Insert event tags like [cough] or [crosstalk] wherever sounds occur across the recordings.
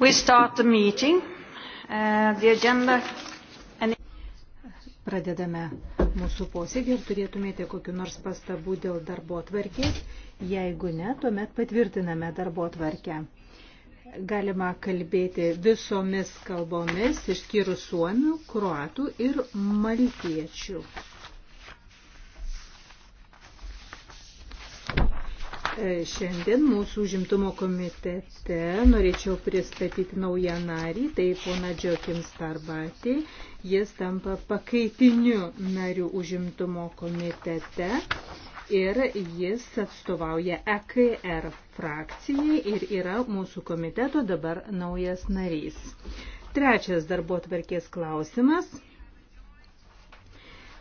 We start the meeting. Uh, the agenda and... Pradedame mūsų posėdį ir turėtumėte kokiu nors pastabų dėl darbo tvarkės. Jeigu ne, tuomet patvirtiname darbo tvarkę. Galima kalbėti visomis kalbomis, išskyrus suomių, kruatų ir maltiečių. Šiandien mūsų užimtumo komitete norėčiau pristatyti naują narį, tai pona Džiokim Starbatį. Jis tampa pakaitiniu nariu užimtumo komitete ir jis atstovauja EKR frakcijai ir yra mūsų komiteto dabar naujas narys. Trečias darbo tvarkės klausimas –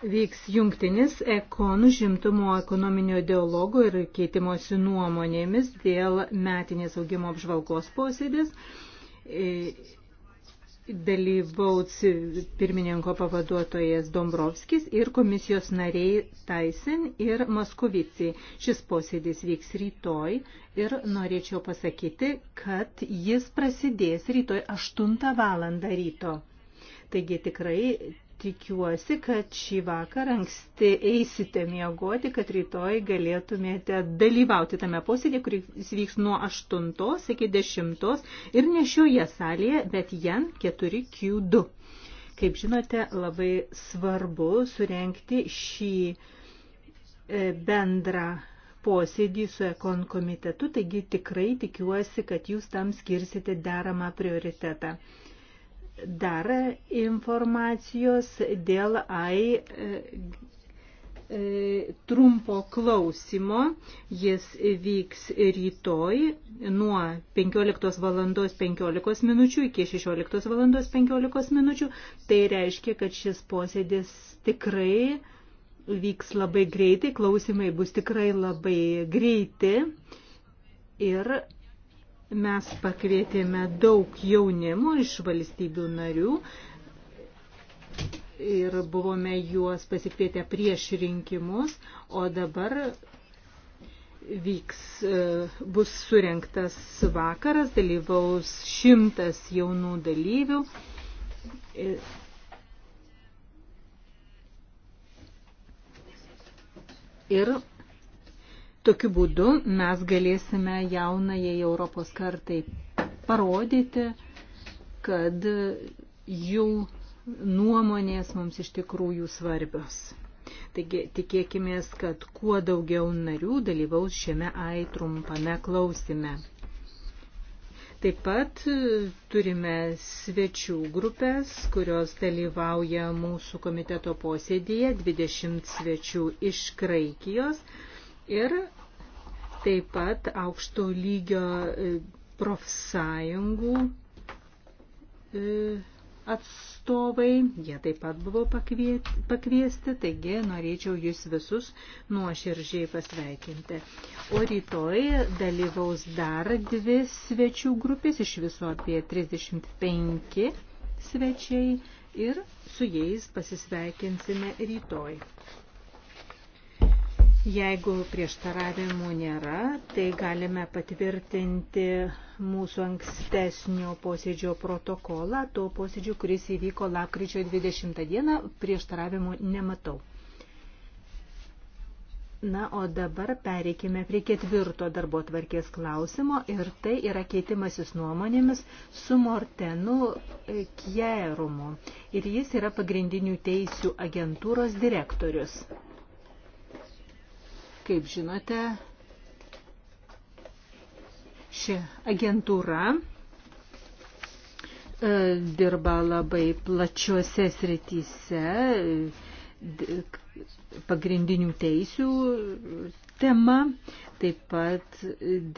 vyks jungtinis ekon žimtumo ekonominio dialogo ir keitimosi nuomonėmis dėl metinės augimo apžvalgos posėdis. E, dalyvaus pirmininko pavaduotojas Dombrovskis ir komisijos nariai Taisin ir Moskovici. Šis posėdis vyks rytoj ir norėčiau pasakyti, kad jis prasidės rytoj 8 val. ryto. Taigi tikrai tikiuosi, kad šį vakarą anksti eisite miegoti, kad rytoj galėtumėte dalyvauti tame posėdėje, kuris vyks nuo 8 iki 10 ir ne šioje salėje, bet jen 4Q2. Kaip žinote, labai svarbu surenkti šį e, bendrą posėdį su ekon komitetu, taigi tikrai tikiuosi, kad jūs tam skirsite deramą prioritetą dar informacijos dėl AI e, e, trumpo klausimo. Jis vyks rytoj nuo 15 val. 15 minučių iki 16 val. 15 minučių. Tai reiškia, kad šis posėdis tikrai vyks labai greitai, klausimai bus tikrai labai greiti ir Mes pakvietėme daug jaunimo iš valstybių narių ir buvome juos pasikvietę prieš rinkimus, o dabar vyks, e, bus surinktas vakaras, dalyvaus šimtas jaunų dalyvių. E, ir Tokiu būdu mes galėsime jaunajai Europos kartai parodyti, kad jų nuomonės mums iš tikrųjų svarbios. Taigi tikėkime, kad kuo daugiau narių dalyvaus šiame AI trumpame klausime. Taip pat turime svečių grupės, kurios dalyvauja mūsų komiteto posėdėje, 20 svečių iš Graikijos, ir taip pat aukšto lygio e, profsąjungų e, atstovai, jie taip pat buvo pakviesti, taigi norėčiau jūs visus nuoširdžiai pasveikinti. O rytoj dalyvaus dar dvi svečių grupės, iš viso apie 35 svečiai ir su jais pasisveikinsime rytoj. Jeigu prieštaravimų nėra, tai galime patvirtinti mūsų ankstesnio posėdžio protokolą, to posėdžio, kuris įvyko lapkričio 20 dieną, prieštaravimų nematau. Na, o dabar pereikime prie ketvirto darbo tvarkės klausimo ir tai yra keitimasis nuomonėmis su Mortenu Kjerumu. Ir jis yra pagrindinių teisių agentūros direktorius. Kaip žinote, ši agentūra e, dirba labai plačiuose srityse, pagrindinių teisių tema, taip pat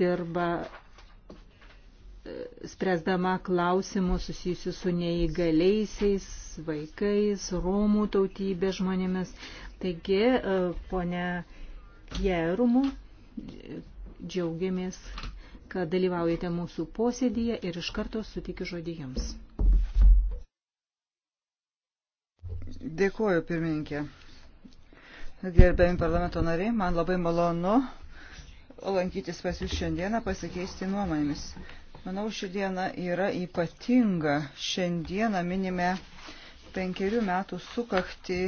dirba e, spręsdama klausimus susijusius su neįgaliaisiais, vaikais, romų tautybės žmonėmis. Taigi, e, ponė Jerumu. Džiaugiamės, kad dalyvaujate mūsų posėdyje ir iš karto sutikiu žodį jums. Dėkuoju, pirmininkė. Gerbėjim parlamento nariai, man labai malonu lankytis pas jūs šiandieną, pasikeisti nuomonėmis. Manau, ši diena yra ypatinga. Šiandieną minime penkerių metų sukakti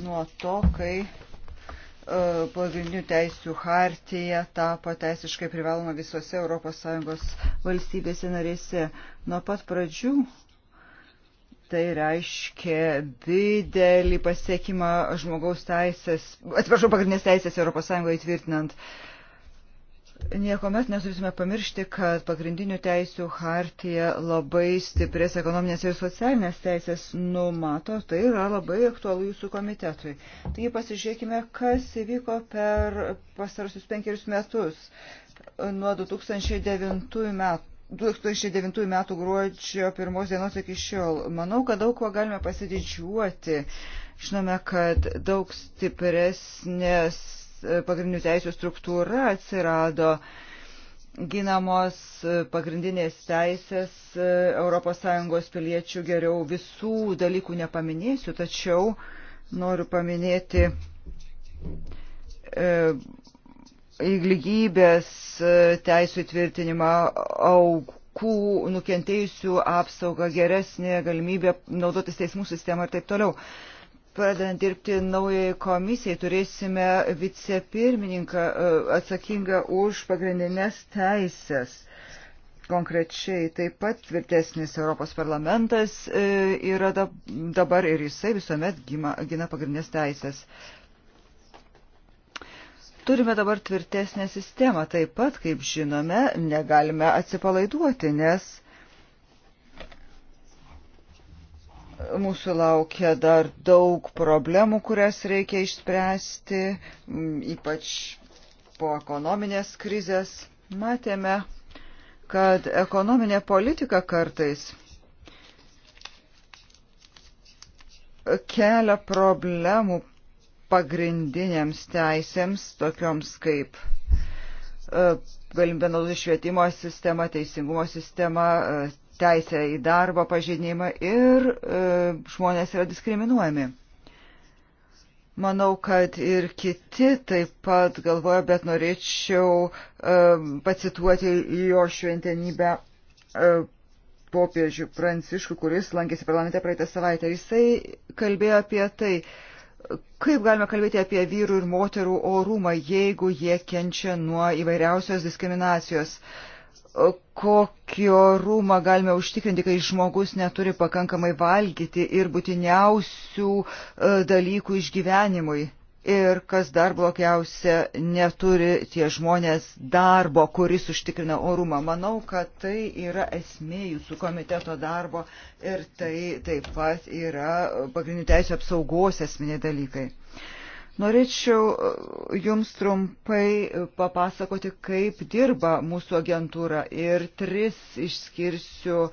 nuo to, kai E, pagrindinių teisių hartija tapo teisiškai privaloma visose ES valstybėse narėse. Nuo pat pradžių tai reiškia didelį pasiekimą žmogaus teisės, atsiprašau, pagrindinės teisės ES įtvirtinant uh, Niekuomet neturėtume pamiršti, kad pagrindinių teisių hartija labai stiprės ekonominės ir socialinės teisės numato. Tai yra labai aktualu jūsų komitetui. Taigi pasižiūrėkime, kas įvyko per pastarusius penkerius metus. Nuo 2009 metų 2009 metų gruodžio pirmos dienos iki šiol. Manau, kad daug ko galime pasididžiuoti. Žinome, kad daug stipresnės E, pagrindinių teisų struktūra atsirado ginamos e, pagrindinės teisės ES piliečių geriau visų dalykų nepaminėsiu, tačiau noriu paminėti e, lygybės teisų įtvirtinimą augų aukų nukentėjusių apsaugą, geresnė galimybė naudotis teismų sistemą ir taip toliau pradedant dirbti naujai komisijai, turėsime vicepirmininką e, atsakingą už pagrindinės teisės. Konkrečiai taip pat tvirtesnis Europos parlamentas e, yra dabar ir jisai visuomet gina pagrindinės teisės. Turime dabar tvirtesnę sistemą, taip pat, kaip žinome, negalime atsipalaiduoti, nes Mūsų laukia dar daug problemų, kurias reikia išspręsti, ypač po ekonominės krizės. Matėme, kad ekonominė politika kartais kelia problemų pagrindinėms teisėms, tokioms kaip e, galimybė naudoti švietimo sistemą, teisingumo sistemą, e, teisę į darbo pažinimą ir e, žmonės yra diskriminuojami. Manau, kad ir kiti taip pat galvoja, bet norėčiau e, pacituoti jo šventenybę e, popiežių Pranciškų, kuris lankėsi parlamente praeitą savaitę. Jisai kalbėjo apie tai, kaip galima kalbėti apie vyrų ir moterų orumą, jeigu jie kenčia nuo įvairiausios diskriminacijos. E, kokio rūmą galime užtikrinti, kai žmogus neturi pakankamai valgyti ir būtiniausių e, dalykų išgyvenimui. Ir kas dar blogiausia, neturi tie žmonės darbo, kuris užtikrina orumą. Manau, kad tai yra esmė jūsų komiteto darbo ir tai taip pat yra pagrindinių teisų apsaugos esminiai dalykai. Uh, Norėčiau e, Jums trumpai e, papasakoti, kaip dirba mūsų agentūra ir tris išskirsiu e,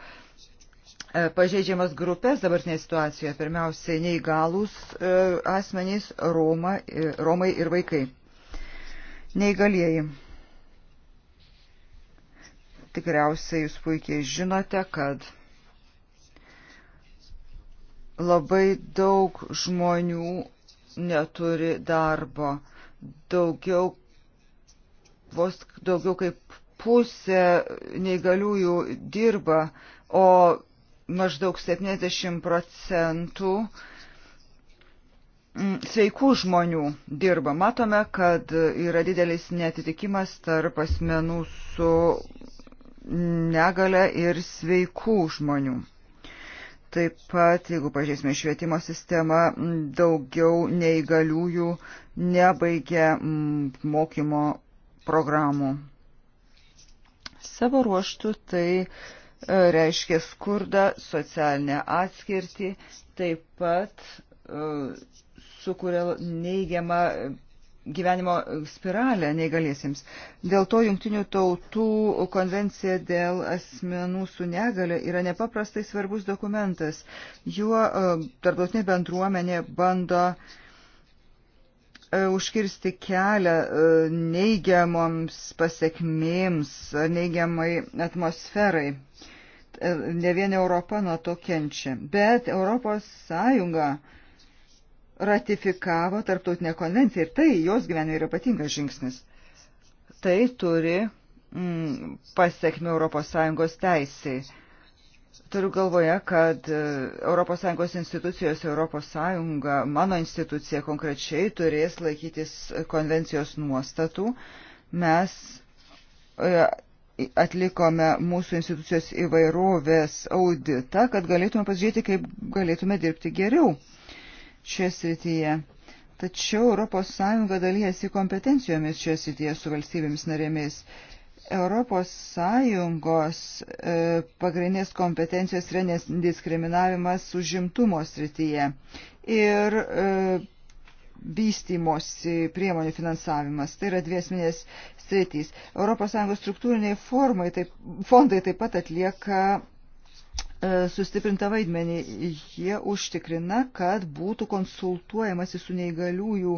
pažeidžiamas grupės dabartinėje situacijoje. Pirmiausiai neįgalus asmenys, Roma, Romai ir vaikai. Neįgalieji. Tikriausiai jūs puikiai žinote, kad labai daug žmonių neturi darbo. Daugiau, vos daugiau kaip pusė neįgaliųjų dirba, o maždaug 70 procentų mm, sveikų žmonių dirba. Matome, kad yra didelis netitikimas tarp asmenų su negale ir sveikų žmonių. Taip pat, jeigu pažiūrėsime švietimo sistemą, daugiau neįgaliųjų nebaigia mm, mokymo programų. Savo ruoštų tai e, reiškia skurdą, socialinę atskirtį, taip pat e, sukuria neigiamą gyvenimo spiralę neįgaliesiems. Dėl to Junktinių tautų konvencija dėl asmenų su negale yra nepaprastai svarbus dokumentas. Juo e, tarptautinė bendruomenė bando e, užkirsti kelią e, neigiamoms pasiekmėms, neigiamai atmosferai. Ne vien Europa nuo to kenčia, bet Europos Sąjunga ratifikavo tarptautinę konvenciją ir tai jos gyvenime yra ypatingas žingsnis. Tai turi mm, pasiekmių ES teisiai. Turiu galvoje, kad ES institucijos, ES, mano institucija konkrečiai turės laikytis konvencijos nuostatų. Mes e, atlikome mūsų institucijos įvairovės auditą, kad galėtume pasižiūrėti, kaip galėtume dirbti geriau šioje srityje. Tačiau ES dalyjasi kompetencijomis šioje srityje su valstybėmis narėmis. ES e, pagrindinės kompetencijos yra nediskriminavimas užimtumo srityje ir e, vystymosi priemonių finansavimas. Tai yra dviesminės sritys. ES struktūriniai formai, taip, fondai taip pat atlieka E, sustiprintą vaidmenį. Jie užtikrina, kad būtų konsultuojamasi su neįgaliųjų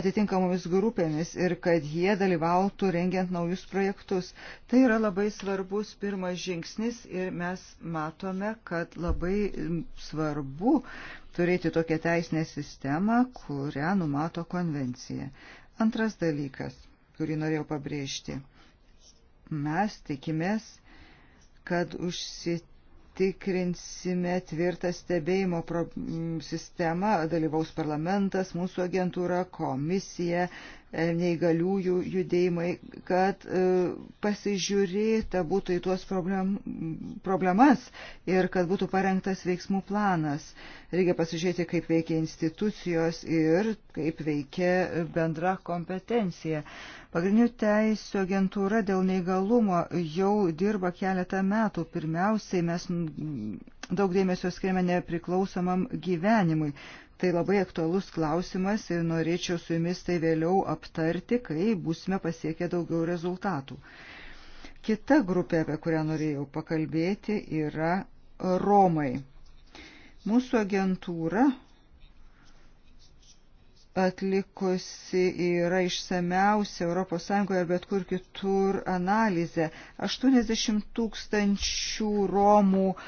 atitinkamomis grupėmis ir kad jie dalyvautų rengiant naujus projektus. Tai yra labai svarbus pirmas žingsnis ir mes matome, kad labai svarbu turėti tokią teisinę sistemą, kurią numato konvencija. Antras dalykas, kurį norėjau pabrėžti. Mes tikimės, kad užsitikėtume užtikrinsime tvirtą stebėjimo sistemą, dalyvaus parlamentas, mūsų agentūra, komisija, E, neįgaliųjų judėjimai, kad e, pasižiūrėta būtų į tuos problem, problemas ir kad būtų parengtas veiksmų planas. Reikia pasižiūrėti, kaip veikia institucijos ir kaip veikia bendra kompetencija. Pagrindinių teisų agentūra dėl neįgalumo jau dirba keletą metų. Pirmiausiai mes daug dėmesio skiriame nepriklausomam gyvenimui. Tai labai aktualus klausimas ir norėčiau su jumis tai vėliau aptarti, kai būsime pasiekę daugiau rezultatų. Kita grupė, apie kurią norėjau pakalbėti, yra Romai. Mūsų agentūra atlikusi yra išsameusia ES ar bet kur kitur analizė. 80 tūkstančių Romų uh,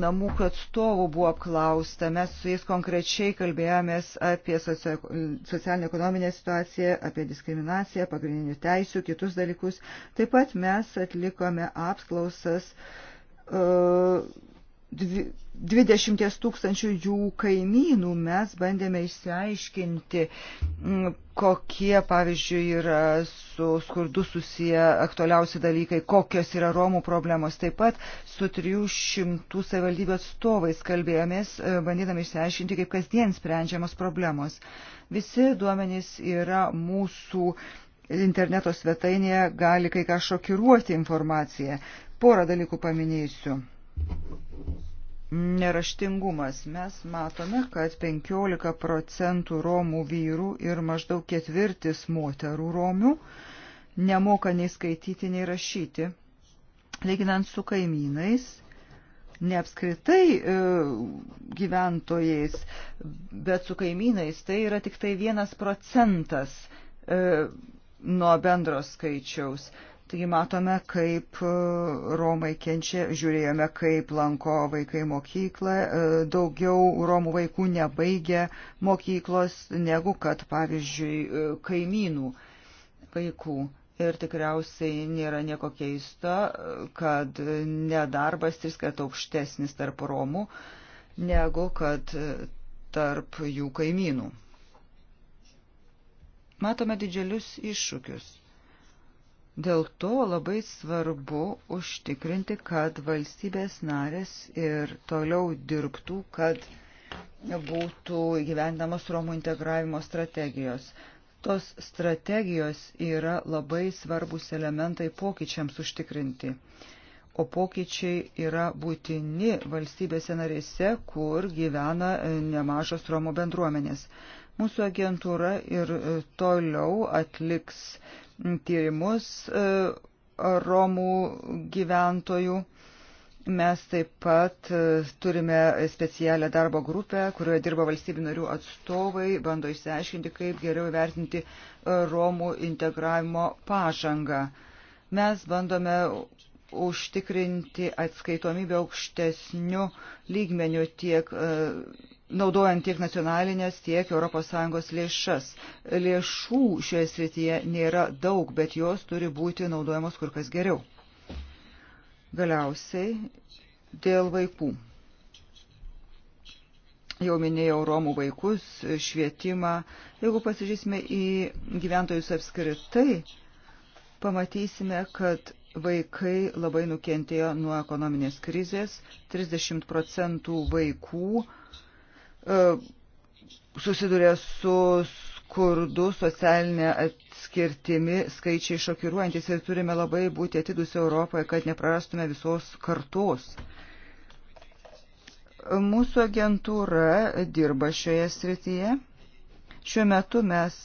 namų atstovų buvo apklausta. Mes su jais konkrečiai kalbėjomės apie socialinę ekonominę situaciją, apie diskriminaciją, pagrindinių teisių, kitus dalykus. Taip pat mes atlikome apklausas. Uh, dvi, 20 tūkstančių jų kaimynų mes bandėme išsiaiškinti, kokie, pavyzdžiui, yra su skurdu susiję aktualiausi dalykai, kokios yra Romų problemos. Taip pat su 300 savivaldybių atstovais kalbėjomės, e, bandydami išsiaiškinti, kaip kasdien sprendžiamos problemos. Visi duomenys yra mūsų interneto svetainėje, gali kai ką šokiruoti informaciją. Porą dalykų paminėsiu neraštingumas. Mes matome, kad 15 procentų Romų vyrų ir maždaug ketvirtis moterų Romių nemoka nei skaityti, nei rašyti. Lyginant su kaimynais, ne apskritai e, gyventojais, bet su kaimynais, tai yra tik tai vienas procentas e, nuo bendros skaičiaus. Taigi matome, kaip e, Romai kenčia, žiūrėjome, kaip lanko vaikai mokyklą, e, daugiau Romų vaikų nebaigia mokyklos negu kad, pavyzdžiui, e, kaimynų vaikų. Ir tikriausiai nėra nieko keisto, kad nedarbas tris kart aukštesnis tarp Romų negu kad tarp jų kaimynų. Matome didžiulius iššūkius Dėl to labai svarbu užtikrinti, kad valstybės narės ir toliau dirbtų, kad būtų gyvendamos Romų integravimo strategijos. Tos strategijos yra labai svarbus elementai pokyčiams užtikrinti. O pokyčiai yra būtini valstybėse narėse, kur gyvena e, nemažos Romų bendruomenės. Mūsų agentūra ir e, toliau atliks tyrimus e, Romų gyventojų. Mes taip pat e, turime specialią darbo grupę, kurioje dirba valstybių narių atstovai, bando išsiaiškinti, kaip geriau vertinti e, Romų integravimo pažangą. Mes bandome užtikrinti atskaitomybę aukštesnių lygmenių tiek uh, naudojant tiek nacionalinės, tiek ES lėšas. Lėšų šioje srityje nėra daug, bet jos turi būti naudojamos kur kas geriau. Galiausiai dėl vaikų. Jau minėjau Romų vaikus, švietimą. Jeigu pasižiūrėsime į gyventojus apskritai, pamatysime, kad vaikai labai nukentėjo nuo ekonominės krizės. 30 procentų vaikų uh, E, susiduria su skurdu, socialinė atskirtimi, skaičiai šokiruojantis ir turime labai būti atidus Europoje, kad neprarastume visos kartos. Mūsų agentūra dirba šioje srityje. Šiuo metu mes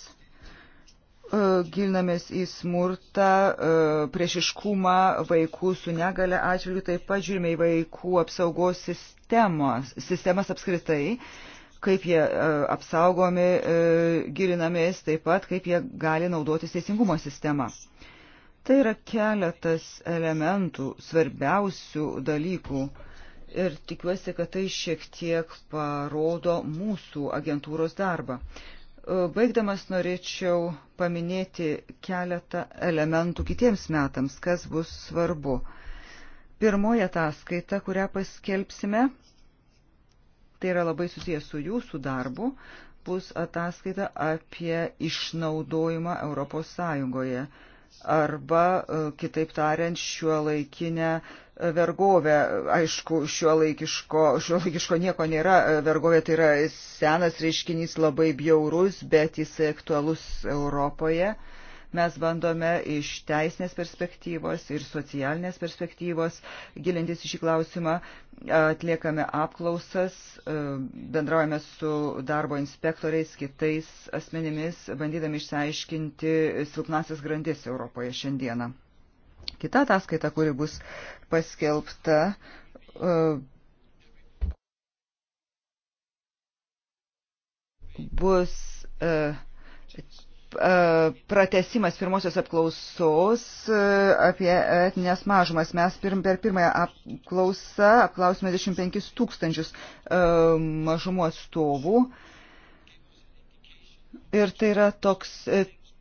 E, gilinamės į smurtą, e, priešiškumą vaikų su negale atžvilgiu, taip pat žiūrime į vaikų apsaugos sistemas, sistemas apskritai, kaip jie e, apsaugomi, gilinamės taip pat, kaip jie gali naudotis teisingumo sistemą. Tai yra keletas elementų, svarbiausių dalykų. Ir tikiuosi, kad tai šiek tiek parodo mūsų agentūros darbą. E, baigdamas norėčiau paminėti keletą elementų kitiems metams, kas bus svarbu. Pirmoji ataskaita, kurią paskelbsime, tai yra labai susijęs su jūsų darbu, bus ataskaita apie išnaudojimą Europos Sąjungoje arba, e, kitaip tariant, šiuo laikinę vergovę. Aišku, šio laikiško, šio laikiško nieko nėra. Vergovė tai yra senas reiškinys, labai bjaurus, bet jis aktualus Europoje. Mes bandome iš teisinės perspektyvos ir socialinės perspektyvos gilintis į šį klausimą, atliekame apklausas, bendraujame su darbo inspektoriais, kitais asmenimis, bandydami išsiaiškinti silpnasias grandis Europoje šiandieną kita ataskaita, kuri bus paskelbta. E, bus e, e, pratesimas pirmosios apklausos apie etinės mažumas. Mes pirm, per pirmąją apklausą apklausime 25 tūkstančius mažumų atstovų. Ir tai yra toks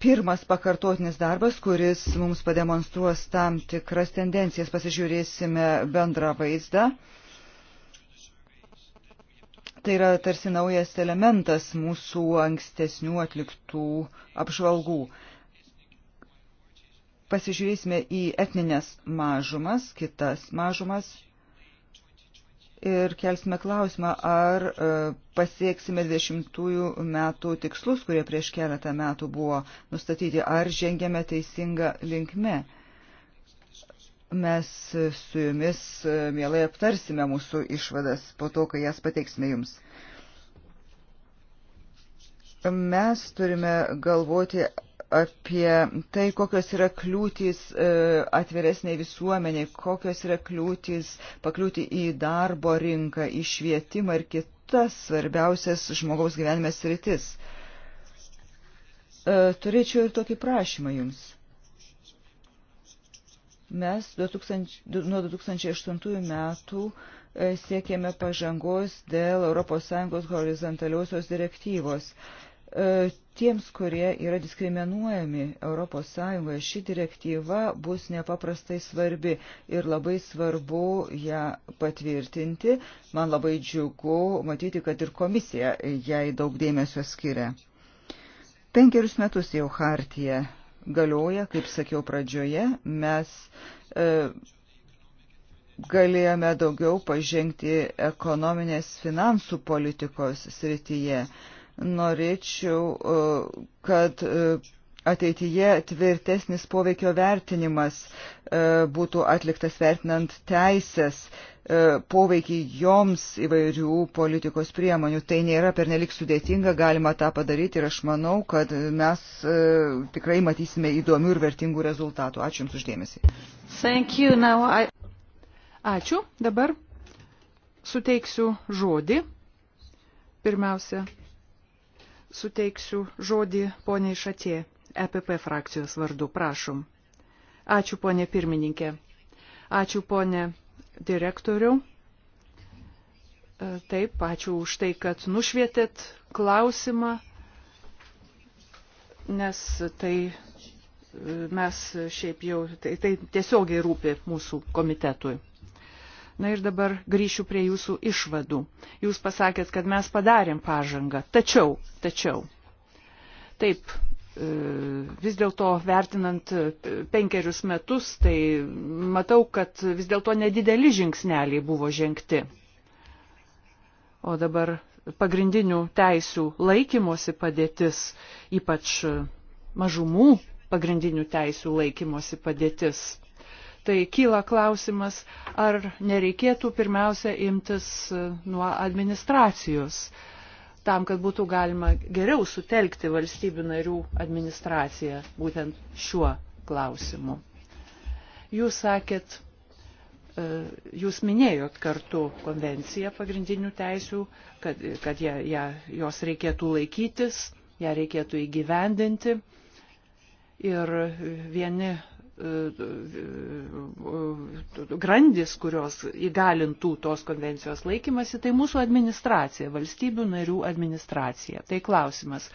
pirmas pakartotinis darbas, kuris mums pademonstruos tam tikras tendencijas. Pasižiūrėsime bendrą vaizdą. Tai yra tarsi naujas elementas mūsų ankstesnių atliktų apžvalgų. Pasižiūrėsime į etninės mažumas, kitas mažumas ir kelsime klausimą, ar e, pasieksime 20 metų tikslus, kurie prieš keletą metų buvo nustatyti, ar žengėme teisingą linkme. Mes su jumis e, mielai aptarsime mūsų išvadas po to, kai jas pateiksime jums. Mes turime galvoti apie tai, kokios yra kliūtys e, atviresniai visuomeniai, kokios yra kliūtys pakliūti į darbo rinką, į švietimą ir kitas svarbiausias žmogaus gyvenime sritis. E, turėčiau ir tokį prašymą jums. Mes 2000, nuo 2008 metų e, siekėme pažangos dėl ES horizontaliosios direktyvos E, tiems, kurie yra diskriminuojami ES, ši direktyva bus nepaprastai svarbi ir labai svarbu ją patvirtinti. Man labai džiugu matyti, kad ir komisija jai daug dėmesio skiria. Penkerius metus jau hartija galioja, kaip sakiau pradžioje, mes e, galėjome daugiau pažengti ekonominės finansų politikos srityje. E, norėčiau, e, kad e, ateityje tvirtesnis poveikio vertinimas e, būtų atliktas vertinant teisės poveikį joms įvairių politikos priemonių. Tai nėra pernelik sudėtinga, galima tą padaryti ir aš manau, kad mes tikrai matysime įdomių ir vertingų rezultatų. Ačiū Jums uždėmesį. I... Ačiū. Dabar suteiksiu žodį pirmiausia suteiksiu žodį poniai Šatė, EPP frakcijos vardu, prašom. Ačiū, ponė pirmininkė. Ačiū, ponė direktoriau. E, taip, ačiū už tai, kad nušvietėt klausimą, nes tai e, mes šiaip jau, tai, tai tiesiogiai rūpi mūsų komitetui. Na ir dabar grįšiu prie jūsų išvadų. Jūs pasakėt, kad mes padarėm pažangą. Tačiau, tačiau. Taip, e, vis dėlto vertinant e, penkerius metus, tai matau, kad vis dėlto nedideli žingsneliai buvo žengti. O dabar pagrindinių teisių laikymosi padėtis, ypač e, mažumų pagrindinių teisių laikymosi padėtis tai kyla klausimas, ar nereikėtų pirmiausia imtis e, nuo administracijos, tam, kad būtų galima geriau sutelkti valstybių narių administraciją būtent šiuo klausimu. Jūs sakėt, e, jūs minėjot kartu konvenciją pagrindinių teisių, kad, kad ją, ją, jos reikėtų laikytis, ją reikėtų įgyvendinti. Ir vieni E, grandis, kurios įgalintų tos konvencijos laikymasi, tai mūsų administracija, valstybių narių administracija. Tai klausimas,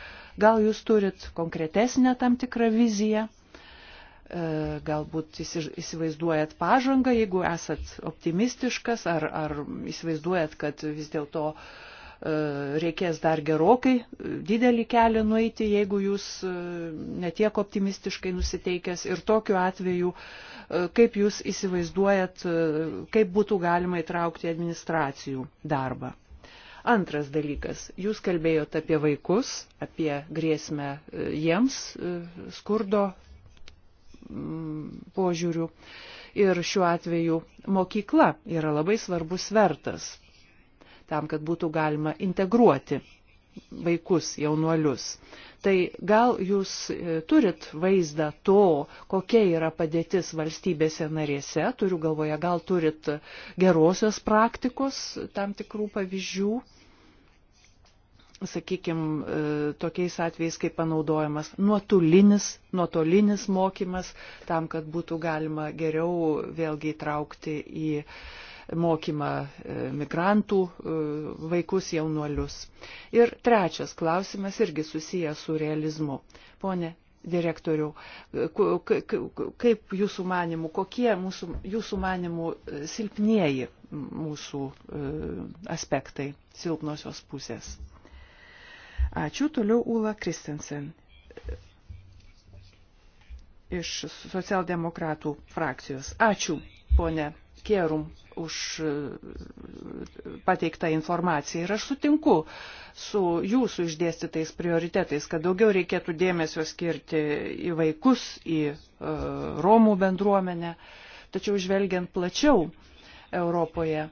gal jūs turit konkretesnę tam tikrą viziją, e, galbūt įsivaizduojat pažangą, jeigu esat optimistiškas, ar, ar įsivaizduojat, kad vis dėlto to E, reikės dar gerokai didelį kelią nueiti, jeigu jūs e, netiek optimistiškai nusiteikęs ir tokiu atveju, e, kaip jūs įsivaizduojat, kaip būtų galima įtraukti administracijų darbą. Antras dalykas, jūs kalbėjot apie vaikus, apie grėsmę jiems skurdo požiūrių. Ir šiuo atveju mokykla yra labai svarbus vertas tam, kad būtų galima integruoti vaikus, jaunuolius. Tai gal jūs e, turit vaizdą to, kokia yra padėtis valstybėse narėse, turiu galvoje, gal turit gerosios praktikos tam tikrų pavyzdžių sakykime, tokiais atvejais, kai panaudojamas nuotolinis, nuotolinis mokymas, tam, kad būtų galima geriau vėlgi įtraukti į mokymą e, migrantų e, vaikus jaunuolius. Ir trečias klausimas irgi susijęs su realizmu. Pone direktoriau, e, kaip jūsų manimų, kokie mūsų, jūsų manimų silpnieji mūsų aspektai, silpnosios pusės? Ačiū, toliau Ula Kristensen iš socialdemokratų frakcijos. Ačiū, ponė Kerum už e, pateiktą informaciją. Ir aš sutinku su jūsų išdėstytais prioritetais, kad daugiau reikėtų dėmesio skirti į vaikus, į e, Romų bendruomenę. Tačiau žvelgiant plačiau Europoje,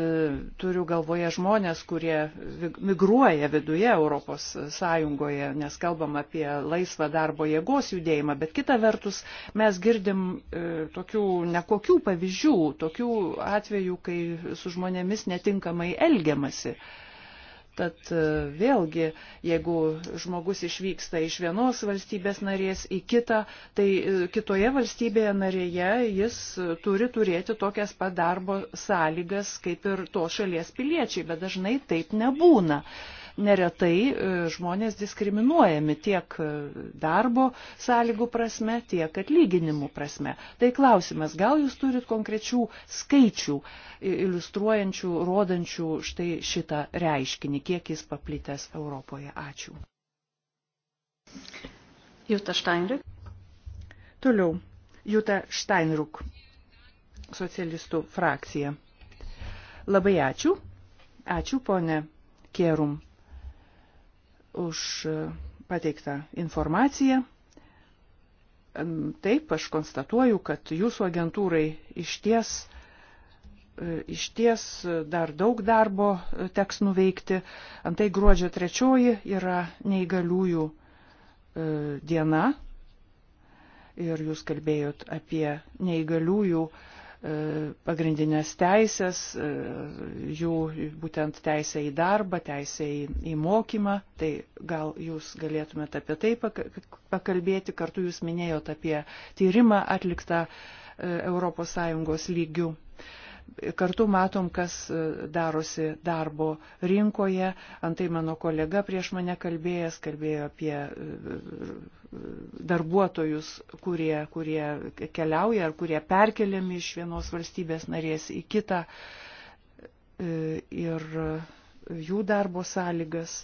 E, turiu galvoje žmonės, kurie migruoja viduje Europos Sąjungoje, nes kalbam apie laisvą darbo jėgos judėjimą, bet kita vertus mes girdim e, tokių nekokių pavyzdžių, tokių atvejų, kai su žmonėmis netinkamai elgiamasi. Uh, Tad e, vėlgi, jeigu žmogus išvyksta iš vienos valstybės narės į kitą, tai e, kitoje valstybėje narėje jis turi turėti tokias pat darbo sąlygas kaip ir to šalies piliečiai, bet dažnai taip nebūna neretai e, žmonės diskriminuojami tiek e, darbo sąlygų prasme, tiek atlyginimų prasme. Tai klausimas, gal jūs turit konkrečių skaičių iliustruojančių, rodančių štai šitą reiškinį, kiek jis paplitęs Europoje. Ačiū. Jūta Steinruk. Toliau. Jūta Steinruk, socialistų frakcija. Labai ačiū. Ačiū, ponė Kierum už pateiktą informaciją. Taip, aš konstatuoju, kad jūsų agentūrai išties iš ties dar daug darbo teks nuveikti. Antai gruodžio trečioji yra neįgaliųjų e, diena. Ir jūs kalbėjot apie neįgaliųjų E, pagrindinės teisės, e, jų būtent teisė į darbą, teisė į, į mokymą. Tai gal jūs galėtumėte apie tai pakalbėti, kartu jūs minėjote apie tyrimą atliktą ES lygių. Kartu matom, kas e, darosi darbo rinkoje. Antai mano kolega prieš mane kalbėjęs, kalbėjo apie e, e, darbuotojus, kurie, kurie keliauja ar kurie perkeliami iš vienos valstybės narės į kitą ir jų darbo sąlygas.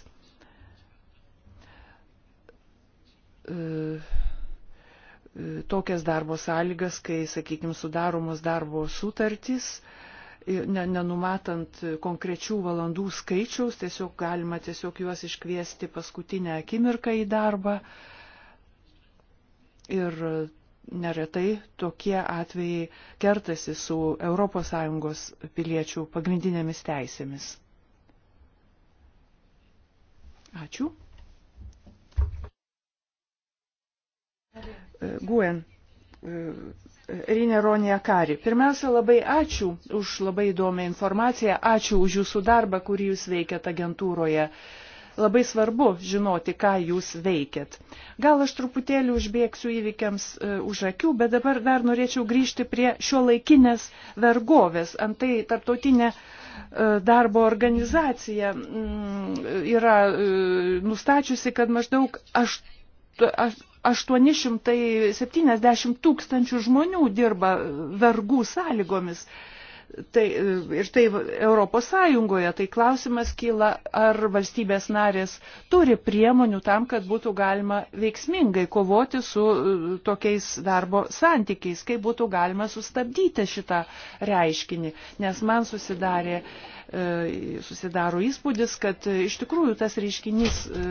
E, tokias darbo sąlygas, kai, sakykime, sudaromos darbo sutartys, nenumatant konkrečių valandų skaičiaus, tiesiog galima tiesiog juos iškviesti paskutinę akimirką į darbą. Ir neretai tokie atvejai kertasi su ES piliečių pagrindinėmis teisėmis. Ačiū. Guen. E, Rinė Ronija Kari. Pirmiausia, labai ačiū už labai įdomią informaciją, ačiū už jūsų darbą, kurį jūs veikiat agentūroje. Labai svarbu žinoti, ką jūs veikiat. Gal aš truputėlį užbėgsiu įvykiams e, už akių, bet dabar dar norėčiau grįžti prie šio laikinės vergovės. Antai tarptautinė e, darbo organizacija mm, yra e, nustačiusi, kad maždaug aš, aš, 870 tūkstančių žmonių dirba vergų sąlygomis. Tai, ir tai Europos Sąjungoje, tai klausimas kyla, ar valstybės narės turi priemonių tam, kad būtų galima veiksmingai kovoti su e, tokiais darbo santykiais, kaip būtų galima sustabdyti šitą reiškinį. Nes man susidarė uh, E, susidaro įspūdis, kad e, iš tikrųjų tas reiškinys e,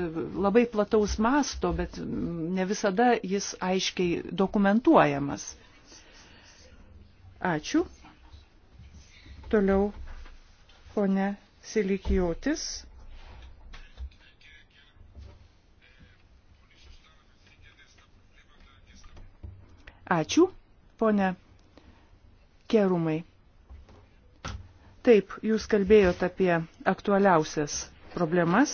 labai plataus masto, bet ne visada jis aiškiai dokumentuojamas. Ačiū. Toliau ponė Silikijotis. Ačiū, ponė Kerumai. Taip, jūs kalbėjote apie aktualiausias problemas.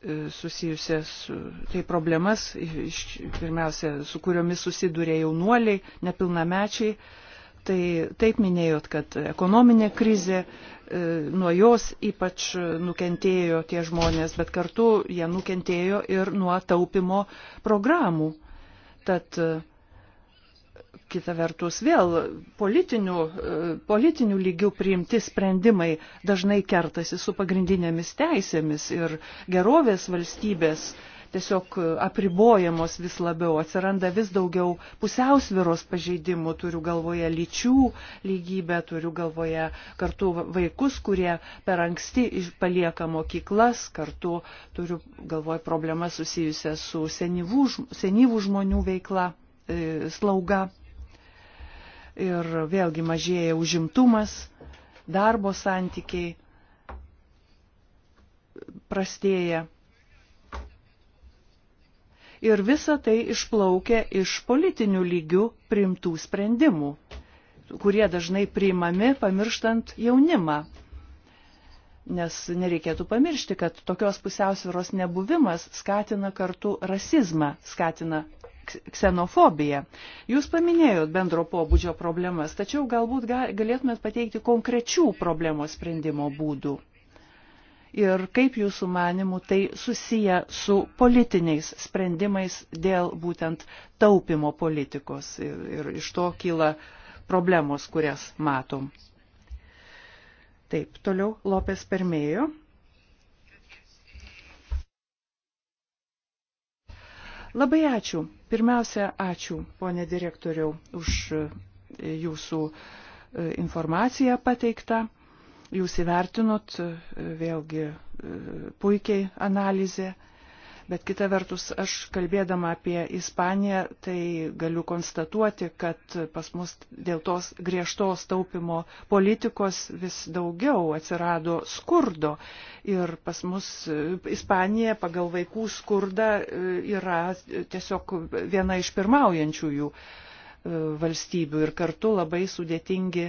E, susijusias su tai problemas, iš, pirmiausia, su kuriomis susiduria jaunuoliai, nepilnamečiai, Tai taip minėjot, kad ekonominė krizė, e, nuo jos ypač nukentėjo tie žmonės, bet kartu jie nukentėjo ir nuo taupimo programų. Tad e, kita vertus vėl politinių, e, politinių lygių priimti sprendimai dažnai kertasi su pagrindinėmis teisėmis ir gerovės valstybės tiesiog apribojamos vis labiau, atsiranda vis daugiau pusiausviros pažeidimų, turiu galvoje lyčių lygybę, turiu galvoje kartu vaikus, kurie per anksti palieka mokyklas, kartu turiu galvoje problemą susijusią su senyvų, senyvų žmonių veikla, e, slauga. Ir vėlgi mažėja užimtumas, darbo santykiai prastėja. Ir visa tai išplaukia iš politinių lygių priimtų sprendimų, kurie dažnai priimami pamirštant jaunimą. Nes nereikėtų pamiršti, kad tokios pusiausvėros nebuvimas skatina kartu rasizmą, skatina ksenofobiją. Jūs paminėjot bendro pobūdžio problemas, tačiau galbūt galėtumėt pateikti konkrečių problemos sprendimo būdų ir kaip jūsų manimų tai susiję su politiniais sprendimais dėl būtent taupimo politikos ir, ir iš to kyla problemos, kurias matom. Taip, toliau Lopės permėjo. Labai ačiū. Pirmiausia, ačiū, ponė direktoriau, už jūsų e, informaciją pateiktą jūs įvertinot, e, vėlgi e, puikiai analizė. Bet kita vertus, aš kalbėdama apie Ispaniją, tai galiu konstatuoti, kad pas mus dėl tos griežtos taupimo politikos vis daugiau atsirado skurdo. Ir pas mus e, Ispanija pagal vaikų skurdą yra tiesiog viena iš pirmaujančiųjų valstybių ir kartu labai sudėtingi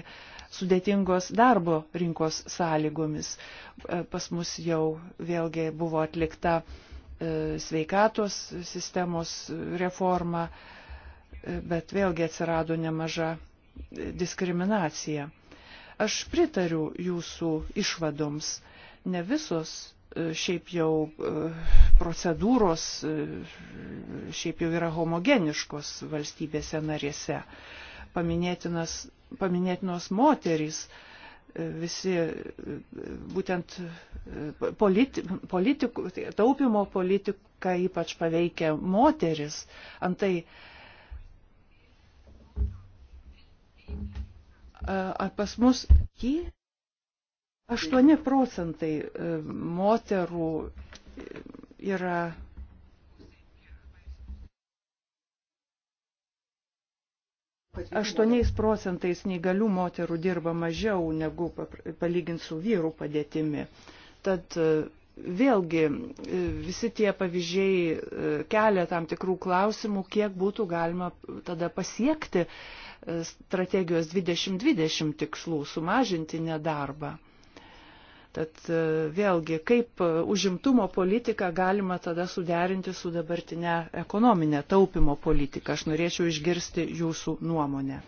sudėtingos darbo rinkos sąlygomis. E, pas mus jau vėlgi buvo atlikta e, sveikatos sistemos reforma, e, bet vėlgi atsirado nemaža diskriminacija. Aš pritariu jūsų išvadoms. Ne visos šiaip jau procedūros šiaip jau yra homogeniškos valstybėse narėse paminėtinos moterys, e, visi e, būtent e, politi, politikų, tai taupimo politika ypač paveikia moteris. Antai ar pas mus 8 procentai moterų yra 8 procentais neįgalių moterų dirba mažiau negu palyginti su vyrų padėtimi. Tad e, vėlgi e, visi tie pavyzdžiai e, kelia tam tikrų klausimų, kiek būtų galima tada pasiekti strategijos 2020 tikslų, sumažinti nedarbą. Tad e, vėlgi, kaip e, užimtumo politiką galima tada suderinti su dabartinė ekonominė taupimo politika? Aš norėčiau išgirsti jūsų nuomonę.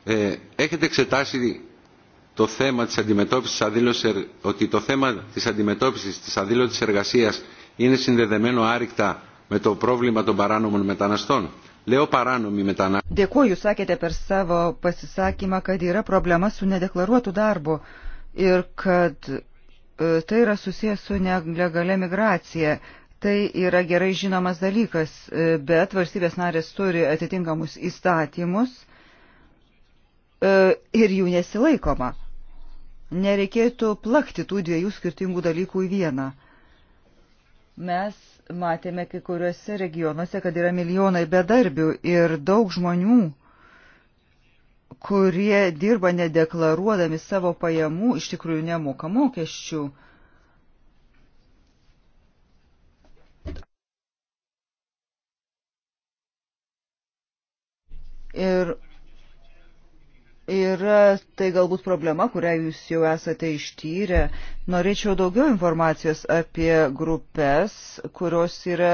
Το θέμα της αντιμετώπισης, αδήλωσης, ότι το θέμα της αντιμετώπισης της αδήλωτης εργασίας είναι συνδεδεμένο άρρηκτα με το πρόβλημα των παράνομων μεταναστών. Λέω παράνομοι μετανάστες. Dėkuoju, sakėte per savo pasisakymą, kad yra problema su nedeklaruotu darbu ir kad E, tai yra susijęs su nelegalia migracija. Tai yra gerai žinomas dalykas, e, bet valstybės narės turi atitinkamus įstatymus e, ir jų nesilaikoma. Nereikėtų plakti tų dviejų skirtingų dalykų į vieną. Mes matėme kai kuriuose regionuose, kad yra milijonai bedarbių ir daug žmonių kurie dirba nedeklaruodami savo pajamų, iš tikrųjų nemoka mokesčių. Ir Ir tai galbūt problema, kurią jūs jau esate ištyrę. Norėčiau daugiau informacijos apie grupės, kurios yra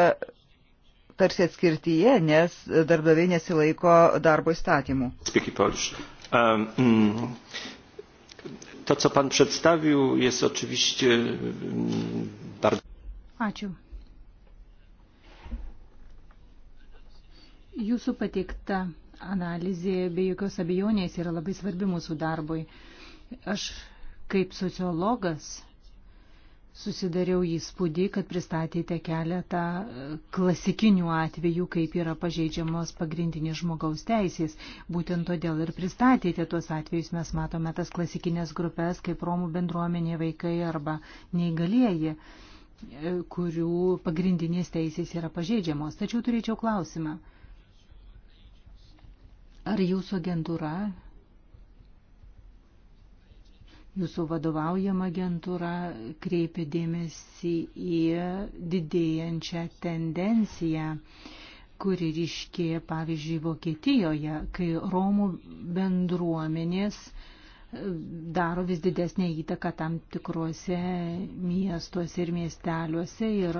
tarsi atskirtyje, nes darbdaviai nesilaiko darbo įstatymų. Um, mm, to, co pan przedstawił, jest oczywiście mm, bardzo. Ačiū. Jūsų pateikta analizė be jokios abejonės yra labai svarbi mūsų darbui. Aš kaip sociologas susidariau įspūdį, kad pristatėte keletą e, klasikinių atvejų, kaip yra pažeidžiamos pagrindinės žmogaus teisės. Būtent todėl ir pristatėte tuos atvejus, mes matome tas klasikinės grupės, kaip Romų bendruomenė vaikai arba neįgalieji, e, kurių pagrindinės teisės yra pažeidžiamos. Tačiau turėčiau klausimą. Ar jūsų agentūra Jūsų vadovaujama agentūra kreipia dėmesį į didėjančią tendenciją, kuri ryškėja pavyzdžiui Vokietijoje, kai Romų bendruomenės e, daro vis didesnę įtaką tam tikruose miestuose ir miesteliuose ir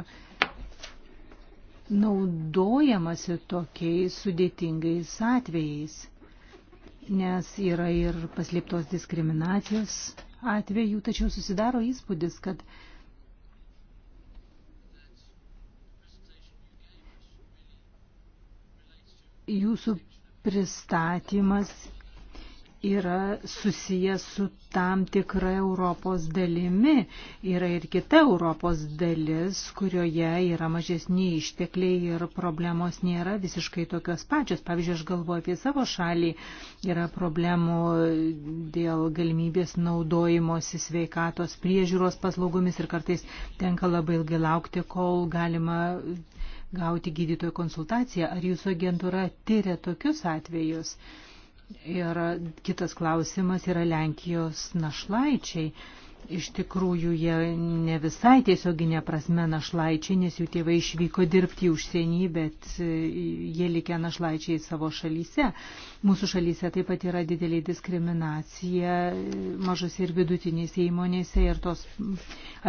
naudojamasi tokiais sudėtingais atvejais, nes yra ir paslėptos diskriminacijos atvejų, tačiau susidaro įspūdis, kad jūsų pristatymas yra susijęs su tam tikra Europos dalimi. Yra ir kita Europos dalis, kurioje yra mažesni ištekliai ir problemos nėra visiškai tokios pačios. Pavyzdžiui, aš galvoju apie savo šalį, yra problemų dėl galimybės naudojimosi sveikatos priežiūros paslaugomis ir kartais tenka labai ilgai laukti, kol galima gauti gydytojo konsultaciją. Ar jūsų agentūra tyria tokius atvejus? Ir kitas klausimas yra Lenkijos našlaičiai. Iš tikrųjų, jie ne visai tiesioginė prasme našlaičiai, nes jų tėvai išvyko dirbti į užsienį, bet e, jie likę našlaičiai savo šalyse. Mūsų šalyse taip pat yra didelė diskriminacija e, mažose ir vidutinėse įmonėse ir tos,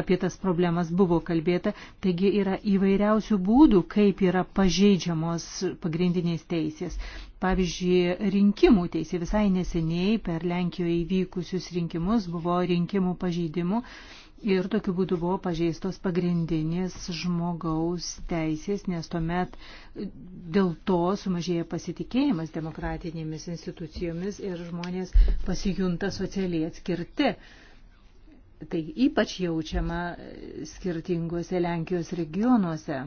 apie tas problemas buvo kalbėta. Taigi yra įvairiausių būdų, kaip yra pažeidžiamos pagrindinės teisės. Pavyzdžiui, rinkimų teisė visai neseniai per Lenkijoje įvykusius rinkimus buvo rinkimų pažeidimų ir tokiu būdu buvo pažeistos pagrindinės žmogaus teisės, nes tuomet dėl to sumažėja pasitikėjimas demokratinėmis institucijomis ir žmonės pasijunta socialiai atskirti. Tai ypač jaučiama skirtinguose Lenkijos regionuose.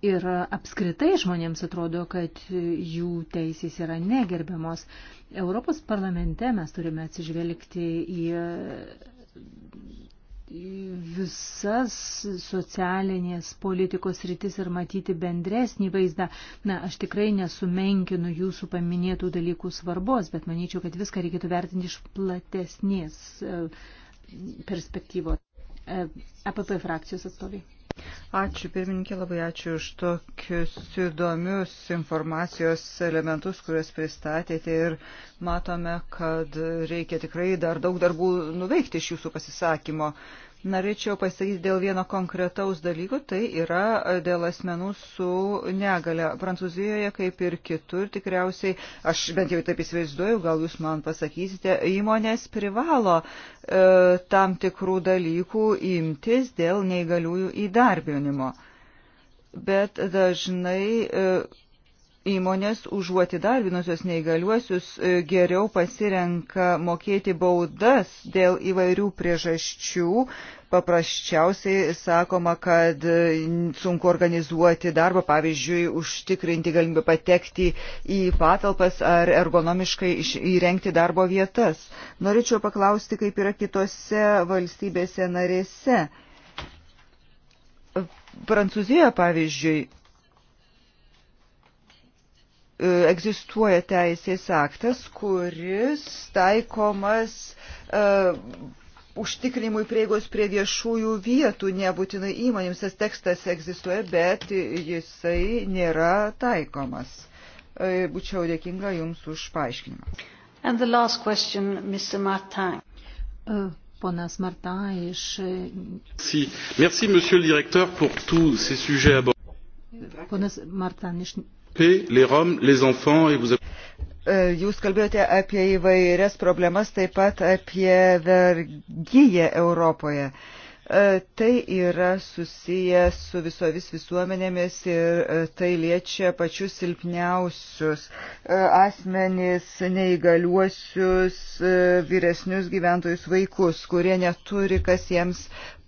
Ir apskritai žmonėms atrodo, kad jų teisės yra negerbiamos. Europos parlamente mes turime atsižvelgti į visas socialinės politikos rytis ir matyti bendresnį vaizdą. Na, aš tikrai nesumenkinu jūsų paminėtų dalykų svarbos, bet manyčiau, kad viską reikėtų vertinti iš platesnės e, perspektyvos. EPP e frakcijos atstovai. Ačiū pirmininkė, labai ačiū už tokius įdomius informacijos elementus, kuriuos pristatėte ir matome, kad reikia tikrai dar daug darbų nuveikti iš jūsų pasisakymo. Uh, Norėčiau pasakyti dėl vieno konkretaus dalyko, tai yra e, dėl asmenų su negale. Prancūzijoje, kaip ir kitur, tikriausiai, aš bent jau taip įsivaizduoju, gal jūs man pasakysite, įmonės privalo e, tam tikrų dalykų imtis dėl neįgaliųjų įdarbinimo. Bet dažnai. E, Įmonės užuot įdarbinusios neįgaliuosius e, geriau pasirenka mokėti baudas dėl įvairių priežasčių. Paprasčiausiai sakoma, kad e, sunku organizuoti darbą, pavyzdžiui, užtikrinti galimybę patekti į patalpas ar ergonomiškai įrengti darbo vietas. Norėčiau paklausti, kaip yra kitose valstybėse narėse. Prancūzijoje, pavyzdžiui, E, egzistuoja teisės aktas, kuris taikomas uh, užtikrinimui prieigos prie viešųjų vietų, nebūtinai įmonėms tas tekstas egzistuoja, bet jisai nėra taikomas. Uh, būčiau dėkinga Jums už paaiškinimą. And the last question, Mr. Martin. Uh. Ponas Marta iš. Si. Merci, monsieur le directeur, pour tous ces sujets abordés. Ponas Martin iš paix, les Roms, les enfants et vous avez... E, jūs kalbėjote apie įvairias problemas, taip pat apie vergyją Europoje. Uh, E, tai yra susiję su visomis visuomenėmis ir e, tai liečia pačius silpniausius e, asmenys, neįgaliuosius, vyresnius gyventojus, vaikus, kurie neturi, kas jiems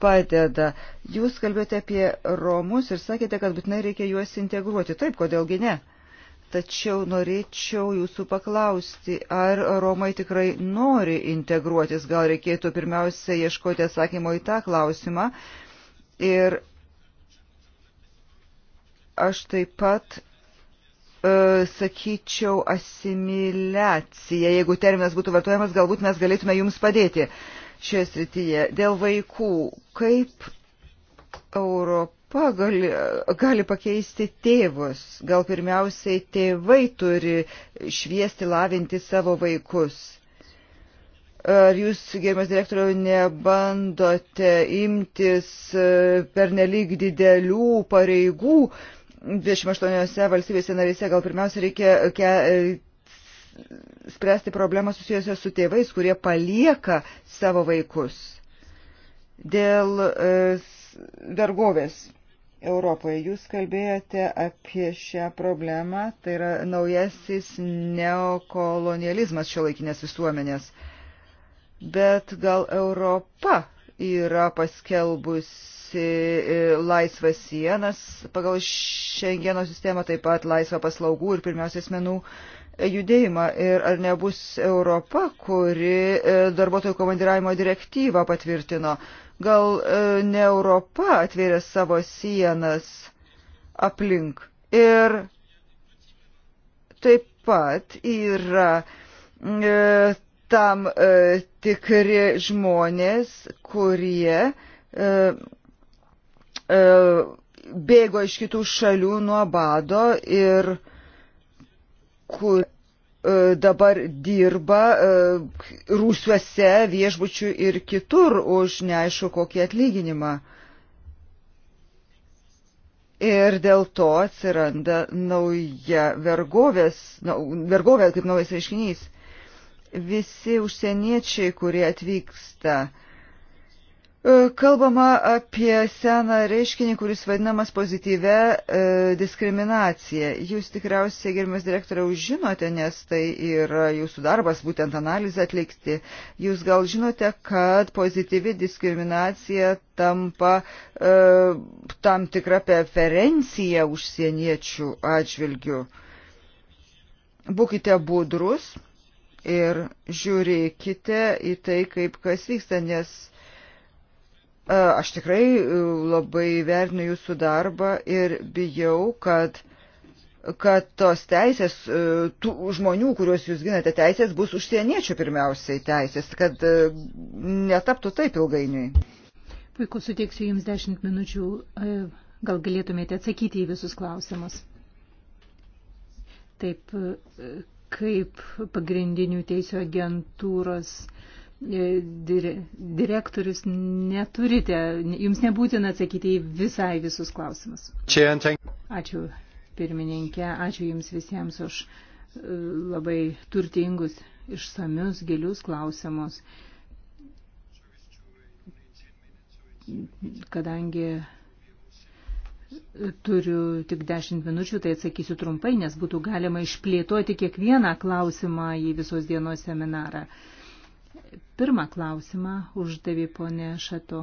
padeda. Jūs kalbėjote apie Romus ir sakėte, kad būtinai reikia juos integruoti. Taip, kodėlgi ne? Tačiau norėčiau jūsų paklausti, ar Romai tikrai nori integruotis, gal reikėtų pirmiausia ieškoti atsakymo į tą klausimą. Ir aš taip pat e, sakyčiau, asimiliacija. Jeigu terminas būtų vartojamas, galbūt mes galėtume jums padėti šioje srityje. Dėl vaikų, kaip Europos pagal, gali pakeisti tėvus. Gal pirmiausiai tėvai turi šviesti, lavinti savo vaikus. Ar jūs, gerimas direktoriau, nebandote imtis e, pernelyg didelių pareigų 28 valstybėse narėse? Gal pirmiausia reikia ke, spręsti problemą susijusią su tėvais, kurie palieka savo vaikus dėl vergovės Europoje. Jūs kalbėjote apie šią problemą, tai yra naujasis neokolonializmas šio laikinės visuomenės. Bet gal Europa yra paskelbusi e, laisvą sienas pagal šengeno sistemą, taip pat laisvą paslaugų ir pirmiausia asmenų judėjimą. Ir ar nebus Europa, kuri e, darbuotojų komandiravimo direktyvą patvirtino? Gal e, ne Europa atvėrė savo sienas aplink. Ir taip pat yra e, tam e, tikri žmonės, kurie e, e, bėgo iš kitų šalių nuo bado ir kur E, dabar dirba e, rūsiuose, viešbučių ir kitur už neaišku kokį atlyginimą. Ir dėl to atsiranda nauja vergovės, na, vergovė kaip naujas reiškinys. Visi užsieniečiai, kurie atvyksta, uh, E, kalbama apie seną reiškinį, kuris vadinamas pozityvę e, diskriminaciją. Jūs tikriausiai, gerbimas direktoriau, žinote, nes tai yra jūsų darbas būtent analizę atlikti. Jūs gal žinote, kad pozityvi diskriminacija tampa e, tam tikra preferencija užsieniečių atžvilgių. Būkite budrus ir žiūrėkite į tai, kaip kas vyksta, nes E, aš tikrai e, labai vertinu jūsų darbą ir bijau, kad, kad tos teisės, e, tų žmonių, kuriuos jūs ginate teisės, bus užsieniečių pirmiausiai teisės, kad netaptų taip ilgainiui. Puiku, suteiksiu Jums dešimt minučių. Gal galėtumėte atsakyti į visus klausimus. Taip, kaip pagrindinių teisų agentūros uh, E, direktorius neturite, jums nebūtina atsakyti į visai visus klausimus. Ačiū pirmininkė, ačiū jums visiems už e, labai turtingus, išsamius, gilius klausimus. Kadangi Turiu tik 10 minučių, tai atsakysiu trumpai, nes būtų galima išplėtoti kiekvieną klausimą į visos dienos seminarą. Pirmą klausimą uždavė ponė Šato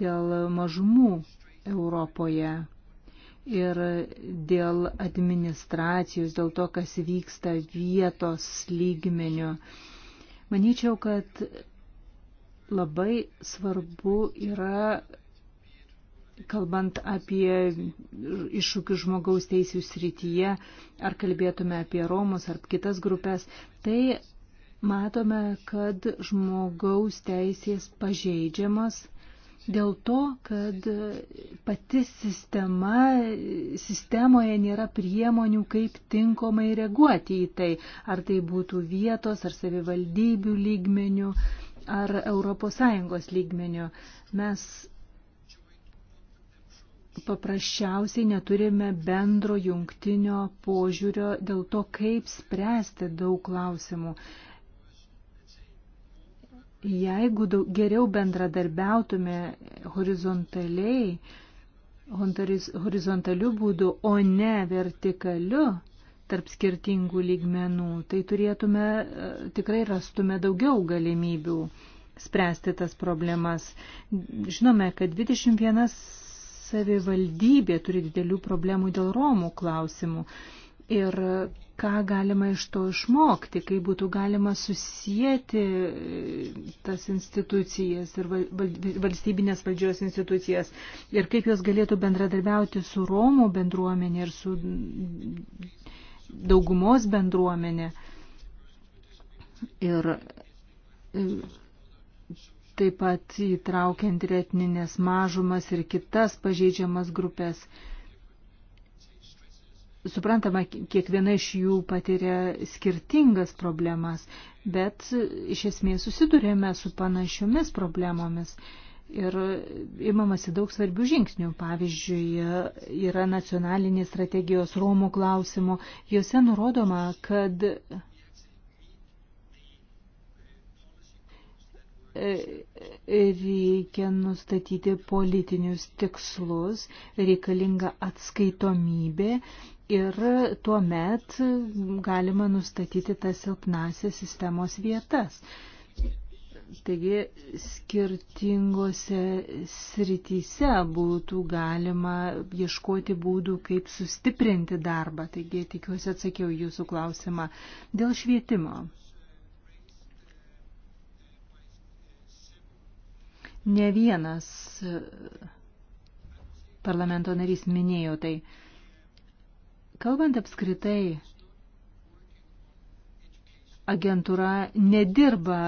dėl mažumų Europoje ir dėl administracijos, dėl to, kas vyksta vietos lygmeniu. Manyčiau, kad labai svarbu yra, kalbant apie iššūkius žmogaus teisų srityje, ar kalbėtume apie Romus ar kitas grupės, tai matome, kad žmogaus teisės pažeidžiamas dėl to, kad pati sistema, sistemoje nėra priemonių, kaip tinkamai reaguoti į tai, ar tai būtų vietos, ar savivaldybių lygmenių, ar ES lygmenių. Mes paprasčiausiai neturime bendro jungtinio požiūrio dėl to, kaip spręsti daug klausimų. Jeigu daug, geriau bendradarbiautume horizontaliai, horizontaliu būdu, o ne vertikaliu, tarp skirtingų lygmenų, tai turėtume, e, tikrai rastume daugiau galimybių spręsti tas problemas. Žinome, kad 21 savivaldybė turi didelių problemų dėl Romų klausimų. Ir ką galima iš to išmokti, kaip būtų galima susijęti e, tas institucijas ir valstybinės valdžios institucijas ir kaip jos galėtų bendradarbiauti su Romų bendruomenė ir su daugumos bendruomenė. Ir e, taip pat įtraukiant retninės mažumas ir kitas pažeidžiamas grupės. Suprantama, kiekviena iš jų patiria skirtingas problemas, bet iš esmės susidurėme su panašiomis problemomis ir imamasi daug svarbių žingsnių. Pavyzdžiui, yra nacionalinės strategijos Romų klausimų. Jose nurodoma, kad e, reikia nustatyti politinius tikslus, reikalinga atskaitomybė ir tuo met galima nustatyti tas silpnasias sistemos vietas. Taigi skirtingose srityse būtų galima ieškoti būdų, kaip sustiprinti darbą. Taigi tikiuosi atsakiau jūsų klausimą dėl švietimo. Ne vienas e, parlamento narys minėjo tai. Kalbant apskritai, agentūra nedirba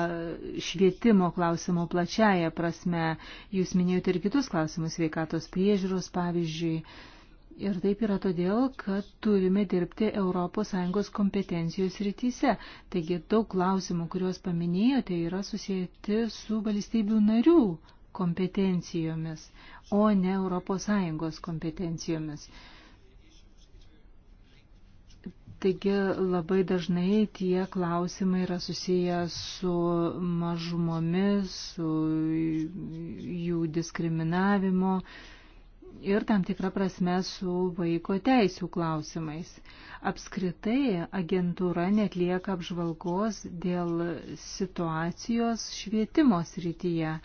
švietimo klausimo plačiaja prasme. Jūs minėjote ir kitus klausimus, sveikatos priežiūros pavyzdžiui. Ir taip yra todėl, kad turime dirbti ES kompetencijos rytise. Taigi daug klausimų, kuriuos paminėjote, yra susijęti su valstybių narių kompetencijomis, o ne ES kompetencijomis. Taigi labai dažnai tie klausimai yra susiję su mažumomis, su jų diskriminavimo ir tam tikrą prasme su vaiko teisų klausimais. Apskritai agentūra netlieka apžvalgos dėl situacijos švietimo srityje.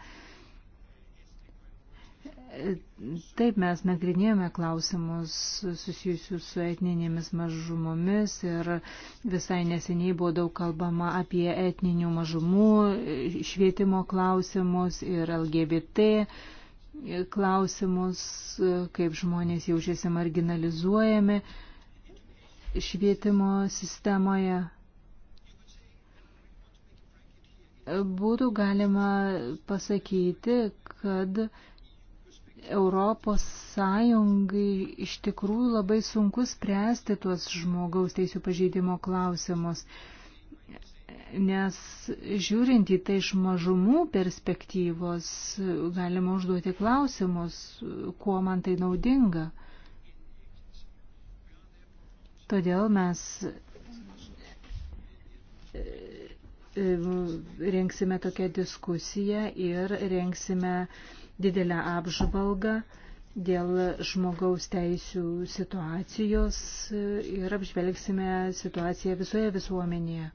Taip mes nagrinėjome klausimus susijusius su etninėmis mažumomis ir visai neseniai buvo daug kalbama apie etninių mažumų švietimo klausimus ir LGBT klausimus, kaip žmonės jaučiasi marginalizuojami švietimo sistemoje. Būtų galima pasakyti, kad Europos Sąjungai iš tikrųjų labai sunku spręsti tuos žmogaus teisų pažeidimo klausimus, nes žiūrint į tai iš mažumų perspektyvos galima užduoti klausimus, kuo man tai naudinga. Todėl mes e, e, rengsime tokią diskusiją ir rengsime uh, didelę apžvalgą dėl žmogaus teisių situacijos ir apžvelgsime situaciją visoje visuomenėje.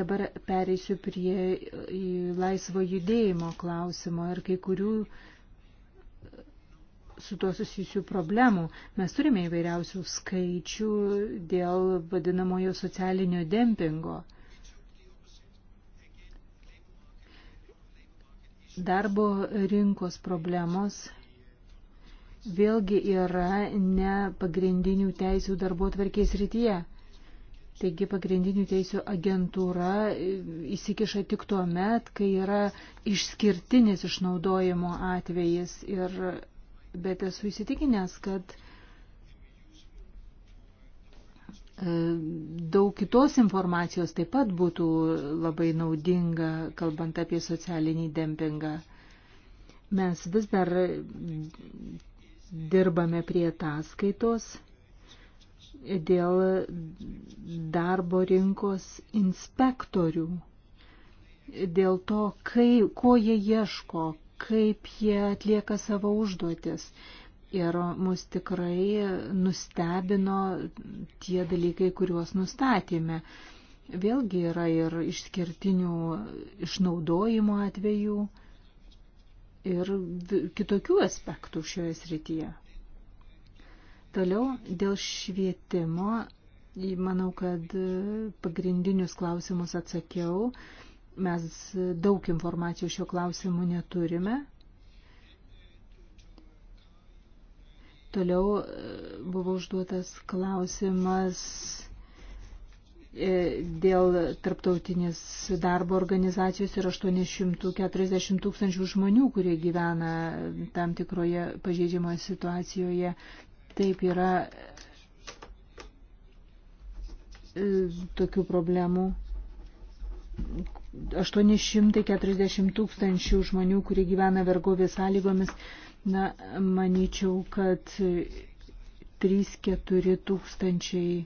Dabar pereisiu prie laisvo judėjimo klausimo ir kai kurių su tuo susijusių problemų. Mes turime įvairiausių skaičių dėl vadinamojo socialinio dempingo. Darbo rinkos problemos vėlgi yra ne pagrindinių teisių darbo tvarkės rytyje. Taigi pagrindinių teisių agentūra įsikiša tik tuo met, kai yra išskirtinis išnaudojimo atvejis. Ir, bet esu įsitikinęs, kad E, daug kitos informacijos taip pat būtų labai naudinga, kalbant apie socialinį dempingą. Mes vis dar dirbame prie ataskaitos dėl darbo rinkos inspektorių, dėl to, kai, ko jie ieško, kaip jie atlieka savo užduotis. Ir mus tikrai nustebino tie dalykai, kuriuos nustatėme. Vėlgi yra ir išskirtinių išnaudojimo atvejų ir kitokių aspektų šioje srityje. Toliau dėl švietimo, manau, kad pagrindinius klausimus atsakiau. Mes daug informacijų šio klausimu neturime. Toliau e, buvo užduotas klausimas e, dėl tarptautinės darbo organizacijos ir 840 tūkstančių žmonių, kurie gyvena tam tikroje pažeidžiamoje situacijoje. Taip yra e, tokių problemų. 840 tūkstančių žmonių, kurie gyvena vergovės sąlygomis, Na, manyčiau, kad 3-4 tūkstančiai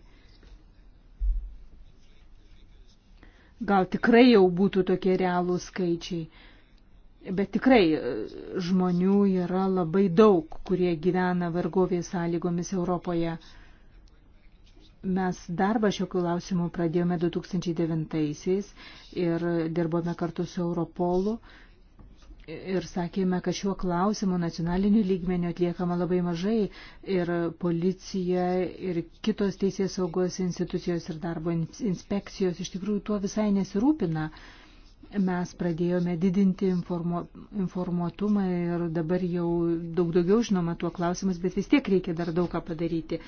gal tikrai jau būtų tokie realūs skaičiai. Bet tikrai e, žmonių yra labai daug, kurie gyvena vergovės sąlygomis Europoje. Mes darbą šio klausimu pradėjome 2009-aisiais ir dirbome kartu su Europolu. Ir sakėme, kad šiuo klausimu nacionaliniu lygmeniu atliekama labai mažai ir policija, ir kitos teisės saugos institucijos, ir darbo inspekcijos iš tikrųjų tuo visai nesirūpina. Uh, mes pradėjome didinti informo, informuotumą ir dabar jau daug daugiau žinoma tuo klausimas, bet vis tiek reikia dar daug ką padaryti.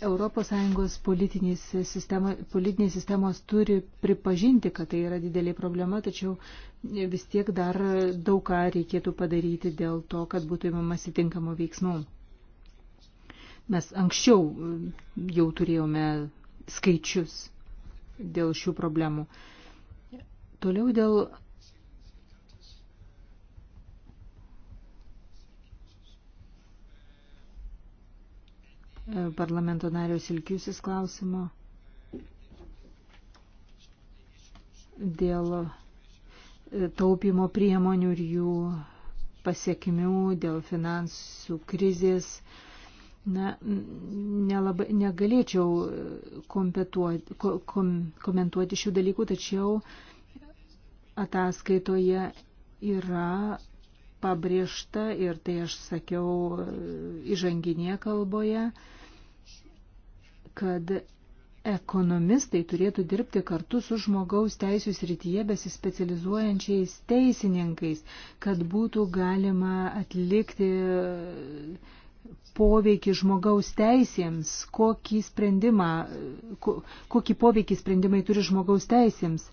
ES politinės, sistema, politinės sistemos turi pripažinti, kad tai yra didelė problema, tačiau vis tiek dar daug ką reikėtų padaryti dėl to, kad būtų įmamasi tinkamų veiksmų. Mes anksčiau jau turėjome skaičius dėl šių problemų. Uh, Toliau dėl parlamento nario Silkiusis klausimo dėl e, taupimo priemonių ir jų pasiekmių, dėl finansų krizės. Na, nelabai, negalėčiau kom, komentuoti šių dalykų, tačiau uh, ataskaitoje yra pabrėžta ir tai aš sakiau e, įžanginėje kalboje, kad ekonomistai turėtų dirbti kartu su žmogaus teisų srityje besispecializuojančiais teisininkais, kad būtų galima atlikti poveikį žmogaus teisėms, kokį, sprendimą, kokį poveikį sprendimai turi žmogaus teisėms.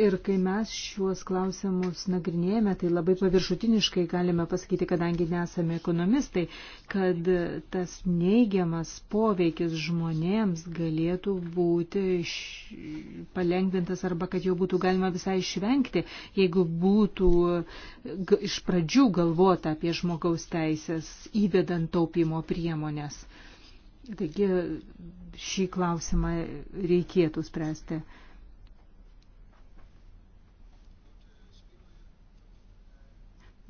Ir kai mes šiuos klausimus nagrinėjame, tai labai paviršutiniškai galime pasakyti, kadangi nesame ekonomistai, kad tas neigiamas poveikis žmonėms galėtų būti iš... palengvintas arba kad jo būtų galima visai išvengti, jeigu būtų iš pradžių galvota apie žmogaus teisės įvedant taupimo priemonės. Taigi šį klausimą reikėtų spręsti.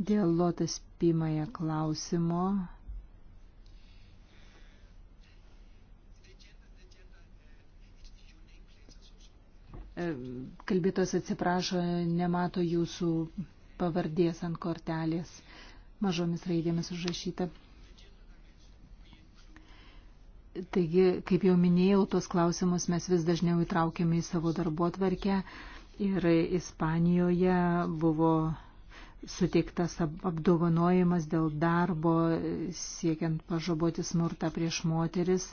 Dėl lotas pirmąją klausimo. E, kalbėtos atsiprašo, nemato jūsų pavardės ant kortelės, mažomis raidėmis užrašyta. Taigi, kaip jau minėjau, tos klausimus mes vis dažniau įtraukiame į savo darbo tvarkę ir Ispanijoje buvo suteiktas apdovanojimas dėl darbo siekiant pažaboti smurtą prieš moteris,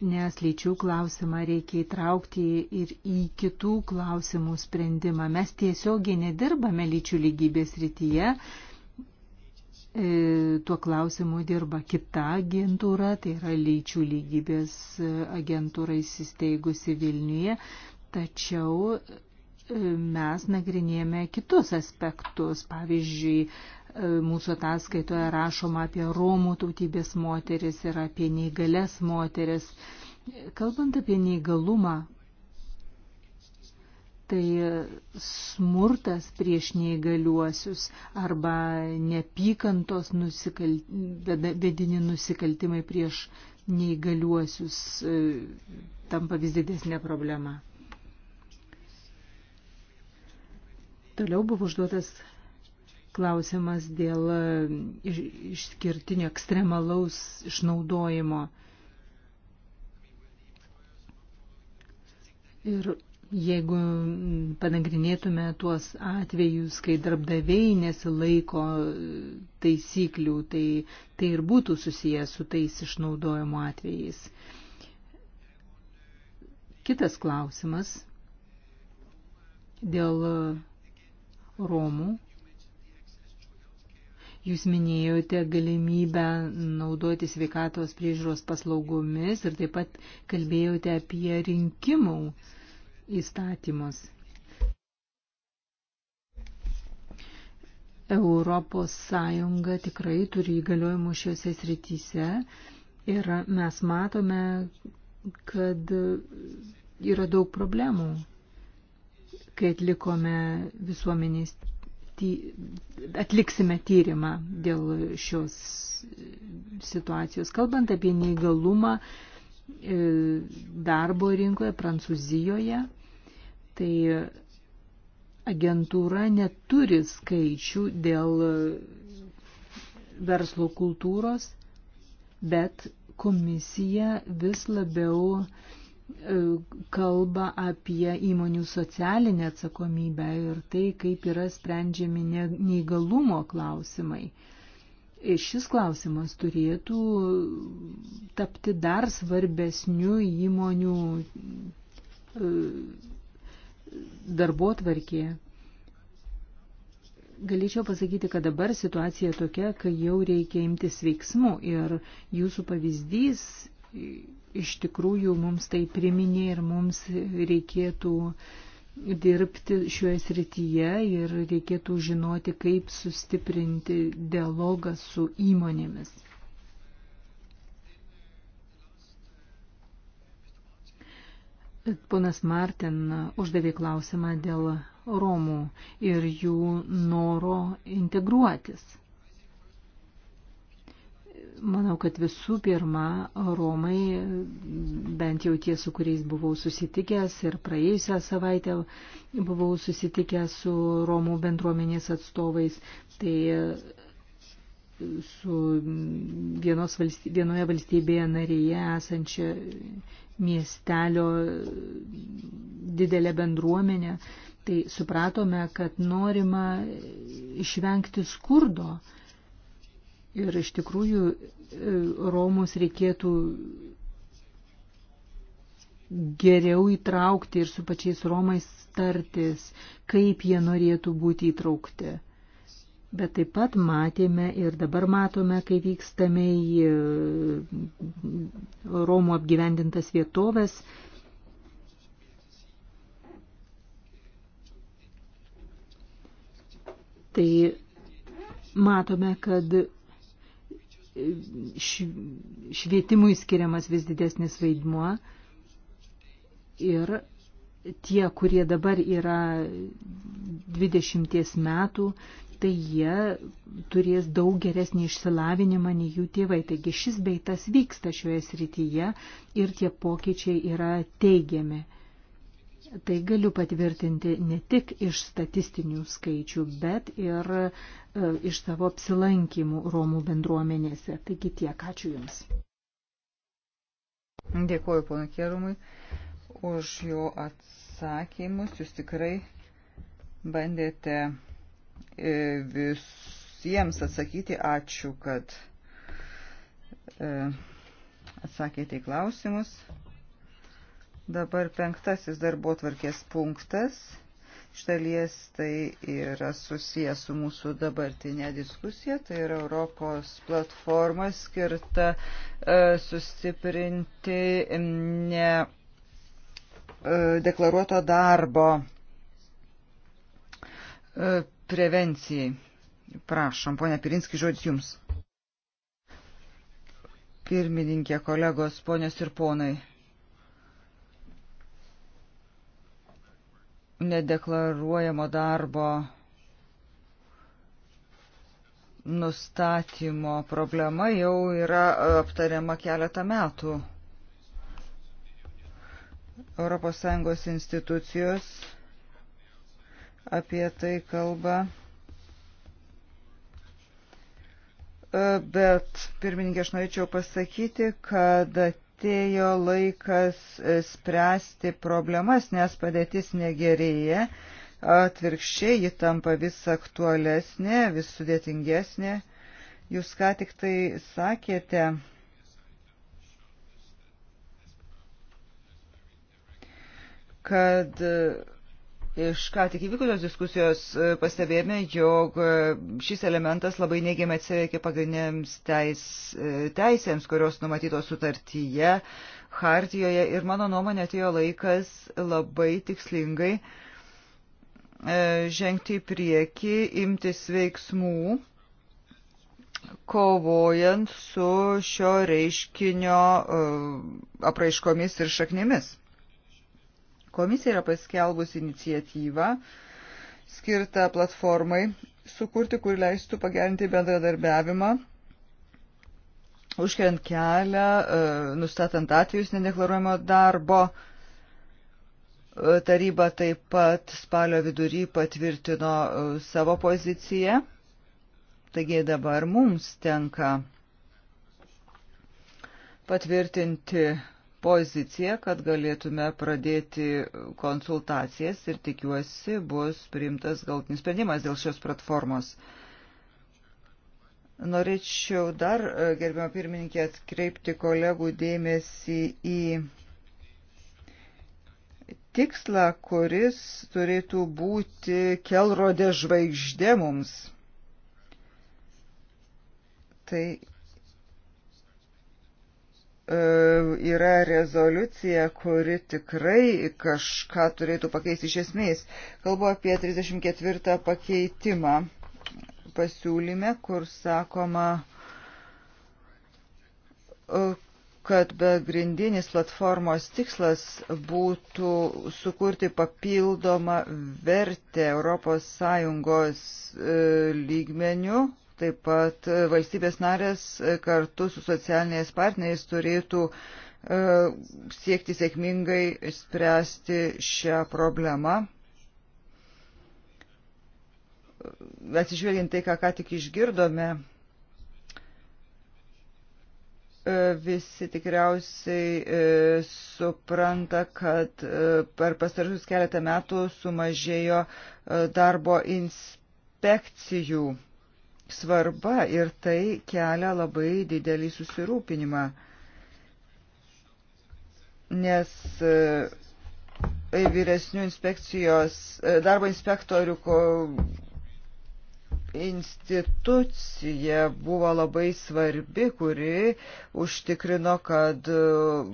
nes lyčių klausimą reikia įtraukti ir į kitų klausimų sprendimą. Mes tiesiogiai nedirbame lyčių lygybės rytyje, e, tuo klausimu dirba kita agentūra, tai yra lyčių lygybės agentūra įsisteigusi Vilniuje, tačiau mes nagrinėjame kitus aspektus. Pavyzdžiui, e, mūsų ataskaitoje rašoma apie Romų tautybės moteris ir apie neįgales moteris. Kalbant apie neįgalumą, tai smurtas prieš neįgaliuosius arba nepykantos nusikalt... vedini nusikaltimai prieš neįgaliuosius e, tampa vis didesnė problema. Toliau buvo užduotas klausimas dėl e, išskirtinio ekstremalaus išnaudojimo. Ir jeigu panagrinėtume tuos atvejus, kai darbdaviai nesilaiko taisyklių, tai tai ir būtų susijęs su tais išnaudojimo atvejais. Kitas klausimas dėl Romų. Jūs minėjote galimybę naudoti sveikatos priežiūros paslaugomis ir taip pat kalbėjote apie rinkimų įstatymus. Europos Sąjunga tikrai turi įgaliojimų šiuose srityse ir mes matome, kad yra daug problemų kai atlikome visuomenės, ty, atliksime tyrimą dėl šios situacijos. Kalbant apie neįgalumą e, darbo rinkoje Prancūzijoje, tai agentūra neturi skaičių dėl verslo kultūros, bet komisija vis labiau uh, E, kalba apie įmonių socialinę atsakomybę ir tai, kaip yra sprendžiami neįgalumo klausimai. Ir e, šis klausimas turėtų tapti dar svarbesniu įmonių e, darbo tvarkėje. Galėčiau pasakyti, kad dabar situacija tokia, kai jau reikia imtis veiksmų ir jūsų pavyzdys iš tikrųjų mums tai priminė ir mums reikėtų dirbti šioje srityje ir reikėtų žinoti, kaip sustiprinti dialogą su įmonėmis. Ponas Martin uždavė klausimą dėl Romų ir jų noro integruotis. Manau, kad visų pirma, Romai, bent jau tie, su kuriais buvau susitikęs ir praėjusią savaitę buvau susitikęs su Romų bendruomenės atstovais, tai su vienos valstybė, vienoje valstybėje narėje esančia miestelio didelė bendruomenė, tai supratome, kad norima išvengti skurdo Ir iš tikrųjų e, Romus reikėtų geriau įtraukti ir su pačiais Romais tartis, kaip jie norėtų būti įtraukti. Bet taip pat matėme ir dabar matome, kai vykstame į e, Romų apgyvendintas vietovės. Tai matome, kad švietimui skiriamas vis didesnis vaidmuo ir tie, kurie dabar yra 20 metų, tai jie turės daug geresnį išsilavinimą nei jų tėvai. Taigi šis beitas vyksta šioje srityje ir tie pokyčiai yra teigiami. Tai galiu patvirtinti ne tik iš statistinių skaičių, bet ir e, iš savo apsilankimų Romų bendruomenėse. Taigi tiek, ačiū Jums. Dėkuoju pono Kierumui už jo atsakymus. Jūs tikrai bandėte e, visiems atsakyti. Ačiū, kad e, atsakėte į klausimus. Dabar penktasis darbo tvarkės punktas. Štalies tai yra susijęs su mūsų dabartinė diskusija, tai yra Europos platforma skirta e, sustiprinti ne e, deklaruoto darbo e, prevencijai. Prašom, ponia Pirinski, žodis jums. Pirmininkė, kolegos, ponios ir ponai nedeklaruojamo darbo nustatymo problema jau yra e, aptariama keletą metų. ES institucijos apie tai kalba. E, bet, pirmininkė, aš norėčiau pasakyti, kad atėjo laikas e, spręsti problemas, nes padėtis negerėja, atvirkščiai ji tampa vis aktualesnė, vis sudėtingesnė. Jūs ką tik tai sakėte, kad uh, Iš ką tik įvykusios diskusijos e, pastebėjome, jog e, šis elementas labai neigiamai atsiveikia pagrindiniams teis, e, teisėms, kurios numatytos sutartyje, hartijoje ir mano nuomonė atėjo laikas labai tikslingai žengti į priekį, imtis veiksmų, kovojant su šio reiškinio apraiškomis ir šaknimis. Komisija yra paskelbus iniciatyvą skirtą platformai sukurti, kur leistų pagerinti bendradarbiavimą, užkeliant kelią, e, nustatant atvejus nedeklaruojamo darbo. E, taryba taip pat spalio vidury patvirtino e, savo poziciją. Taigi dabar mums tenka patvirtinti poziciją, kad galėtume pradėti konsultacijas ir tikiuosi bus priimtas galtinis sprendimas dėl šios platformos. Norėčiau dar, e, gerbiamą pirmininkę, atkreipti kolegų dėmesį į tikslą, kuris turėtų būti kelrodė žvaigždė mums. Tai E, yra rezoliucija, kuri tikrai kažką turėtų pakeisti iš esmės. Kalbu apie 34 pakeitimą pasiūlyme, kur sakoma, e, kad begrindinis platformos tikslas būtų sukurti papildomą vertę ES e, lygmenių Taip pat e, valstybės narės e, kartu su socialiniais partneriais turėtų e, siekti sėkmingai spręsti šią problemą. Atsižvelgiant tai, ką ką tik išgirdome, visi tikriausiai supranta, kad per pastarusius keletą metų sumažėjo darbo inspekcijų svarba ir tai kelia labai didelį susirūpinimą, nes e, vyresnių inspekcijos, e, darbo inspektorių institucija buvo labai svarbi, kuri užtikrino, kad e,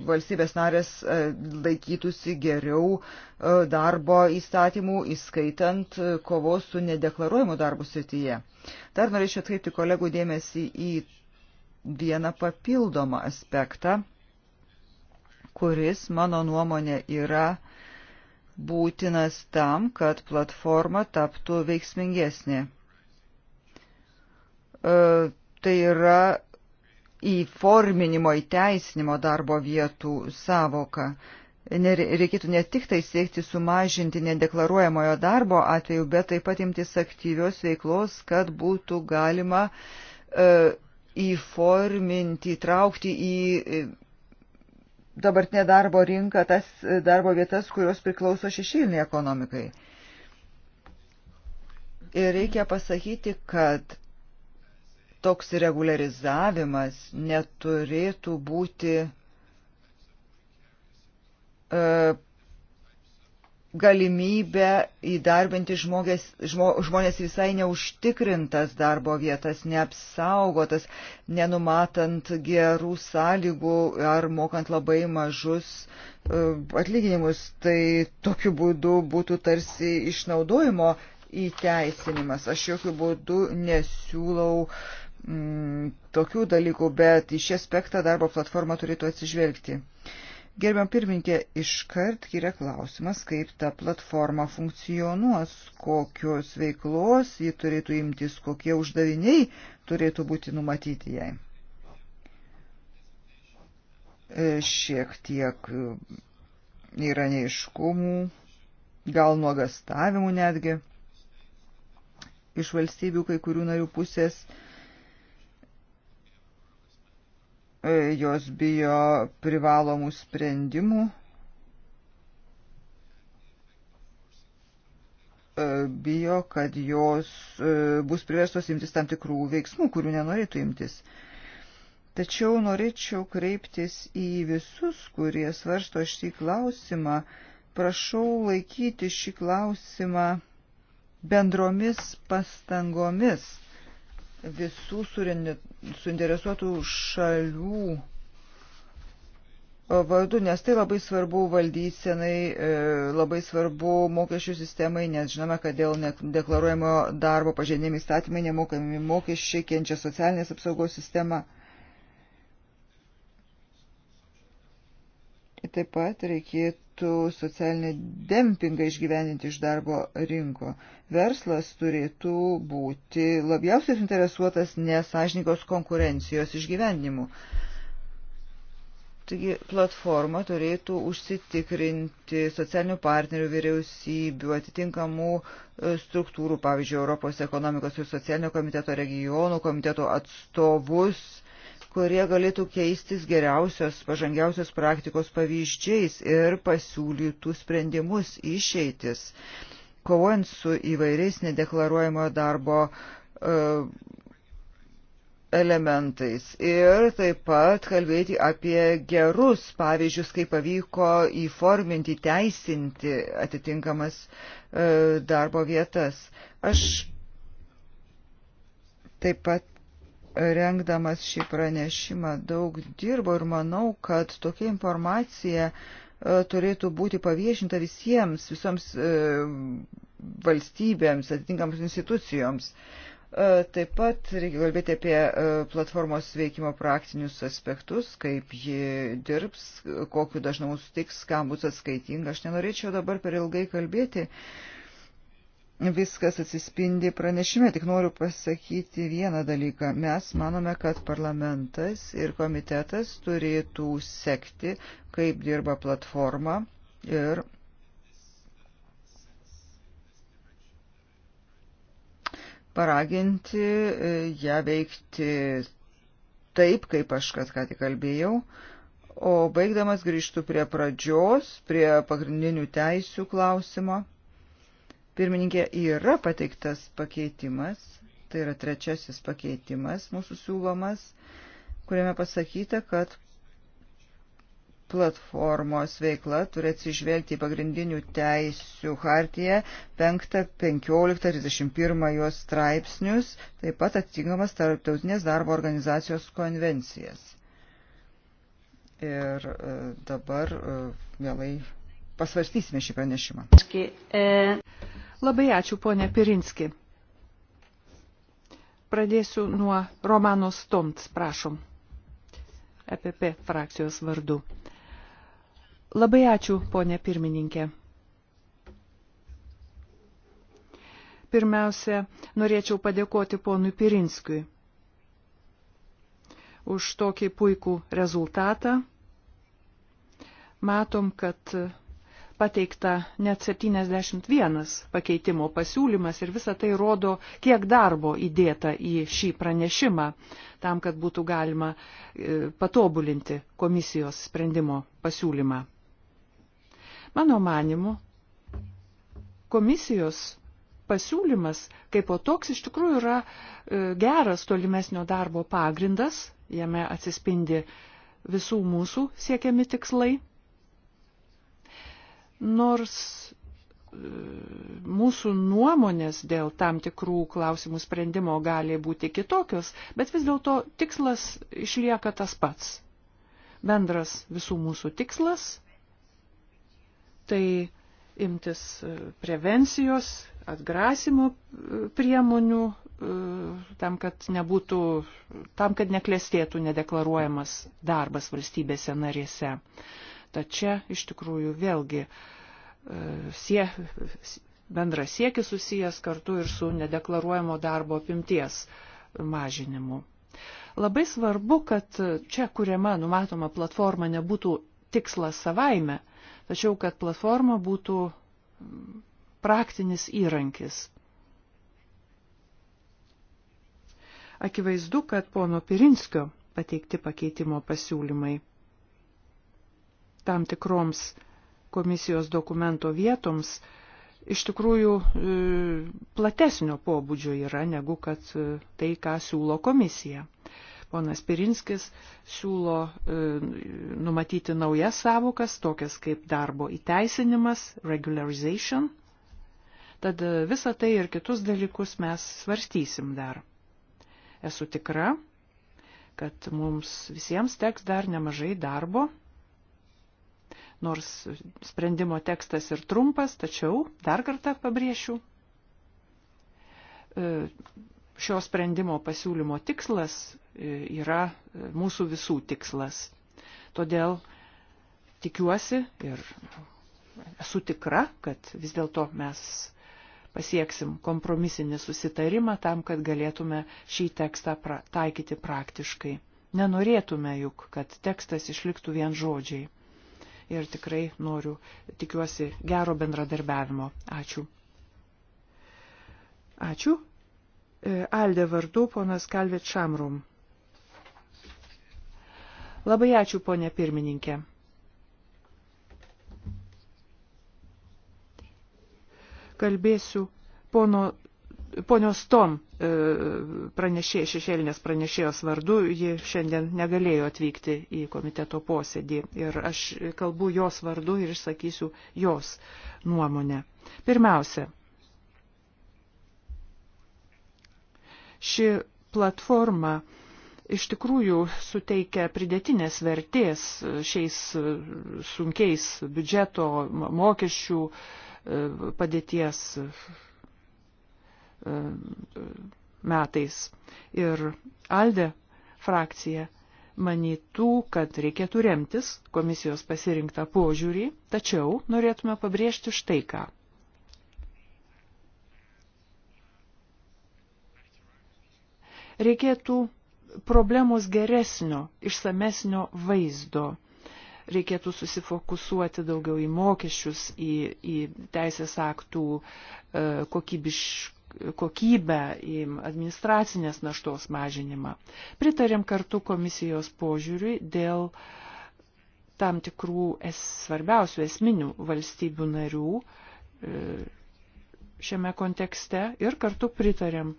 valstybės narės e, laikytųsi geriau e, darbo įstatymų, įskaitant kovos su nedeklaruojimu darbu srityje. Dar norėčiau atkreipti kolegų dėmesį į vieną papildomą aspektą, kuris, mano nuomonė, yra būtinas tam, kad platforma taptų veiksmingesnė E, tai yra įforminimo, įteisinimo darbo vietų savoka. Reikėtų ne tik tai siekti sumažinti nedeklaruojamojo darbo atveju, bet taip pat imtis aktyvios veiklos, kad būtų galima e, įforminti, įtraukti į e, dabartinę darbo rinką tas e, darbo vietas, kurios priklauso šešėliniai ekonomikai. Ir reikia pasakyti, kad toks reguliarizavimas neturėtų būti e, galimybę įdarbinti žmogės, žmo, žmonės visai neužtikrintas darbo vietas, neapsaugotas, nenumatant gerų sąlygų ar mokant labai mažus e, atlyginimus. Tai tokiu būdu būtų tarsi išnaudojimo įteisinimas. Aš jokių būdų nesiūlau uh, mm, tokių dalykų, bet į šį aspektą darbo platforma turėtų atsižvelgti. Gerbiam pirminkė, iškart kyria klausimas, kaip ta platforma funkcionuos, kokios veiklos ji turėtų imtis, kokie uždaviniai turėtų būti numatyti jai. E, šiek tiek yra neiškumų, gal nuogastavimų netgi iš valstybių kai kurių narių pusės. E, jos bijo privalomų sprendimų, e, bijo, kad jos e, bus priverstos imtis tam tikrų veiksmų, kurių nenorėtų imtis. Tačiau norėčiau kreiptis į visus, kurie svarsto šį klausimą. Prašau laikyti šį klausimą bendromis pastangomis visų suinteresuotų šalių e, vardu, nes tai labai svarbu valdysenai, e, labai svarbu mokesčių sistemai, nes žinome, kad dėl deklaruojamo darbo pažeidėmi įstatymai nemokami mokesčiai, kenčia socialinės apsaugos sistema. taip pat reikėtų socialinį dempingą išgyveninti iš darbo rinko. Verslas turėtų būti labiausiai suinteresuotas nesažininkos konkurencijos išgyvenimu. Taigi platforma turėtų užsitikrinti socialinių partnerių vyriausybių, atitinkamų e, struktūrų, pavyzdžiui, Europos ekonomikos ir socialinio komiteto regionų komiteto atstovus kurie galėtų keistis geriausios, pažangiausios praktikos pavyzdžiais ir pasiūlytų sprendimus išeitis, kovojant su įvairiais nedeklaruojamojo darbo uh, elementais ir taip pat kalbėti apie gerus pavyzdžius, kaip pavyko įforminti, teisinti atitinkamas e, darbo vietas. Aš taip pat rengdamas šį pranešimą daug dirbo ir manau, kad tokia informacija e, turėtų būti paviešinta visiems, visoms e, valstybėms, atitinkams institucijoms. E, taip pat reikia kalbėti apie platformos veikimo praktinius aspektus, kaip ji dirbs, kokiu dažnumu sutiks, kam bus atskaitinga. Aš nenorėčiau dabar per ilgai kalbėti, viskas atsispindi pranešime. Tik noriu pasakyti vieną dalyką. Mes manome, kad parlamentas ir komitetas turėtų sekti, kaip dirba platforma ir paraginti e, ją veikti taip, kaip aš kad ką tik kalbėjau. O baigdamas grįžtų prie pradžios, prie pagrindinių teisių klausimo. Pirmininkė yra pateiktas pakeitimas, tai yra trečiasis pakeitimas mūsų siūlomas, kuriame pasakyta, kad platformos veikla turi atsižvelgti į pagrindinių teisių hartiją 5, 15, 31 jos straipsnius, taip pat atitinkamas tarptautinės darbo organizacijos konvencijas. Ir e, dabar vėlai e, pasvarstysime šį pranešimą. E... Labai ačiū, ponė Pirinski. Pradėsiu nuo Romano Stomts, prašom, EPP frakcijos vardu. Labai ačiū, ponė pirmininkė. Pirmiausia, norėčiau padėkoti ponui Pirinskui už tokį puikų rezultatą. Matom, kad pateikta net 71 pakeitimo pasiūlymas ir visa tai rodo, kiek darbo įdėta į šį pranešimą, tam, kad būtų galima e, patobulinti komisijos sprendimo pasiūlymą. Mano manimu, komisijos pasiūlymas kaip o toks iš tikrųjų yra e, geras tolimesnio darbo pagrindas, jame atsispindi visų mūsų siekiami tikslai Nors e, mūsų nuomonės dėl tam tikrų klausimų sprendimo gali būti kitokios, bet vis dėlto tikslas išlieka tas pats. Bendras visų mūsų tikslas - tai imtis e, prevencijos, atgrasimo e, priemonių tam, kad nebūtų, tam, kad neklestėtų nedeklaruojamas darbas valstybėse narėse. Tad čia iš tikrųjų vėlgi e, sie, bendras siekis susijęs kartu ir su nedeklaruojamo darbo apimties mažinimu. Labai svarbu, kad čia kuriama numatoma platforma nebūtų tikslas savaime, tačiau kad platforma būtų praktinis įrankis. Akivaizdu, kad pono Pirinskio pateikti pakeitimo pasiūlymai tam tikroms komisijos dokumento vietoms iš tikrųjų e, platesnio pobūdžio yra negu kad e, tai, ką siūlo komisija. Ponas Pirinskis siūlo e, numatyti naujas savokas, tokias kaip darbo įteisinimas, regularization. Tad visą tai ir kitus dalykus mes svarstysim dar. Esu tikra, kad mums visiems teks dar nemažai darbo nors sprendimo tekstas ir trumpas, tačiau dar kartą pabrėšiu, e, šio sprendimo pasiūlymo tikslas e, yra e, mūsų visų tikslas. Todėl tikiuosi ir esu tikra, kad vis dėlto mes pasieksim kompromisinį susitarimą tam, kad galėtume šį tekstą pra taikyti praktiškai. Nenorėtume juk, kad tekstas išliktų vien žodžiai ir tikrai noriu, tikiuosi, gero bendradarbiavimo. Ačiū. Ačiū. E, Aldė vardu ponas Kalvėt Šamrum. Labai ačiū, ponė pirmininkė. Kalbėsiu pono, ponios Tom E, pranešė, šešėlinės pranešėjos vardu, ji šiandien negalėjo atvykti į komiteto posėdį ir aš kalbu jos vardu ir išsakysiu jos nuomonę. Pirmiausia, ši platforma iš tikrųjų suteikia pridėtinės vertės šiais sunkiais biudžeto mokesčių e, padėties metais. Ir Alde frakcija manytų, kad reikėtų remtis komisijos pasirinktą požiūrį, tačiau norėtume pabrėžti štai ką. Reikėtų problemos geresnio, išsamesnio vaizdo. Reikėtų susifokusuoti daugiau į mokesčius, į, į teisės aktų e, kokybiš, kokybę, į administracinės naštos mažinimą. Pritarėm kartu komisijos požiūriui dėl tam tikrų es, svarbiausių esminių valstybių narių e, šiame kontekste ir kartu pritarėm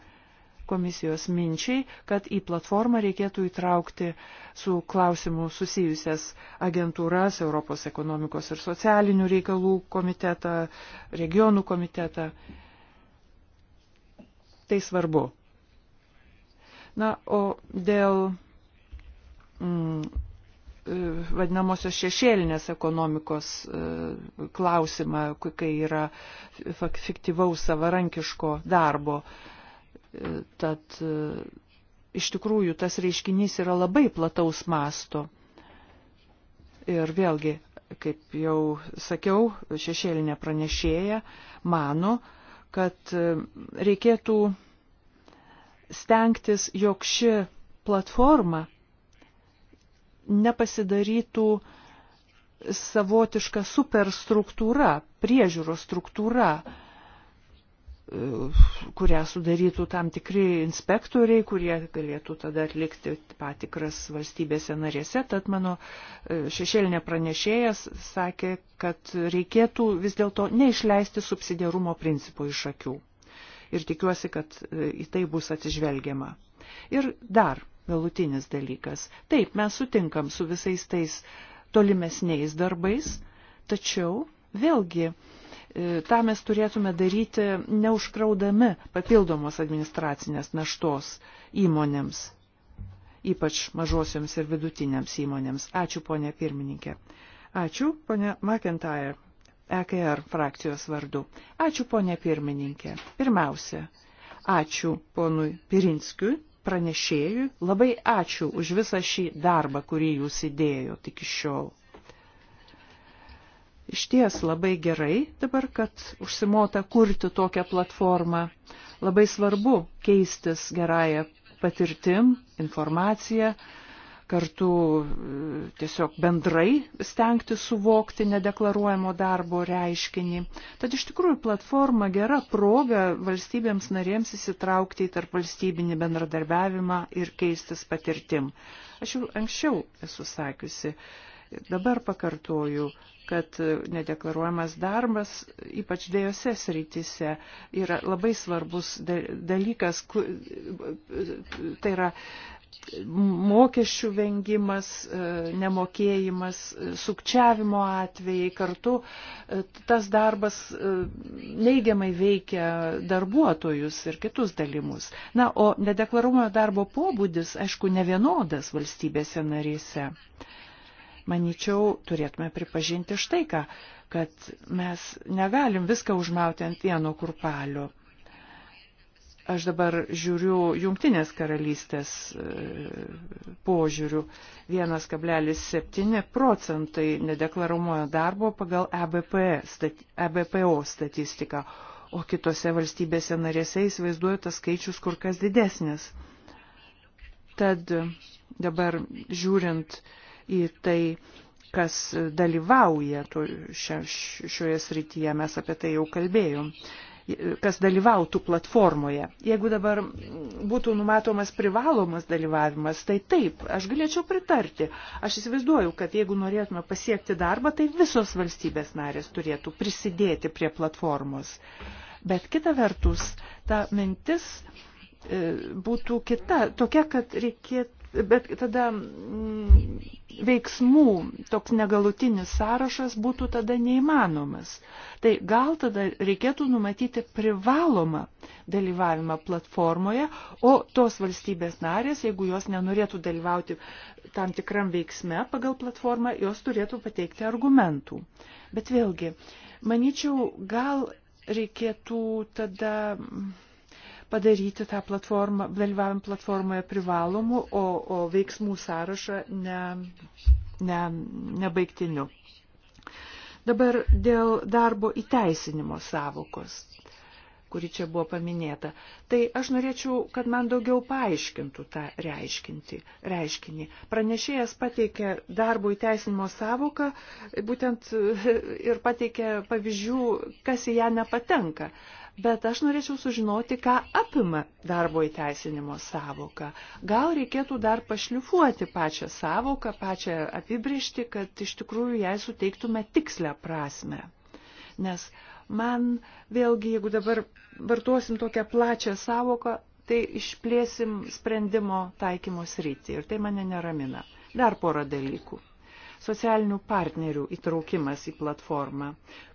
komisijos minčiai, kad į platformą reikėtų įtraukti su klausimu susijusias agentūras, Europos ekonomikos ir socialinių reikalų komitetą, regionų komitetą. Mhm tai svarbu. Na, o dėl mm, vadinamosios šešėlinės ekonomikos e, klausimą, kai yra fiktyvaus savarankiško darbo. E, tad e, iš tikrųjų tas reiškinys yra labai plataus masto. Ir vėlgi, kaip jau sakiau, šešėlinė pranešėja mano, kad e, reikėtų stengtis, jog ši platforma nepasidarytų savotiška superstruktūra, priežiūros struktūra, kurią sudarytų tam tikri inspektoriai, kurie galėtų tada atlikti patikras valstybėse narėse. Tad mano e, šešėlinė pranešėjas sakė, kad reikėtų vis dėlto neišleisti subsidiarumo principų iš akių. Ir tikiuosi, kad e, į tai bus atsižvelgiama. Ir dar galutinis dalykas. Taip, mes sutinkam su visais tais tolimesniais darbais, tačiau vėlgi E, tą mes turėtume daryti neužkraudami papildomos administracinės naštos įmonėms, ypač mažosioms ir vidutinėms įmonėms. Ačiū, ponė pirmininkė. Ačiū, ponė McIntyre, EKR frakcijos vardu. Ačiū, ponė pirmininkė. Pirmiausia, ačiū ponui Pirinskiui pranešėjui, labai ačiū už visą šį darbą, kurį jūs įdėjote iki šiol. Išties labai gerai dabar, kad užsimota kurti tokią platformą. Labai svarbu keistis gerąją patirtim, informaciją, kartu e, tiesiog bendrai stengti suvokti nedeklaruojamo darbo reiškinį. Tad iš tikrųjų platforma gera proga valstybėms narėms įsitraukti į tarp valstybinį bendradarbiavimą ir keistis patirtim. Aš jau anksčiau esu sakiusi, Dabar pakartoju, kad nedeklaruojamas darbas, ypač dviejose srityse, yra labai svarbus dalykas, tai yra mokesčių vengimas, e, nemokėjimas, e, sukčiavimo atvejai kartu. E, tas darbas neigiamai veikia darbuotojus ir kitus dalymus. Na, o nedeklaruojamojo darbo pobūdis, aišku, nevienodas valstybėse narėse manyčiau, turėtume pripažinti štai ką, kad mes negalim viską užmauti ant vieno kurpalio. Aš dabar žiūriu jungtinės karalystės e, požiūrių. 1,7 procentai nedeklaruoja darbo pagal EBPO e statistiką, o kitose valstybėse narėse įsivaizduoju tas skaičius kur kas didesnis. Tad dabar žiūrint uh, į tai, kas dalyvauja šioje srityje, mes apie tai jau kalbėjom kas dalyvautų platformoje. Jeigu dabar būtų numatomas privalomas dalyvavimas, tai taip, aš galėčiau pritarti. Aš įsivaizduoju, kad jeigu norėtume pasiekti darbą, tai visos valstybės narės turėtų prisidėti prie platformos. Bet kita vertus, ta mintis e, būtų kita, tokia, kad reikėtų bet tada m, mm, veiksmų toks negalutinis sąrašas būtų tada neįmanomas. Tai gal tada reikėtų numatyti privalomą dalyvavimą platformoje, o tos valstybės narės, jeigu jos nenorėtų dalyvauti tam tikram veiksme pagal platformą, jos turėtų pateikti argumentų. Bet vėlgi, manyčiau, gal reikėtų tada padaryti tą platformą, dalyvavimą platformoje privalomu, o, o veiksmų sąrašą ne, ne, nebaigtiniu. Dabar dėl darbo įteisinimo savokos kuri čia buvo paminėta. Tai aš norėčiau, kad man daugiau paaiškintų tą reiškinį. Pranešėjas pateikė darbo įteisinimo savoką, būtent [laughs] ir pateikė pavyzdžių, kas į ją nepatenka bet aš norėčiau sužinoti, ką apima darbo įteisinimo savoka. Gal reikėtų dar pašlifuoti pačią savoką, pačią apibrišti, kad iš tikrųjų jai suteiktume tikslę prasme. Nes man vėlgi, jeigu dabar vartosim tokią plačią savoką, tai išplėsim sprendimo taikymo sritį ir tai mane neramina. Dar porą dalykų socialinių partnerių įtraukimas į platformą.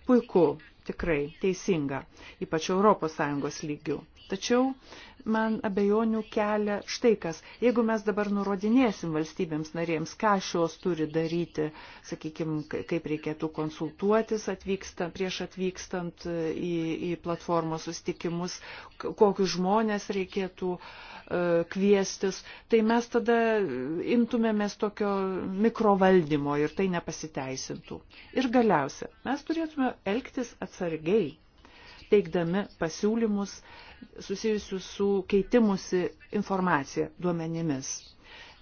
Puiku, tikrai teisinga, ypač ES lygių. Tačiau man abejonių kelia štai kas. Jeigu mes dabar nurodinėsim valstybėms narėms, ką šios turi daryti, sakykime, kaip reikėtų konsultuotis atvyksta, prieš atvykstant į, į platformos sustikimus, kokius žmonės reikėtų e, kviestis, tai mes tada imtumėmės tokio mikrovaldymo ir tai nepasiteisintų. Ir galiausia, mes turėtume elgtis atsargiai teikdami pasiūlymus susijusius su keitimusi informacija duomenimis.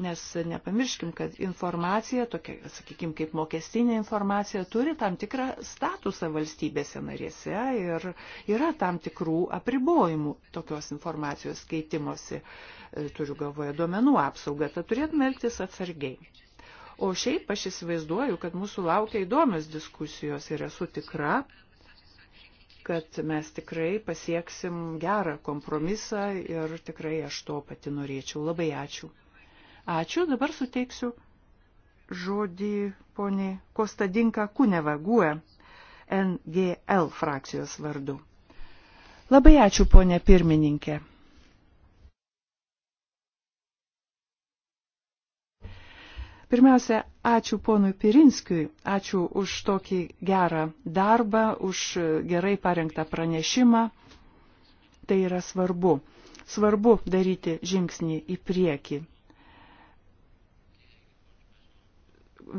Nes nepamirškim, kad informacija, tokia, sakykime, kaip mokestinė informacija, turi tam tikrą statusą valstybėse narėse ir yra tam tikrų apribojimų tokios informacijos keitimosi, e, turiu galvoje, duomenų apsaugą, tad turėtume elgtis atsargiai. O šiaip aš įsivaizduoju, kad mūsų laukia įdomios diskusijos ir esu tikra, kad mes tikrai pasieksim gerą kompromisą ir tikrai aš to pati norėčiau. Labai ačiū. Ačiū, dabar suteiksiu žodį poniai Kostadinka Kuneva Gue, NGL frakcijos vardu. Labai ačiū, ponė pirmininkė. Pirmiausia, ačiū ponui Pirinskiui, ačiū už tokį gerą darbą, už gerai parengtą pranešimą. Tai yra svarbu. Svarbu daryti žingsnį į priekį.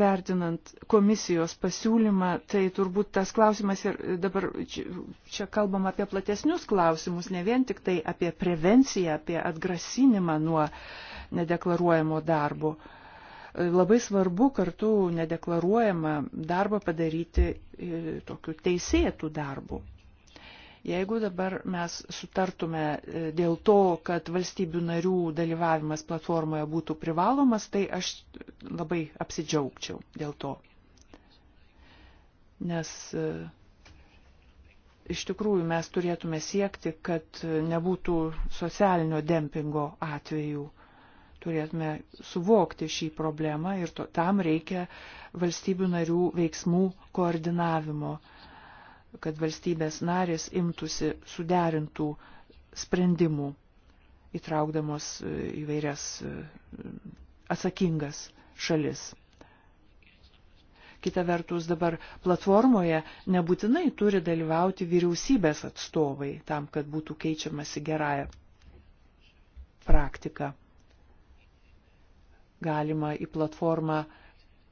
vertinant komisijos pasiūlymą, tai turbūt tas klausimas ir dabar čia, čia kalbam apie platesnius klausimus, ne vien tik tai apie prevenciją, apie atgrasinimą nuo nedeklaruojamo darbo. Uh, labai svarbu kartu nedeklaruojama darbą padaryti e, tokiu teisėtų darbu. Jeigu dabar mes sutartume e, dėl to, kad valstybių narių dalyvavimas platformoje būtų privalomas, tai aš labai apsidžiaugčiau dėl to. Nes e, iš tikrųjų mes turėtume siekti, kad nebūtų socialinio dempingo atvejų Turėtume suvokti šį problemą ir to, tam reikia valstybių narių veiksmų koordinavimo, kad valstybės narės imtųsi suderintų sprendimų, įtraukdamos e, įvairias e, atsakingas šalis. Kita vertus, dabar platformoje nebūtinai turi dalyvauti vyriausybės atstovai tam, kad būtų keičiamasi gerąją praktiką galima į platformą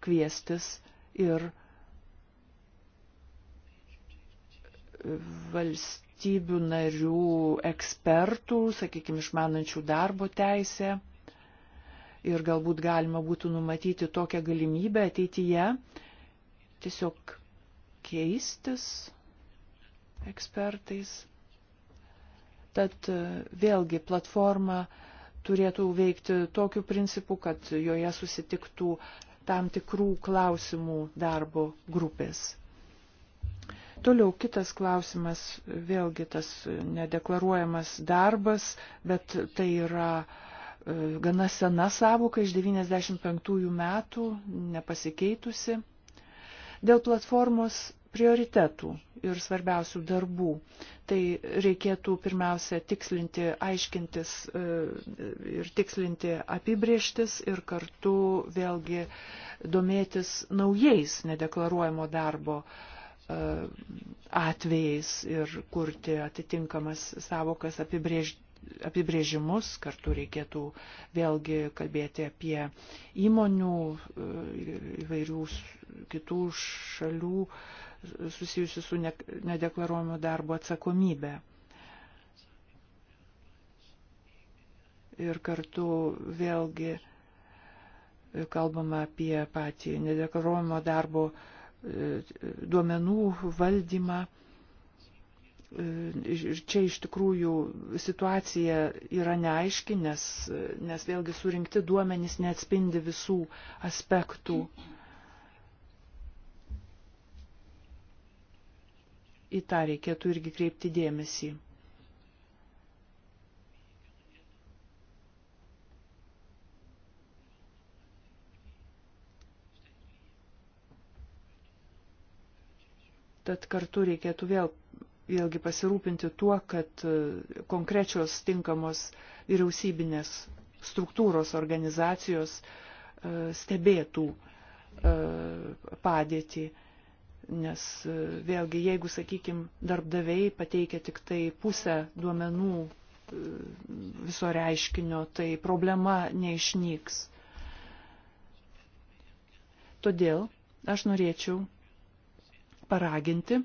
kviestis ir valstybių narių ekspertų, sakykime, išmanančių darbo teisę. Ir galbūt galima būtų numatyti tokią galimybę ateityje tiesiog keistis ekspertais. Tad vėlgi platforma uh, turėtų veikti tokiu principu, kad joje susitiktų tam tikrų klausimų darbo grupės. Toliau kitas klausimas, vėlgi tas nedeklaruojamas darbas, bet tai yra e, gana sena savoka iš 95 metų, nepasikeitusi. Dėl platformos prioritetų ir svarbiausių darbų. Tai reikėtų pirmiausia tikslinti, aiškintis e, ir tikslinti apibrieštis ir kartu vėlgi domėtis naujais nedeklaruojamo darbo e, atvejais ir kurti atitinkamas savokas apibrėžti apibrėžimus, kartu reikėtų vėlgi kalbėti apie įmonių e, įvairių kitų šalių susijusių su nedeklaruojamu darbu atsakomybę. Ir kartu vėlgi kalbama apie patį nedeklaruojamo darbo e, duomenų valdymą. E, ir čia iš tikrųjų situacija yra neaiški, nes, nes vėlgi surinkti duomenys neatspindi visų aspektų. Mhm į tą reikėtų irgi kreipti dėmesį. Tad kartu reikėtų vėl, vėlgi pasirūpinti tuo, kad e, konkrečios tinkamos vyriausybinės struktūros organizacijos e, stebėtų e, padėtį Nes e, vėlgi, jeigu, sakykime, darbdaviai pateikia tik tai pusę duomenų e, viso reiškinio, tai problema neišnyks. Todėl aš norėčiau paraginti,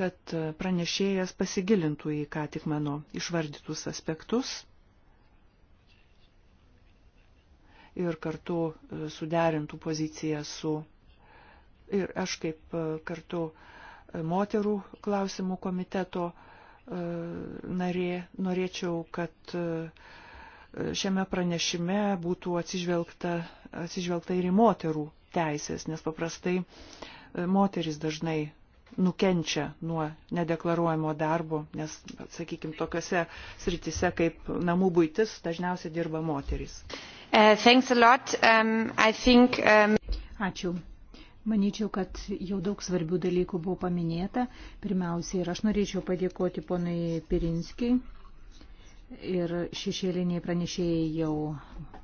kad pranešėjas pasigilintų į ką tik mano išvardytus aspektus ir kartu e, suderintų poziciją su ir aš kaip e, kartu e, moterų klausimų komiteto e, narė norėčiau, kad šiame pranešime būtų atsižvelgta, atsižvelgta ir į moterų teisės, nes paprastai moteris dažnai nukenčia nuo nedeklaruojamo darbo, nes, sakykime, tokiuose sritise kaip namų būtis dažniausiai dirba moteris. Uh, lot, um, think, um... Ačiū. Manyčiau, kad jau daug svarbių dalykų buvo paminėta. Pirmiausiai ir aš norėčiau padėkoti ponai Pirinskiai. Ir šešėliniai pranešėjai jau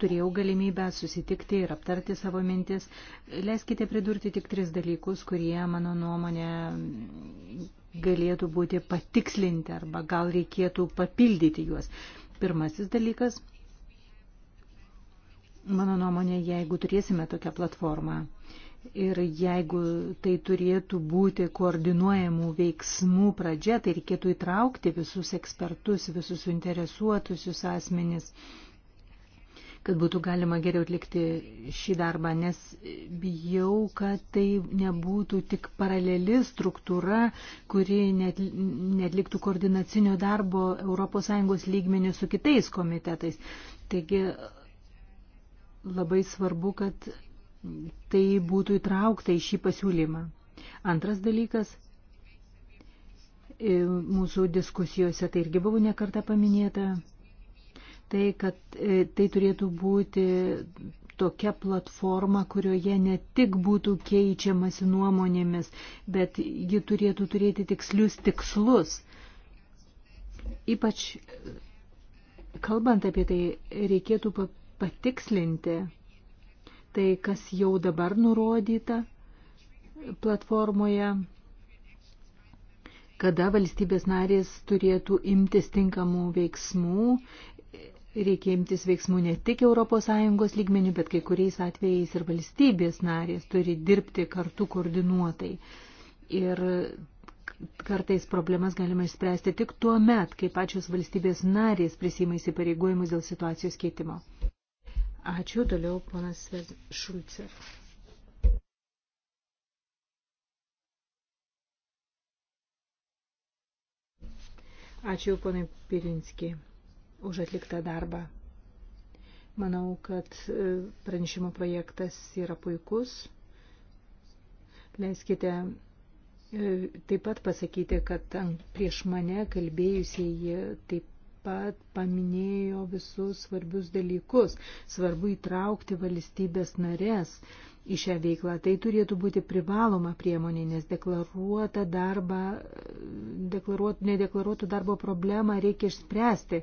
turėjau galimybę susitikti ir aptarti savo mintis. Leiskite pridurti tik tris dalykus, kurie, mano nuomonė, galėtų būti patikslinti arba gal reikėtų papildyti juos. Pirmasis dalykas, mano nuomonė, jeigu turėsime tokią platformą Ir jeigu tai turėtų būti koordinuojamų veiksmų pradžia, tai reikėtų įtraukti visus ekspertus, visus suinteresuotusius asmenis, kad būtų galima geriau atlikti šį darbą, nes bijau, kad tai nebūtų tik paraleli struktūra, kuri net, netliktų koordinacinio darbo ES lygmenių su kitais komitetais. Taigi labai svarbu, kad tai būtų įtraukta į šį pasiūlymą. Antras dalykas, e, mūsų diskusijose tai irgi buvo nekarta paminėta, tai kad e, tai turėtų būti tokia platforma, kurioje ne tik būtų keičiamasi nuomonėmis, bet ji turėtų turėti tikslius tikslus. Ypač kalbant apie tai, reikėtų patikslinti tai, kas jau dabar nurodyta platformoje, kada valstybės narės turėtų imtis tinkamų veiksmų. Reikia imtis veiksmų ne tik ES lygmenių, bet kai kuriais atvejais ir valstybės narės turi dirbti kartu koordinuotai. Ir kartais problemas galima išspręsti tik tuo met, kai pačios valstybės narės prisima įsipareigojimus dėl situacijos keitimo. Ačiū, toliau ponas Šulce. Ačiū, ponai Pirinski, už atliktą darbą. Manau, kad e, pranešimo projektas yra puikus. Leiskite e, taip pat pasakyti, kad prieš mane kalbėjusieji taip pat paminėjo visus svarbius dalykus. Svarbu įtraukti valstybės narės į šią veiklą. Tai turėtų būti privaloma priemonė, nes deklaruotą darbą, deklaruot, nedeklaruotų darbo problemą reikia išspręsti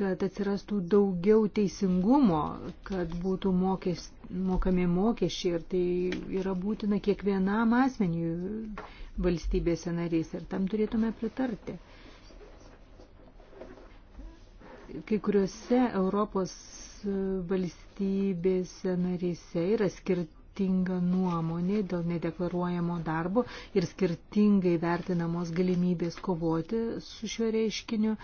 kad atsirastų daugiau teisingumo, kad būtų mokės, mokami mokesčiai ir tai yra būtina kiekvienam asmeniui valstybėse narys ir tam turėtume pritarti kai kuriuose Europos valstybėse narėse yra skirtinga nuomonė dėl nedeklaruojamo darbo ir skirtingai vertinamos galimybės kovoti su šiuo reiškiniu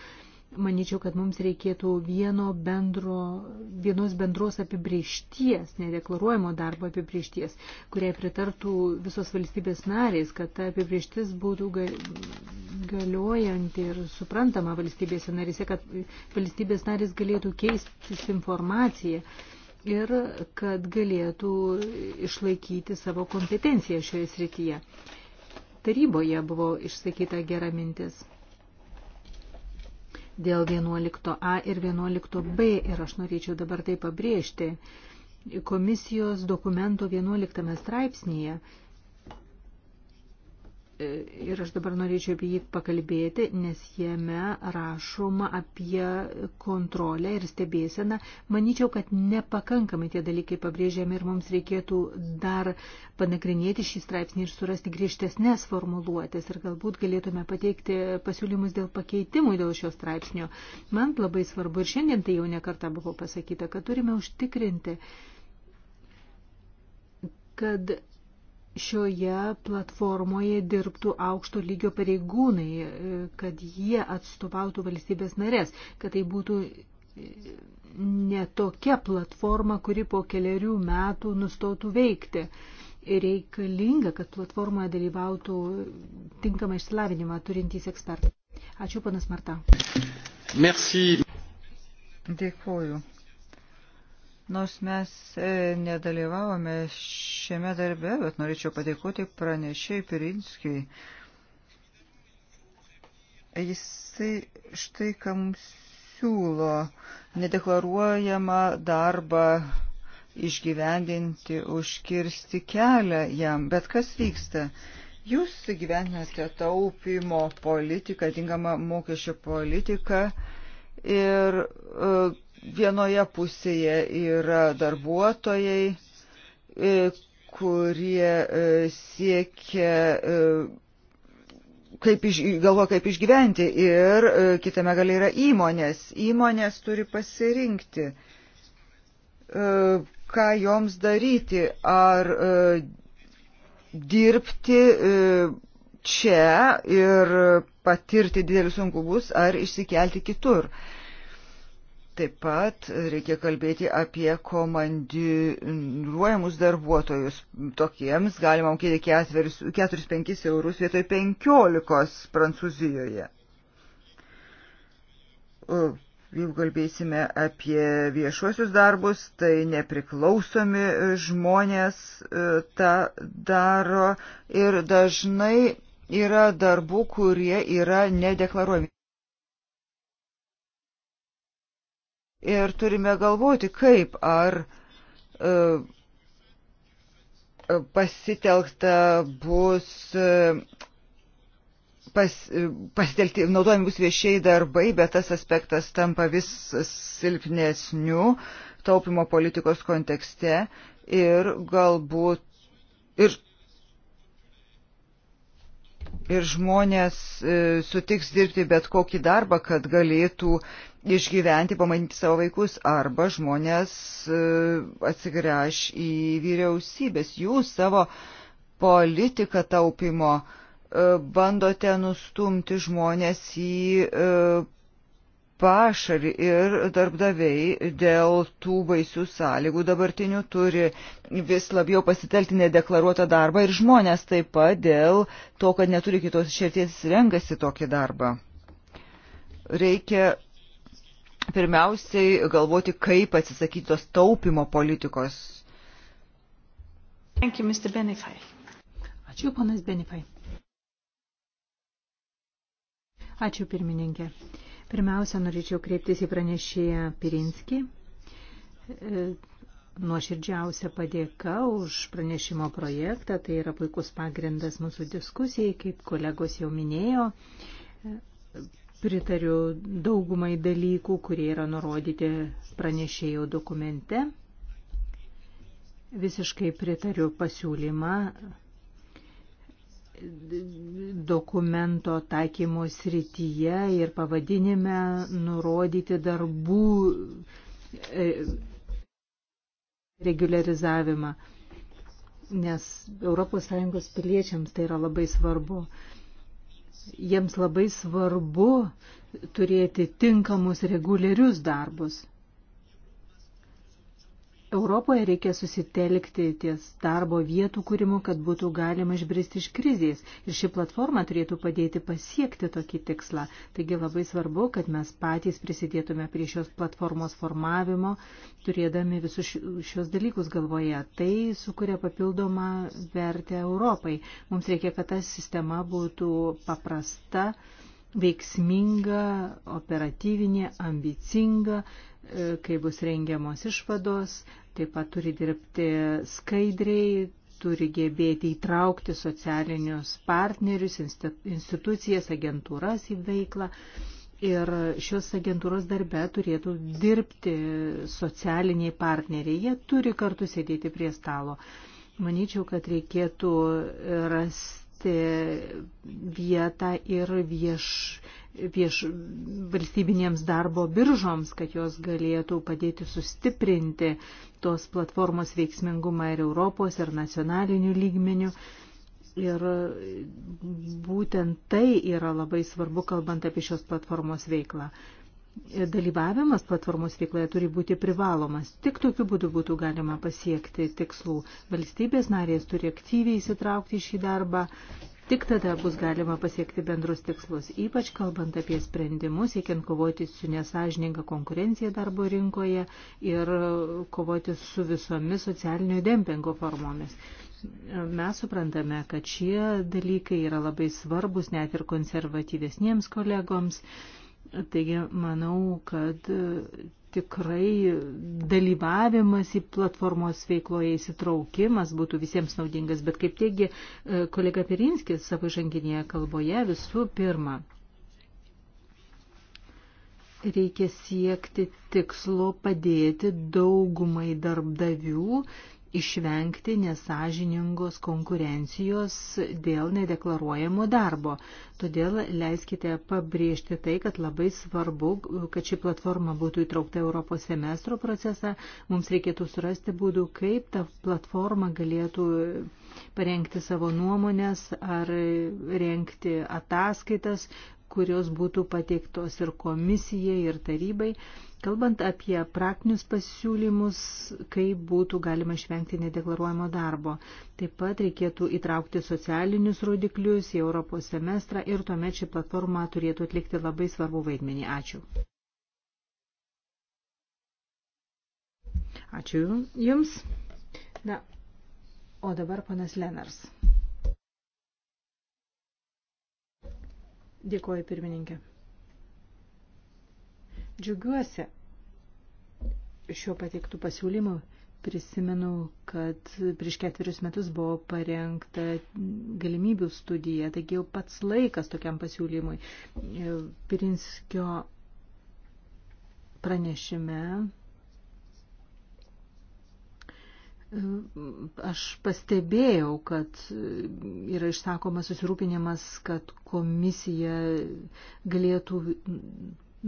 manyčiau, kad mums reikėtų vieno bendro, vienos bendros apibriešties, nedeklaruojamo darbo apibriešties, kuriai pritartų visos valstybės narės, kad ta apibrieštis būtų galiojanti ir suprantama valstybėse narėse, kad valstybės narės galėtų keistis informaciją. Ir kad galėtų išlaikyti savo kompetenciją šioje srityje. Taryboje buvo išsakyta gera mintis dėl 11a ir 11b ir aš norėčiau dabar tai pabrėžti. Komisijos dokumento 11 straipsnėje ir aš dabar norėčiau apie jį pakalbėti, nes jame rašoma apie kontrolę ir stebėseną. Manyčiau, kad nepakankamai tie dalykai pabrėžiami ir mums reikėtų dar panagrinėti šį straipsnį ir surasti griežtesnės formuluotės ir galbūt galėtume pateikti pasiūlymus dėl pakeitimų dėl šio straipsnio. Man labai svarbu ir šiandien tai jau nekarta buvo pasakyta, kad turime užtikrinti kad šioje platformoje dirbtų aukšto lygio pareigūnai, kad jie atstovautų valstybės narės, kad tai būtų e, ne tokia platforma, kuri po keliarių metų nustotų veikti. Reikalinga, kad platformoje dalyvautų tinkamą išsilavinimą turintys ekspertai. Ačiū, panas Marta. Merci. Dėkuoju. Nors mes e, nedalyvavome šiame darbe, bet norėčiau padėkoti pranešėjai Pirinskijai. Jisai štai kam siūlo nedeklaruojamą darbą išgyvendinti, užkirsti kelią jam. Bet kas vyksta? Jūs gyvenate taupimo politiką, tinkamą mokesčio politiką ir uh, Vienoje pusėje yra darbuotojai, e, kurie e, siekia e, kaip iš, galvo, kaip išgyventi ir kitame gal yra įmonės. Įmonės turi pasirinkti, ką joms daryti, ar dirbti čia ir patirti didelius sunkumus, ar išsikelti kitur. Taip pat reikia kalbėti apie komandiruojamus darbuotojus. Tokiems galima mokėti 4-5 eurus vietoj 15 Prancūzijoje. Jeigu kalbėsime apie viešuosius darbus, tai nepriklausomi žmonės e, tą daro ir dažnai yra darbų, kurie yra nedeklaruojami. ir turime galvoti, kaip ar e, e, pasitelkta bus e, pas, pasitelkti, naudojami bus viešiai darbai, bet tas aspektas tampa vis silpnesniu taupimo politikos kontekste ir galbūt ir, ir žmonės sutiks dirbti bet kokį darbą, kad galėtų išgyventi, pamatyti savo vaikus, arba žmonės e, atsigręš į vyriausybės. Jūs savo politiką taupimo e, bandote nustumti žmonės į e, pašarį ir darbdaviai dėl tų baisių sąlygų dabartinių turi vis labiau pasitelti nedeklaruotą darbą ir žmonės taip pat dėl to, kad neturi kitos širties, renkasi tokį darbą. Reikia pirmiausiai galvoti, kaip atsisakyti tos taupimo politikos. Thank you, Mr. Benifai. Ačiū, ponas Benifai. Ačiū, pirmininkė. Pirmiausia, norėčiau kreiptis į pranešėją Pirinskį. E, nuoširdžiausia padėka už pranešimo projektą, tai yra puikus pagrindas mūsų diskusijai, kaip kolegos jau minėjo e, Pritariu daugumai dalykų, kurie yra nurodyti pranešėjo dokumente. Visiškai pritariu pasiūlymą dokumento taikymo srityje ir pavadinime nurodyti darbų e, reguliarizavimą, nes ES piliečiams tai yra labai svarbu jiems labai svarbu turėti tinkamus reguliarius darbus. Europoje reikia susitelkti ties darbo vietų kūrimu, kad būtų galima išbristi iš krizės. Ir ši platforma turėtų padėti pasiekti tokį tikslą. Taigi labai svarbu, kad mes patys prisidėtume prie šios platformos formavimo, turėdami visus šios dalykus galvoje. Tai sukuria papildomą vertę Europai. Mums reikia, kad ta sistema būtų paprasta veiksminga, operatyvinė, ambicinga, e, kai bus rengiamos išvados, taip pat turi dirbti skaidriai, turi gebėti įtraukti socialinius partnerius, institucijas, agentūras į veiklą. Ir šios agentūros darbe turėtų dirbti socialiniai partneriai. Jie turi kartu sėdėti prie stalo. Manyčiau, kad reikėtų rasti vietą ir vieš, vieš, valstybinėms darbo biržoms, kad jos galėtų padėti sustiprinti tos platformos veiksmingumą ir Europos, ir nacionalinių lygmenių. Ir būtent tai yra labai svarbu, kalbant apie šios platformos veiklą. Dalyvavimas platformos veikloje turi būti privalomas. Tik tokiu būdu būtų galima pasiekti tikslų. Valstybės narės turi aktyviai įsitraukti į šį darbą Tik tada bus galima pasiekti bendrus tikslus, ypač kalbant apie sprendimus, siekiant kovoti su nesažininga konkurencija darbo rinkoje ir kovoti su visomis socialinio dempingo formomis. Mes suprantame, kad šie dalykai yra labai svarbus net ir konservatyvesniems kolegoms. Taigi, manau, kad tikrai dalyvavimas į platformos veikloje įsitraukimas būtų visiems naudingas, bet kaip teigia e, kolega Pirinskis savo žanginėje kalboje visų pirma. Reikia siekti tikslo padėti daugumai darbdavių išvengti nesažiningos konkurencijos dėl nedeklaruojamo darbo. Todėl leiskite pabrėžti tai, kad labai svarbu, kad ši platforma būtų įtraukta Europos semestro procesą. Mums reikėtų surasti būdų, kaip ta platforma galėtų parengti savo nuomonės ar rengti ataskaitas, kurios būtų pateiktos ir komisijai, ir tarybai. Kalbant apie praktinius pasiūlymus, kaip būtų galima išvengti nedeklaruojamo darbo, taip pat reikėtų įtraukti socialinius rodiklius į Europos semestrą ir tuomet ši platforma turėtų atlikti labai svarbu vaidmenį. Ačiū. Ačiū Jums. Na, o dabar panas Lenars. Dėkuoju pirmininkė. Džiugiuosi šio pateiktų pasiūlymų. Prisimenu, kad prieš ketverius metus buvo parengta galimybių studija, taigi jau pats laikas tokiam pasiūlymui. Pirinskio pranešime aš pastebėjau, kad yra išsakomas susirūpinimas, kad komisija galėtų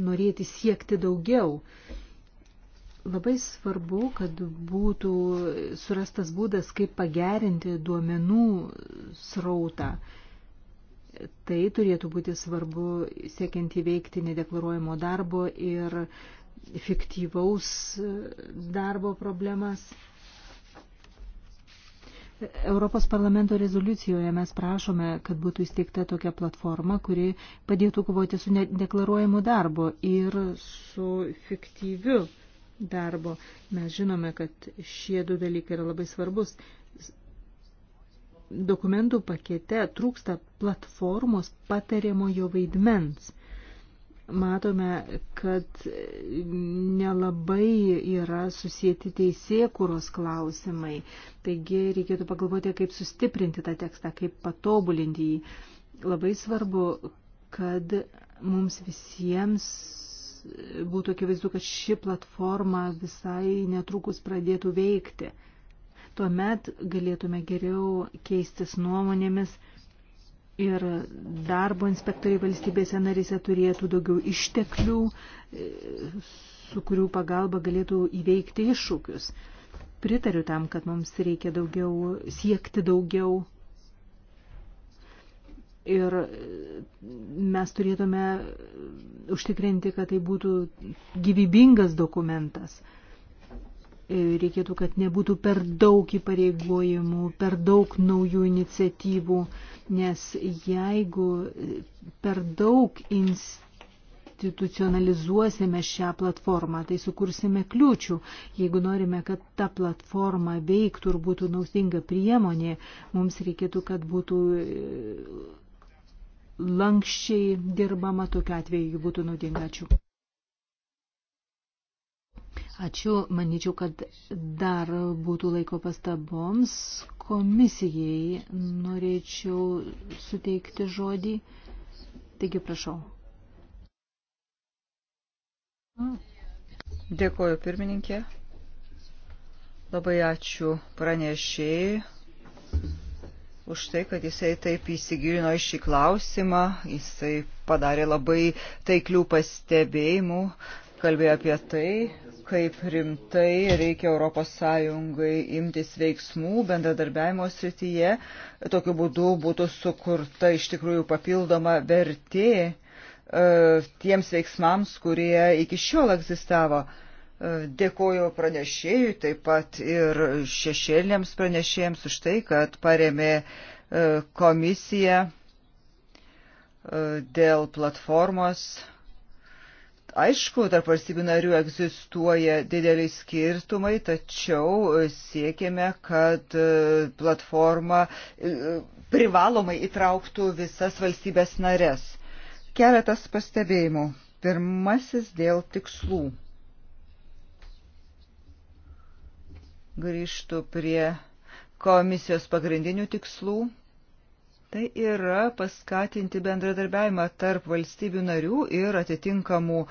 norėti siekti daugiau. Labai svarbu, kad būtų surastas būdas, kaip pagerinti duomenų srautą. Tai turėtų būti svarbu siekiant įveikti nedeklaruojamo darbo ir fiktyvaus darbo problemas. Europos parlamento rezoliucijoje mes prašome, kad būtų įsteigta tokia platforma, kuri padėtų kovoti su nedeklaruojamu darbu ir su fiktyviu darbu. Mes žinome, kad šie du dalykai yra labai svarbus. Dokumentų pakete trūksta platformos patariamojo vaidmens matome, kad nelabai yra susijęti teisėkūros klausimai. Taigi reikėtų pagalvoti, kaip sustiprinti tą tekstą, kaip patobulinti jį. Labai svarbu, kad mums visiems būtų akivaizdu, kad ši platforma visai netrukus pradėtų veikti. Tuomet galėtume geriau keistis nuomonėmis ir darbo inspektoriai valstybėse narėse turėtų daugiau išteklių, e, su kurių pagalba galėtų įveikti iššūkius. Pritariu tam, kad mums reikia daugiau, siekti daugiau. Ir e, mes turėtume užtikrinti, kad tai būtų gyvybingas dokumentas e, reikėtų, kad nebūtų per daug įpareigojimų, per daug naujų iniciatyvų nes jeigu per daug institucionalizuosime šią platformą, tai sukursime kliūčių. Jeigu norime, kad ta platforma veiktų ir būtų naudinga priemonė, mums reikėtų, kad būtų e, lankščiai dirbama, tokiu atveju būtų naudinga. Ačiū. Ačiū. Manyčiau, kad dar būtų laiko pastaboms. Komisijai norėčiau suteikti žodį. Taigi, prašau. Dėkuoju, pirmininkė. Labai ačiū pranešėjai už tai, kad jisai taip įsigilino į šį klausimą, jisai padarė labai taiklių pastebėjimų, kalbėjo apie tai, kaip rimtai reikia ES imtis veiksmų bendradarbiavimo srityje. Tokiu būdu būtų sukurta iš tikrųjų papildoma vertė e, tiems veiksmams, kurie iki šiol egzistavo. E, dėkoju pranešėjui, taip pat ir šešėlėms pranešėjams už tai, kad paremė e, komisiją dėl platformos Aišku, tarp valstybių narių egzistuoja dideliai skirtumai, tačiau e, siekėme, kad e, platforma e, privalomai įtrauktų visas valstybės narės. Keletas pastebėjimų. Pirmasis dėl tikslų. Grįžtų prie komisijos pagrindinių tikslų tai yra paskatinti bendradarbiavimą tarp valstybių narių ir atitinkamų e,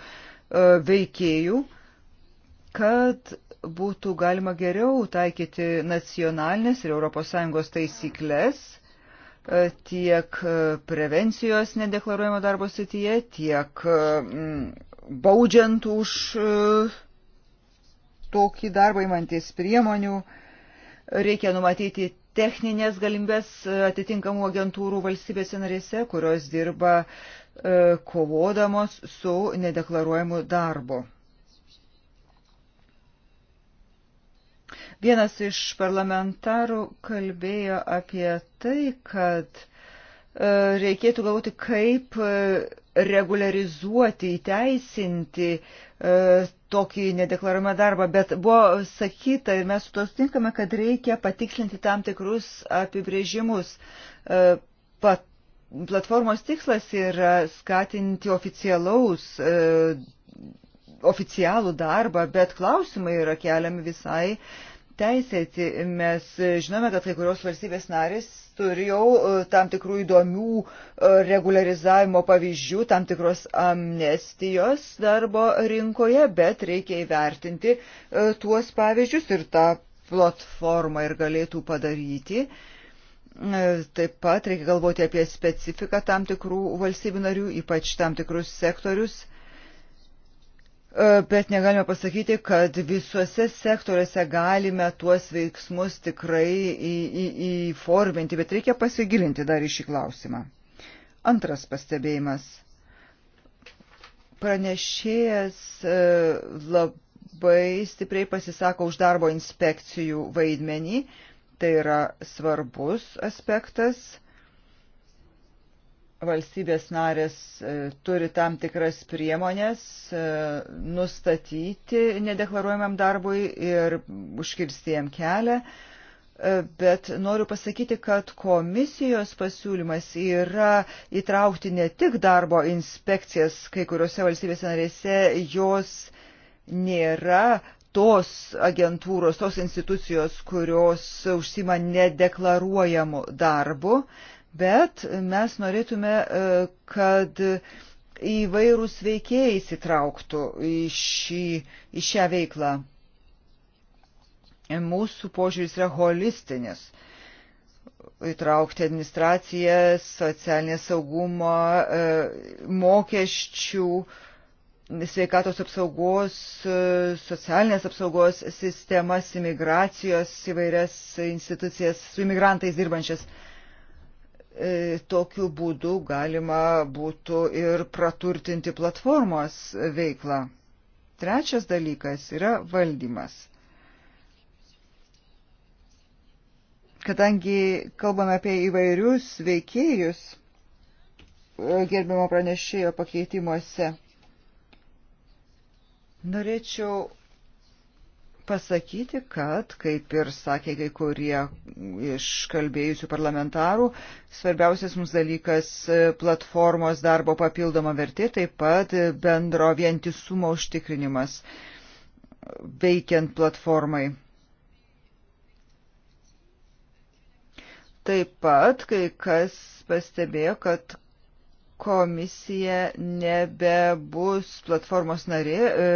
veikėjų, kad būtų galima geriau taikyti nacionalinės ir ES taisyklės e, tiek e, prevencijos nedeklaruojamo darbo srityje, tiek baudžiant už tokį darbą įmantis priemonių. Reikia numatyti techninės galimybės e, atitinkamų agentūrų valstybėse narėse, kurios dirba e, kovodamos su nedeklaruojamu darbu. Vienas iš parlamentarų kalbėjo apie tai, kad e, reikėtų galvoti, kaip regularizuoti, įteisinti tokį nedeklaruojamą darbą, bet buvo sakyta ir mes su to sutinkame, kad reikia patikslinti tam tikrus apibrėžimus. E, pat, platformos tikslas yra skatinti oficialaus, e, oficialų darbą, bet klausimai yra keliami visai teisėti. Mes žinome, kad kai kurios valstybės narės turėjau e, tam tikrų įdomių e, regularizavimo pavyzdžių, tam tikros amnestijos darbo rinkoje, bet reikia įvertinti e, tuos pavyzdžius ir tą platformą ir galėtų padaryti. Taip pat reikia galvoti apie specifiką tam tikrų valstybių narių, ypač tam tikrus sektorius E, bet negalime pasakyti, kad visuose sektoriuose galime tuos veiksmus tikrai įforminti, bet reikia pasigilinti dar į šį klausimą. Antras pastebėjimas. Pranešėjas e, labai stipriai pasisako už darbo inspekcijų vaidmenį, tai yra svarbus aspektas valstybės narės e, turi tam tikras priemonės e, nustatyti nedeklaruojamam darbui ir užkirsti jam kelią. E, bet noriu pasakyti, kad komisijos pasiūlymas yra įtraukti ne tik darbo inspekcijas, kai kuriuose valstybėse narėse jos nėra tos agentūros, tos institucijos, kurios užsima nedeklaruojamu darbu, bet mes norėtume, e, kad įvairūs veikėjai įsitrauktų į, šį, į šią veiklą. Mūsų požiūris yra holistinis. Įtraukti administraciją, socialinę saugumą, e, mokesčių, sveikatos apsaugos, e, socialinės apsaugos sistemas, imigracijos įvairias institucijas, su imigrantais dirbančias. E, tokiu būdu galima būtų ir praturtinti platformos veiklą. Trečias dalykas yra valdymas. Kadangi kalbame apie įvairius veikėjus e, gerbimo pranešėjo pakeitimuose, norėčiau pasakyti, kad, kaip ir sakė kai kurie iš kalbėjusių parlamentarų, svarbiausias mums dalykas e, platformos darbo papildoma vertė, taip pat bendro vientisumo užtikrinimas veikiant platformai. Taip pat kai kas pastebėjo, kad komisija nebebus platformos narė e,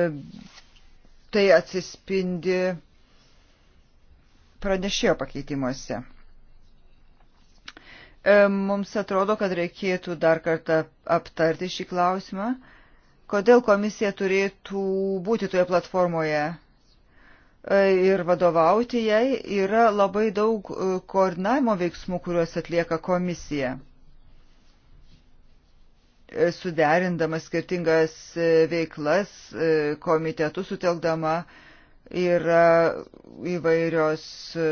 tai atsispindi pranešėjo pakeitimuose. E, mums atrodo, kad reikėtų dar kartą aptarti šį klausimą. Kodėl komisija turėtų būti toje platformoje e, ir vadovauti jai, yra labai daug e, koordinavimo veiksmų, kuriuos atlieka komisija suderindamas skirtingas e, veiklas, e, komitetų sutelkdama yra įvairios e,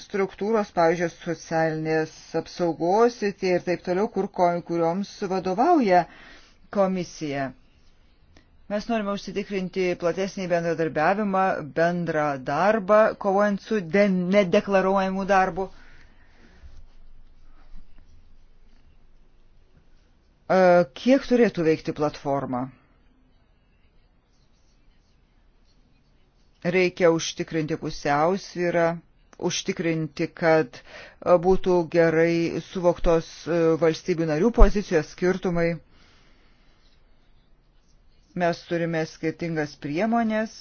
struktūros, pavyzdžiui, socialinės apsaugos ir taip toliau, kur, kurioms vadovauja komisija. Mes norime užsitikrinti platesnį bendradarbiavimą, bendrą darbą, kovojant su nedeklaruojamu darbu. E, kiek turėtų veikti platforma? Reikia užtikrinti pusiausvyrą, užtikrinti, kad e, būtų gerai suvoktos e, valstybių narių pozicijos skirtumai mes turime skirtingas priemonės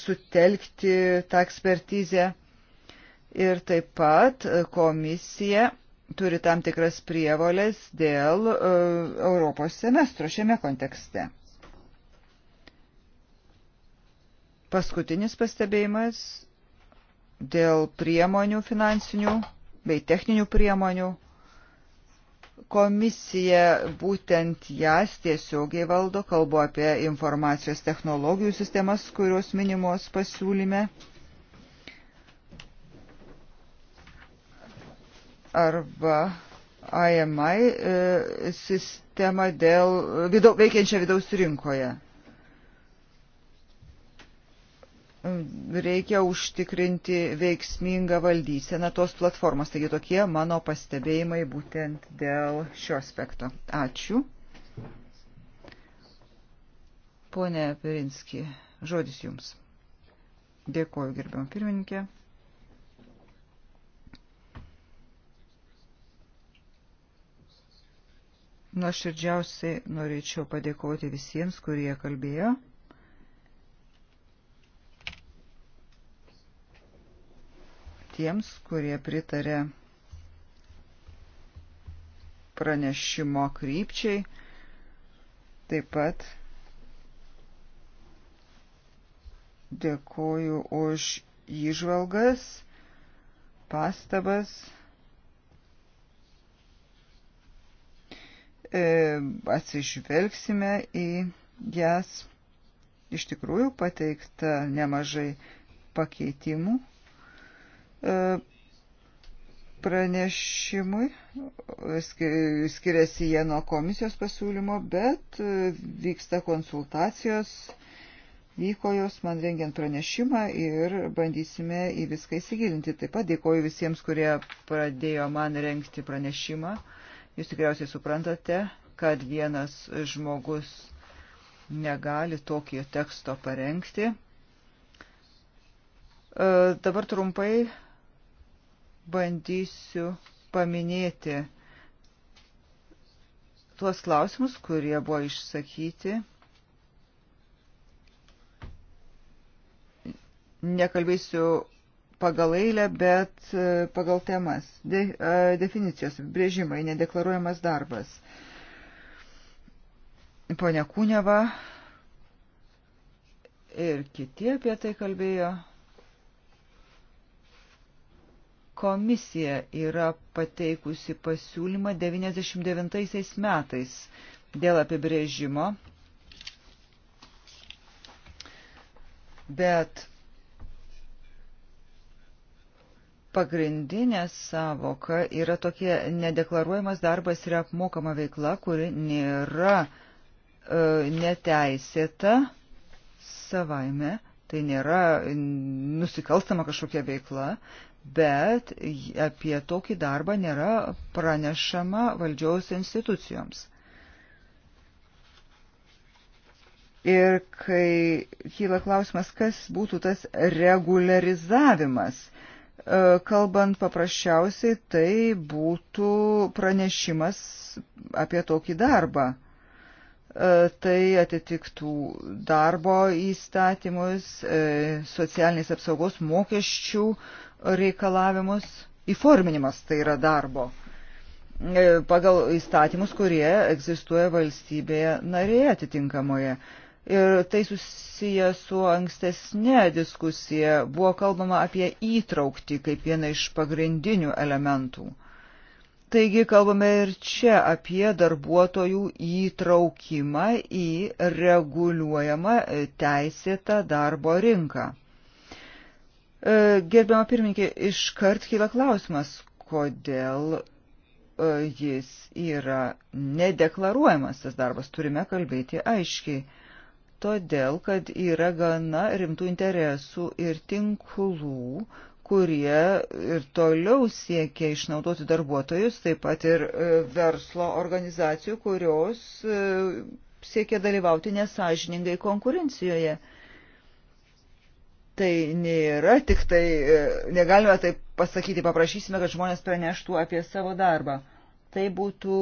sutelkti tą ekspertizę ir taip pat komisija turi tam tikras prievolės dėl e, Europos semestro šiame kontekste. Paskutinis pastebėjimas dėl priemonių finansinių bei techninių priemonių. Komisija būtent jas tiesiogiai valdo, kalbu apie informacijos technologijų sistemas, kurios minimos pasiūlyme. arba IMI e, sistemą dėl vidau, veikiančią vidaus rinkoje. Reikia užtikrinti veiksmingą valdyseną tos platformos. Taigi tokie mano pastebėjimai būtent dėl šio aspekto. Ačiū. Pone Pirinski, žodis Jums. Dėkuoju, gerbiam pirmininkė. Nuoširdžiausiai norėčiau padėkoti visiems, kurie kalbėjo. Tiems, kurie pritarė pranešimo krypčiai. Taip pat dėkoju už įžvalgas, pastabas. E, atsižvelgsime į jas. Iš tikrųjų pateikta nemažai pakeitimų e, pranešimui, skiriasi jie nuo komisijos pasiūlymo, bet e, vyksta konsultacijos, vyko jos man rengiant pranešimą ir bandysime į viską įsigilinti. Taip pat dėkoju visiems, kurie pradėjo man rengti pranešimą. Jūs tikriausiai suprantate, kad vienas žmogus negali tokio teksto parengti. E, dabar trumpai bandysiu paminėti tuos klausimus, kurie buvo išsakyti. Nekalbėsiu pagal eilę, bet e, pagal temas. De, e, definicijos, brėžimai, nedeklaruojamas darbas. Pone Kūneva ir kiti apie tai kalbėjo. Komisija yra pateikusi pasiūlymą 99 metais dėl apibrėžimo, bet pagrindinė savoka yra tokie nedeklaruojamas darbas ir apmokama veikla, kuri nėra e, neteisėta savaime, tai nėra nusikalstama kažkokia veikla, bet apie tokį darbą nėra pranešama valdžiaus institucijoms. Ir kai kyla klausimas, kas būtų tas regularizavimas, E, kalbant paprasčiausiai, tai būtų pranešimas apie tokį darbą. E, tai atitiktų darbo įstatymus, e, socialinės apsaugos mokesčių reikalavimus, įforminimas tai yra darbo pagal įstatymus, kurie egzistuoja valstybėje narėje atitinkamoje. Ir tai susiję su ankstesnė diskusija. Buvo kalbama apie įtraukti kaip vieną iš pagrindinių elementų. Taigi kalbame ir čia apie darbuotojų įtraukimą į reguliuojamą teisėtą darbo rinką. E, gerbiama pirmininkė, iškart kyla klausimas, kodėl e, jis yra nedeklaruojamas tas darbas. Turime kalbėti aiškiai todėl, kad yra gana rimtų interesų ir tinklų, kurie ir toliau siekia išnaudoti darbuotojus, taip pat ir e, verslo organizacijų, kurios e, siekia dalyvauti nesažiningai konkurencijoje. Tai nėra tik tai, e, negalime taip pasakyti, paprašysime, kad žmonės praneštų apie savo darbą tai būtų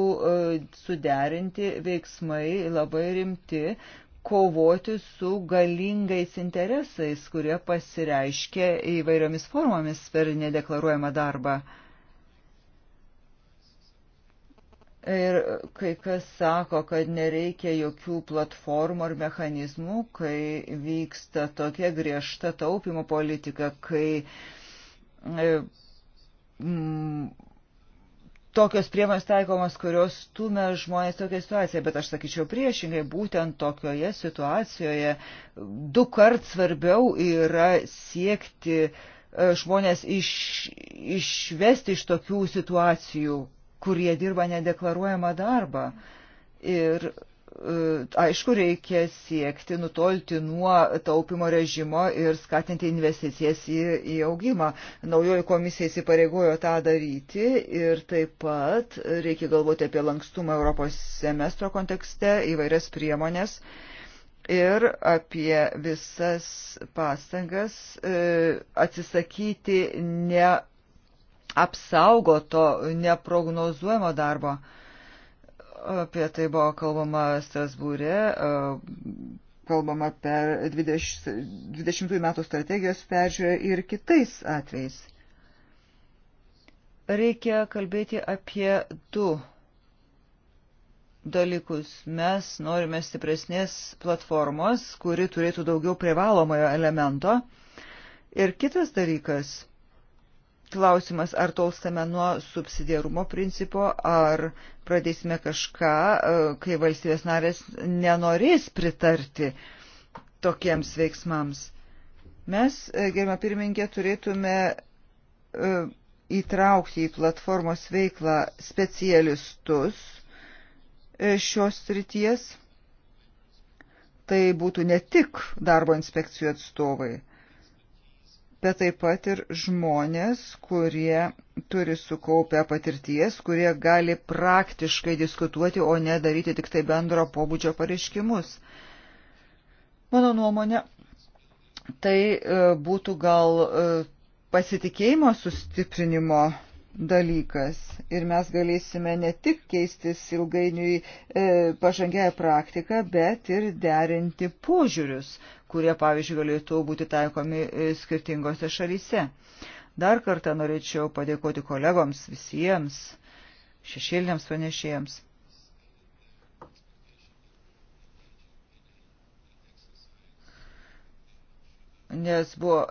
suderinti veiksmai labai rimti, kovoti su galingais interesais, kurie pasireiškia įvairiomis formomis per nedeklaruojamą darbą. Ir kai kas sako, kad nereikia jokių platformų ar mechanizmų, kai vyksta tokia griežta taupimo politika, kai mm, tokios priemonės taikomos, kurios stumia žmonės tokią situaciją, bet aš sakyčiau priešingai, būtent tokioje situacijoje du kart svarbiau yra siekti e, žmonės iš, išvesti iš tokių situacijų, kurie dirba nedeklaruojamą darbą. Ir E, aišku, reikia siekti nutolti nuo taupimo režimo ir skatinti investicijas į, į augimą. Naujoji komisija įsipareigojo tą daryti ir taip pat reikia galvoti apie lankstumą Europos semestro kontekste, įvairias priemonės ir apie visas pastangas e, atsisakyti neapsaugoto, neprognozuojamo darbo. E, Apie tai buvo kalbama Strasbūrė, e, kalbama per 20, 20 metų strategijos peržiūrę ir kitais atvejais. Reikia kalbėti apie du dalykus. Mes norime stipresnės platformos, kuri turėtų daugiau privalomojo elemento. Ir kitas dalykas klausimas, ar tolstame nuo subsidiarumo principo, ar pradėsime kažką, e, kai valstybės narės nenorės pritarti tokiems veiksmams. Mes, e, gerima pirmininkė, turėtume e, įtraukti į platformos veiklą specialistus šios srities. Tai būtų ne tik darbo inspekcijų atstovai bet taip pat ir žmonės, kurie turi sukaupę patirties, kurie gali praktiškai diskutuoti, o ne daryti tik tai bendro pobūdžio pareiškimus. Mano nuomonė, tai e, būtų gal e, pasitikėjimo sustiprinimo dalykas ir mes galėsime ne tik keistis ilgainiui e, pažangiają praktiką, bet ir derinti požiūrius, kurie, pavyzdžiui, galėtų būti taikomi e, skirtingose šalyse. Dar kartą norėčiau padėkoti kolegoms visiems, šešėliniams pranešėjams. Nes buvo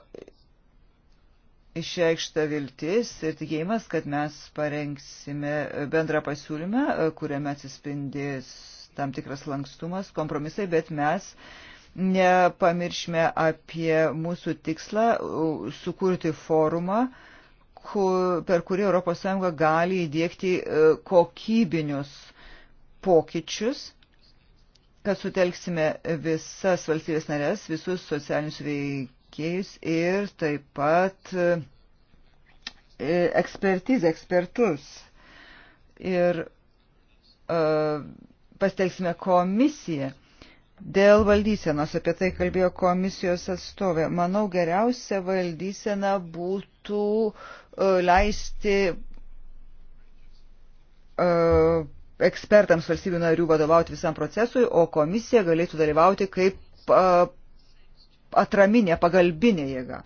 išreikšta viltis ir tikėjimas, kad mes parengsime bendrą pasiūlymą, kuriame atsispindės tam tikras lankstumas, kompromisai, bet mes nepamiršime apie mūsų tikslą sukurti forumą, per kurį ES gali įdėkti e, kokybinius pokyčius kad sutelksime visas valstybės narės, visus socialinius veikėjus veikėjus ir taip pat e, ekspertizę, ekspertus. Ir e, pasteiksime komisiją. Dėl valdysenos, apie tai kalbėjo komisijos atstovė, manau geriausia valdysena būtų e, leisti ekspertams valstybių narių vadovauti visam procesui, o komisija galėtų dalyvauti kaip atraminė, pagalbinė jėga.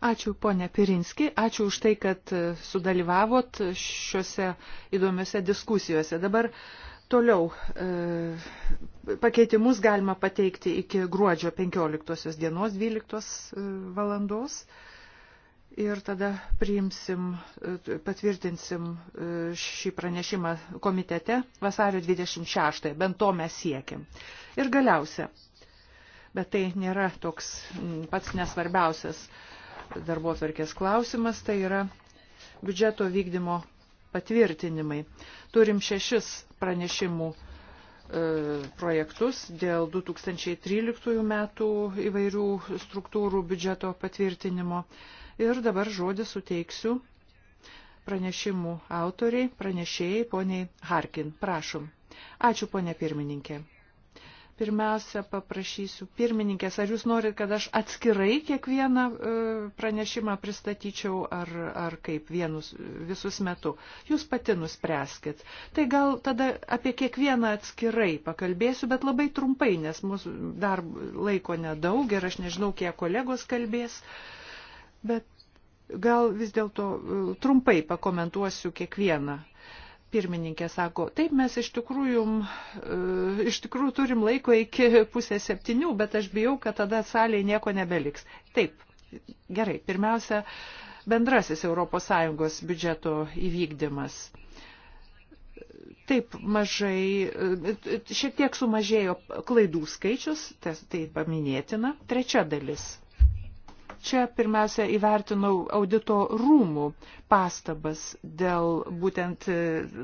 Ačiū ponė Pirinski, ačiū už tai, kad e, sudalyvavot šiuose įdomiuose diskusijose. Dabar toliau e, pakeitimus galima pateikti iki gruodžio 15 dienos 12 e, valandos ir tada priimsim, patvirtinsim šį pranešimą komitete vasario 26, bent to mes siekim. Ir galiausia, bet tai nėra toks pats nesvarbiausias darbo tvarkės klausimas, tai yra biudžeto vykdymo patvirtinimai. Turim šešis pranešimų e, projektus dėl 2013 metų įvairių struktūrų biudžeto patvirtinimo. Ir dabar žodį suteiksiu pranešimų autoriai, pranešėjai, poniai Harkin. Prašom. Ačiū, ponė pirmininkė pirmiausia paprašysiu pirmininkės, ar jūs norit, kad aš atskirai kiekvieną e, pranešimą pristatyčiau, ar, ar kaip vienus, visus metu. Jūs pati nuspręskit. Tai gal tada apie kiekvieną atskirai pakalbėsiu, bet labai trumpai, nes mūsų dar laiko nedaug ir aš nežinau, kiek kolegos kalbės. Bet gal vis dėlto e, trumpai pakomentuosiu kiekvieną pirmininkė sako, taip mes iš tikrųjų, e, iš tikrųjų turim laiko iki pusės septynių, bet aš bijau, kad tada salėje nieko nebeliks. Taip, gerai, pirmiausia, bendrasis ES biudžeto įvykdymas. Taip, mažai, e, šiek tiek sumažėjo klaidų skaičius, tai paminėtina. Trečia dalis Čia pirmiausia įvertinau audito rūmų pastabas dėl būtent e,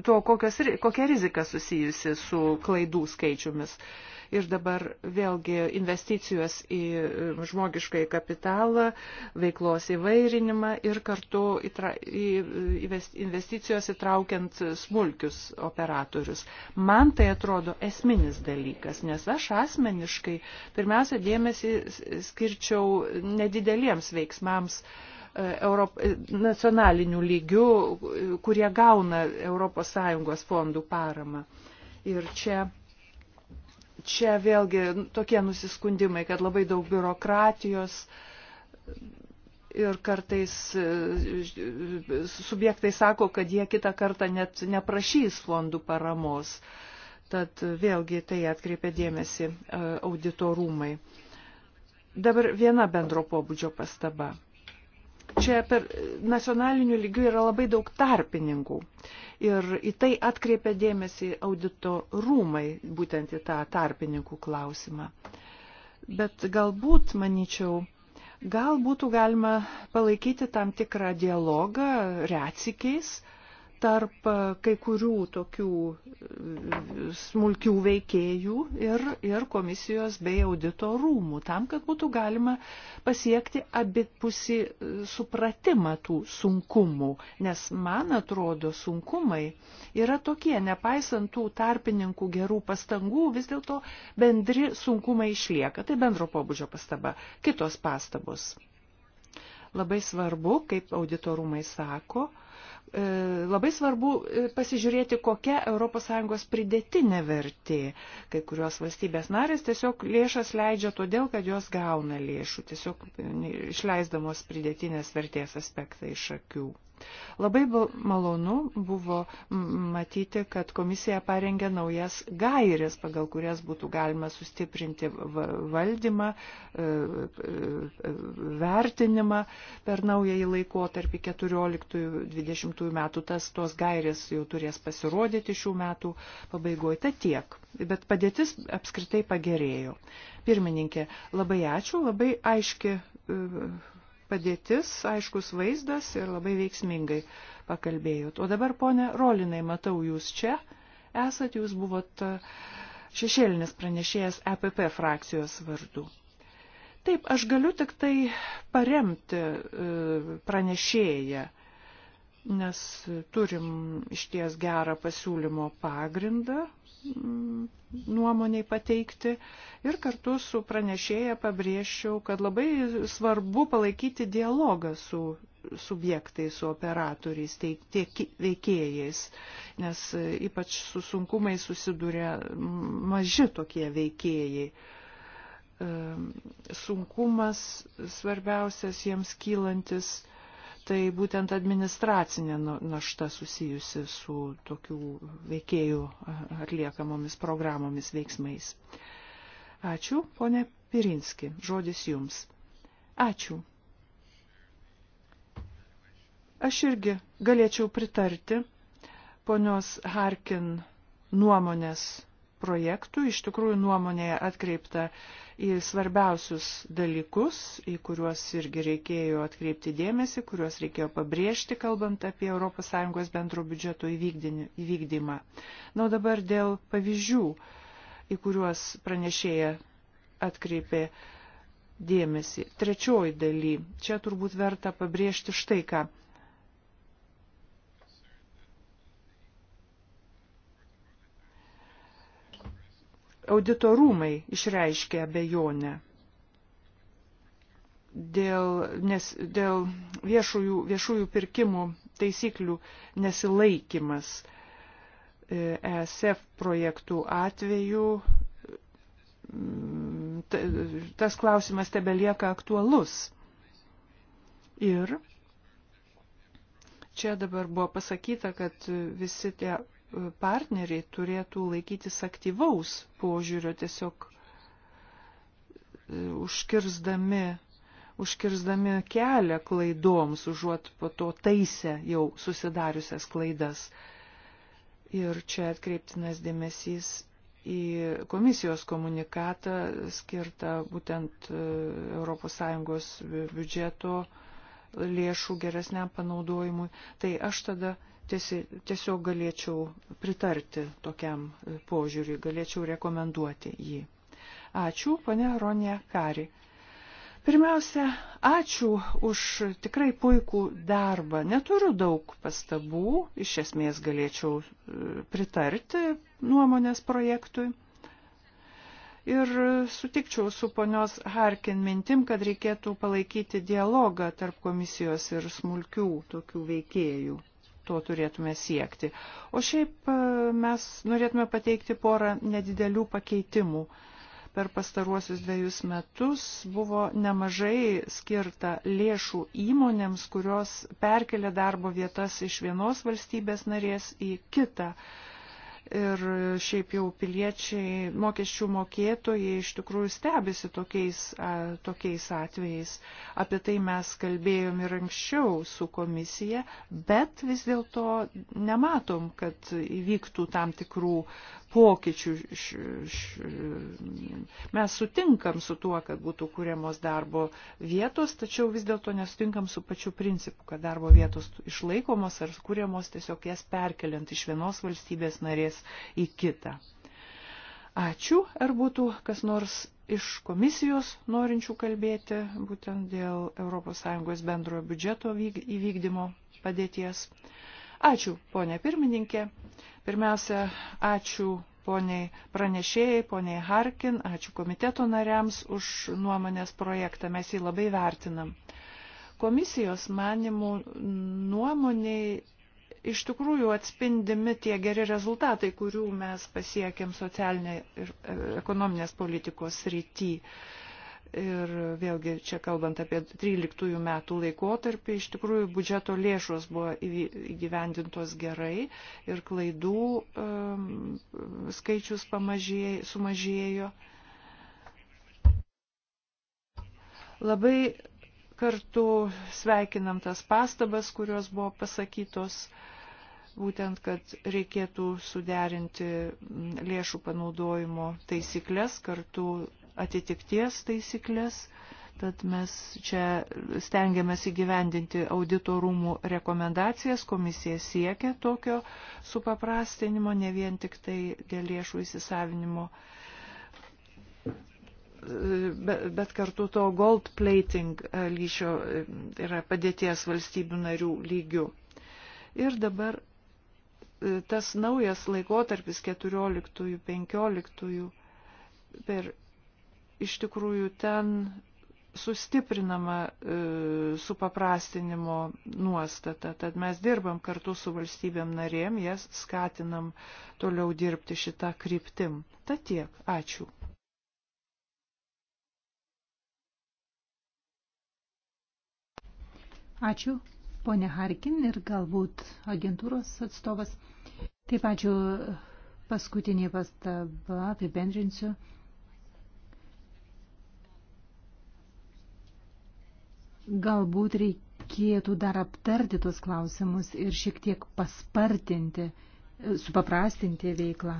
to, kokias, kokia rizika susijusi su klaidų skaičiumis. Uh, ir dabar vėlgi investicijos į um, žmogiškai kapitalą, veiklos įvairinimą ir kartu investicijos įtraukiant smulkius operatorius. Man tai atrodo esminis dalykas, nes aš asmeniškai pirmiausia dėmesį skirčiau nedideliems veiksmams, e, Europ, e, nacionalinių lygių, kurie gauna ES fondų paramą. Ir čia čia vėlgi tokie nusiskundimai, kad labai daug biurokratijos ir kartais e, subjektai sako, kad jie kitą kartą net neprašys fondų paramos. Tad vėlgi tai atkreipia dėmesį e, auditorumai. Dabar viena bendro pobūdžio pastaba. Čia per nacionaliniu lygiu yra labai daug tarpininkų. Ir į tai atkreipia dėmesį audito rūmai, būtent į tą tarpininkų klausimą. Bet galbūt, manyčiau, gal būtų galima palaikyti tam tikrą dialogą reacikiais, tarp kai kurių tokių e, smulkių veikėjų ir, ir komisijos bei audito rūmų, tam, kad būtų galima pasiekti abipusi e, supratimą tų sunkumų, nes man atrodo sunkumai yra tokie, nepaisant tų tarpininkų gerų pastangų, vis dėlto bendri sunkumai išlieka. Tai bendro pobūdžio pastaba. Kitos pastabos. Labai svarbu, kaip auditorumai sako, E, labai svarbu e, pasižiūrėti, kokia ES pridėtinė vertė. Kai kurios valstybės narės tiesiog lėšas leidžia todėl, kad jos gauna lėšų, tiesiog e, išleisdamos pridėtinės vertės aspektą iš akių. Labai malonu buvo matyti, kad komisija parengė naujas gairės, pagal kurias būtų galima sustiprinti valdymą, e, e, e, vertinimą per naująjį laikotarpį 14-20 metų. Tas tos gairės jau turės pasirodyti šių metų pabaigoje. Ta tiek. Bet padėtis apskritai pagerėjo. Pirmininkė, labai ačiū, labai aiški padėtis, aiškus vaizdas ir labai veiksmingai pakalbėjot. O dabar, ponė Rolinai, matau, jūs čia esat, jūs buvot e, šešėlinis pranešėjas EPP frakcijos vardu. Taip, aš galiu tik tai paremti e, pranešėją, nes turim išties gerą pasiūlymo pagrindą, Mm, nuomoniai pateikti ir kartu su pranešėja pabrėžčiau, kad labai svarbu palaikyti dialogą su subjektais, su operatoriais, tiek, tiek veikėjais, nes ypač su sunkumai susiduria maži tokie veikėjai. Ehm, sunkumas svarbiausias jiems kylantis tai būtent administracinė nu, našta susijusi su tokių veikėjų atliekamomis programomis veiksmais. Ačiū, ponė Pirinski, žodis jums. Ačiū. Aš irgi galėčiau pritarti ponios Harkin nuomonės projektų. Iš tikrųjų nuomonėje atkreipta į svarbiausius dalykus, į kuriuos irgi reikėjo atkreipti dėmesį, kuriuos reikėjo pabrėžti, kalbant apie ES bendro biudžeto įvykdymą. Na, o dabar dėl pavyzdžių, į kuriuos pranešėja atkreipė dėmesį. Trečioji daly. Čia turbūt verta pabrėžti štai ką. auditorumai išreiškė abejonę dėl, nes, dėl viešųjų, viešųjų pirkimų taisyklių nesilaikimas ESF e projektų atveju. Mm, tas klausimas tebelieka aktualus. Ir čia dabar buvo pasakyta, kad visi tie partneriai turėtų laikytis aktyvaus požiūrio tiesiog e, užkirsdami, užkirsdami kelią klaidoms, užuot po to taisę jau susidariusias klaidas. Ir čia atkreiptinas dėmesys į komisijos komunikatą skirtą būtent ES biudžeto lėšų geresniam panaudojimui. Tai aš tada tiesiog galėčiau pritarti tokiam e, požiūriui, galėčiau rekomenduoti jį. Ačiū, pane Ronė Kari. Pirmiausia, ačiū už tikrai puikų darbą. Neturiu daug pastabų, iš esmės galėčiau e, pritarti nuomonės projektui. Ir sutikčiau su ponios Harkin mintim, kad reikėtų palaikyti dialogą tarp komisijos ir smulkių tokių veikėjų to turėtume siekti. O šiaip e, mes norėtume pateikti porą nedidelių pakeitimų. Per pastaruosius dviejus metus buvo nemažai skirta lėšų įmonėms, kurios perkelia darbo vietas iš vienos valstybės narės į kitą. Uh, Ir šiaip jau piliečiai, mokesčių mokėtojai iš tikrųjų stebisi tokiais, a, tokiais atvejais. Apie tai mes kalbėjom ir anksčiau su komisija, bet vis dėlto nematom, kad įvyktų tam tikrų pokyčių. Mes sutinkam su tuo, kad būtų kūriamos darbo vietos, tačiau vis dėlto nesutinkam su pačiu principu, kad darbo vietos išlaikomos ar kūriamos tiesiog jas perkeliant iš vienos valstybės narės į kitą. Ačiū, ar būtų kas nors iš komisijos norinčių kalbėti būtent dėl ES bendrojo biudžeto įvykdymo padėties. Ačiū, ponė pirmininkė. Pirmiausia, ačiū poniai pranešėjai, poniai Harkin, ačiū komiteto nariams už nuomonės projektą, mes jį labai vertinam. Komisijos manimų nuomoniai iš tikrųjų atspindimi tie geri rezultatai, kurių mes pasiekėm socialinė ir e, ekonominės politikos rytyje Ir vėlgi čia kalbant apie 13 metų laikotarpį, iš tikrųjų budžeto lėšos buvo įgyvendintos gerai ir klaidų um, skaičius pamažėjo, sumažėjo. Labai kartu sveikinam tas pastabas, kurios buvo pasakytos, būtent, kad reikėtų suderinti lėšų panaudojimo taisyklės kartu atitikties taisyklės, tad mes čia stengiamės įgyvendinti auditorumų rekomendacijas, komisija siekia tokio supaprastinimo, ne vien tik tai dėl lėšų įsisavinimo bet kartu to gold plating lyšio e, yra padėties valstybių narių lygių. Ir dabar e, tas naujas laikotarpis 14-15 per iš tikrųjų ten sustiprinama e, supaprastinimo nuostata, tad mes dirbam kartu su valstybėm narėm, jas skatinam toliau dirbti šitą kryptim. Ta tiek, ačiū. Ačiū, ponė Harkin ir galbūt agentūros atstovas. Taip, ačiū. Paskutinė pastaba, apibendrinsiu. Tai Galbūt reikėtų dar aptarti tuos klausimus ir šiek tiek paspartinti, e, supaprastinti veiklą.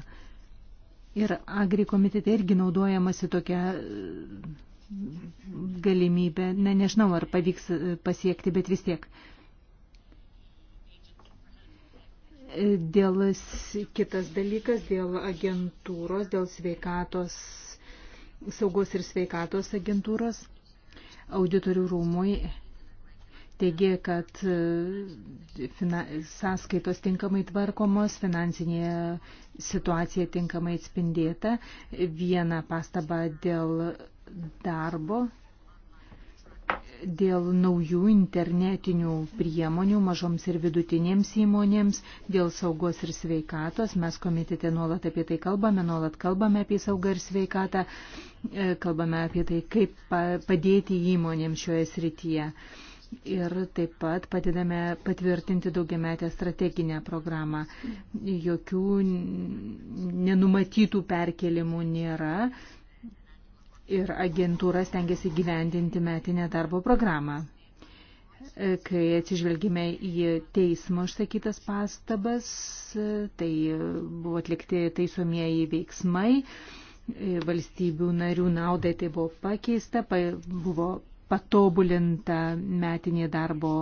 Ir agri komitete irgi naudojamasi tokia e, galimybė. Ne, nežinau, ar pavyks e, pasiekti, bet vis tiek. Dėl kitas dalykas, dėl agentūros, dėl sveikatos, saugos ir sveikatos agentūros – Auditorių rūmui teigė, kad e, fina, sąskaitos tinkamai tvarkomos, finansinė situacija tinkamai atspindėta. Viena pastaba dėl darbo dėl naujų internetinių priemonių mažoms ir vidutinėms įmonėms, dėl saugos ir sveikatos. Mes komitete nuolat apie tai kalbame, nuolat kalbame apie saugą ir sveikatą, e, kalbame apie tai, kaip padėti įmonėms šioje srityje. Ir taip pat padedame patvirtinti daugiametę strateginę programą. Jokių nenumatytų perkelimų nėra ir agentūra stengiasi gyvendinti metinę darbo programą. E, kai atsižvelgime į teismo išsakytas pastabas, e, tai buvo atlikti taisomieji veiksmai, e, valstybių narių naudai tai buvo pakeista, buvo patobulinta metinė darbo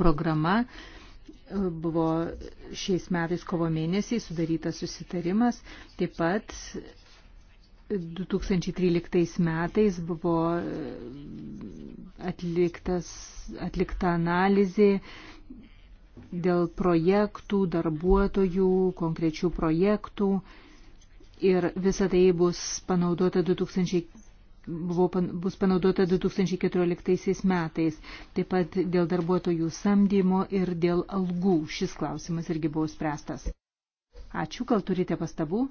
programa, buvo šiais metais kovo mėnesiai sudarytas susitarimas, taip pat 2013 metais buvo e, atliktas, atlikta analizė dėl projektų, darbuotojų, konkrečių projektų ir visa tai bus panaudota 2000, buvo, bus panaudota 2014 metais. Taip pat dėl darbuotojų samdymo ir dėl algų šis klausimas irgi buvo spręstas. Ačiū, gal turite pastabų?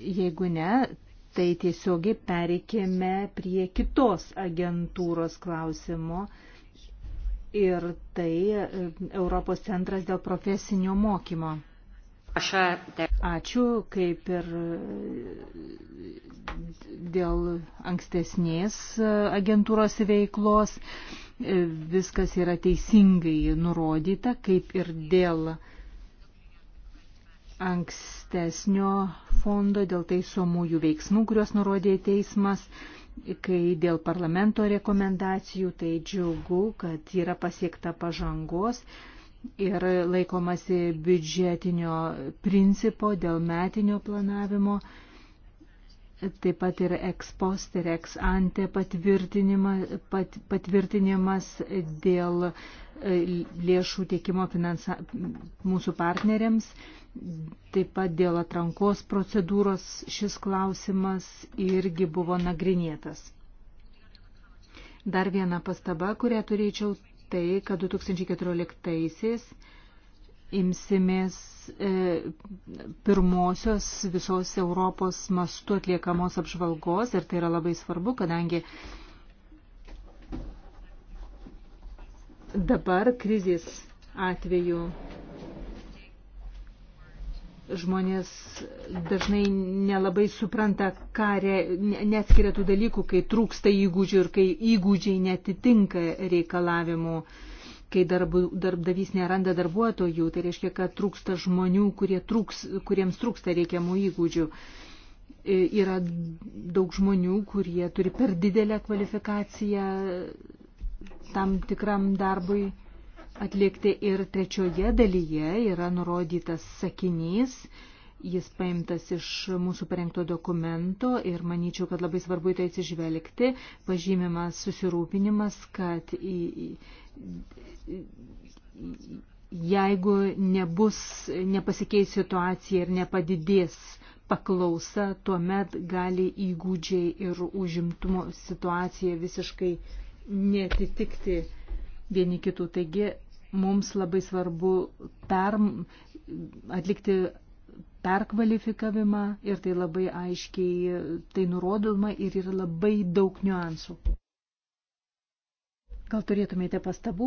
Jeigu ne, tai tiesiogiai pereikėme prie kitos agentūros klausimo ir tai e, Europos centras dėl profesinio mokymo. Ačiū, kaip ir e, dėl ankstesnės e, agentūros veiklos. Viskas yra teisingai nurodyta, kaip ir dėl anks, ankstesnio fondo dėl taisomųjų veiksmų, kuriuos nurodė teismas, kai dėl parlamento rekomendacijų, tai džiugu, kad yra pasiekta pažangos ir laikomasi biudžetinio principo dėl metinio planavimo taip pat ir ex post ir ex ante patvirtinimas, pat, patvirtinimas dėl e, lėšų tiekimo finansa, mūsų partneriams, taip pat dėl atrankos procedūros šis klausimas irgi buvo nagrinėtas. Dar viena pastaba, kurią turėčiau, tai, kad 2014-aisiais imsimės e, pirmosios visos Europos mastu atliekamos apžvalgos ir tai yra labai svarbu, kadangi dabar krizės atveju žmonės dažnai nelabai supranta, ką re, neatskiria tų dalykų, kai trūksta įgūdžių ir kai įgūdžiai netitinka reikalavimų. E, kai darbu, darbdavys neranda darbuotojų, tai reiškia, kad trūksta žmonių, kurie trūks, kuriems trūksta reikiamų įgūdžių. E, yra daug žmonių, kurie turi per didelę kvalifikaciją tam tikram darbui atlikti. Ir trečioje dalyje yra nurodytas sakinys, jis paimtas iš mūsų parengto dokumento ir manyčiau, kad labai svarbu į tai atsižvelgti. Pažymimas susirūpinimas, kad į, į, jeigu nebus, nepasikeis situacija ir nepadidės paklausa, tuomet gali įgūdžiai ir užimtumo situacija visiškai netitikti vieni kitų. Taigi mums labai svarbu per, atlikti perkvalifikavimą ir tai labai aiškiai tai nurodoma ir yra labai daug niuansų. Gal turėtumėte pastabų?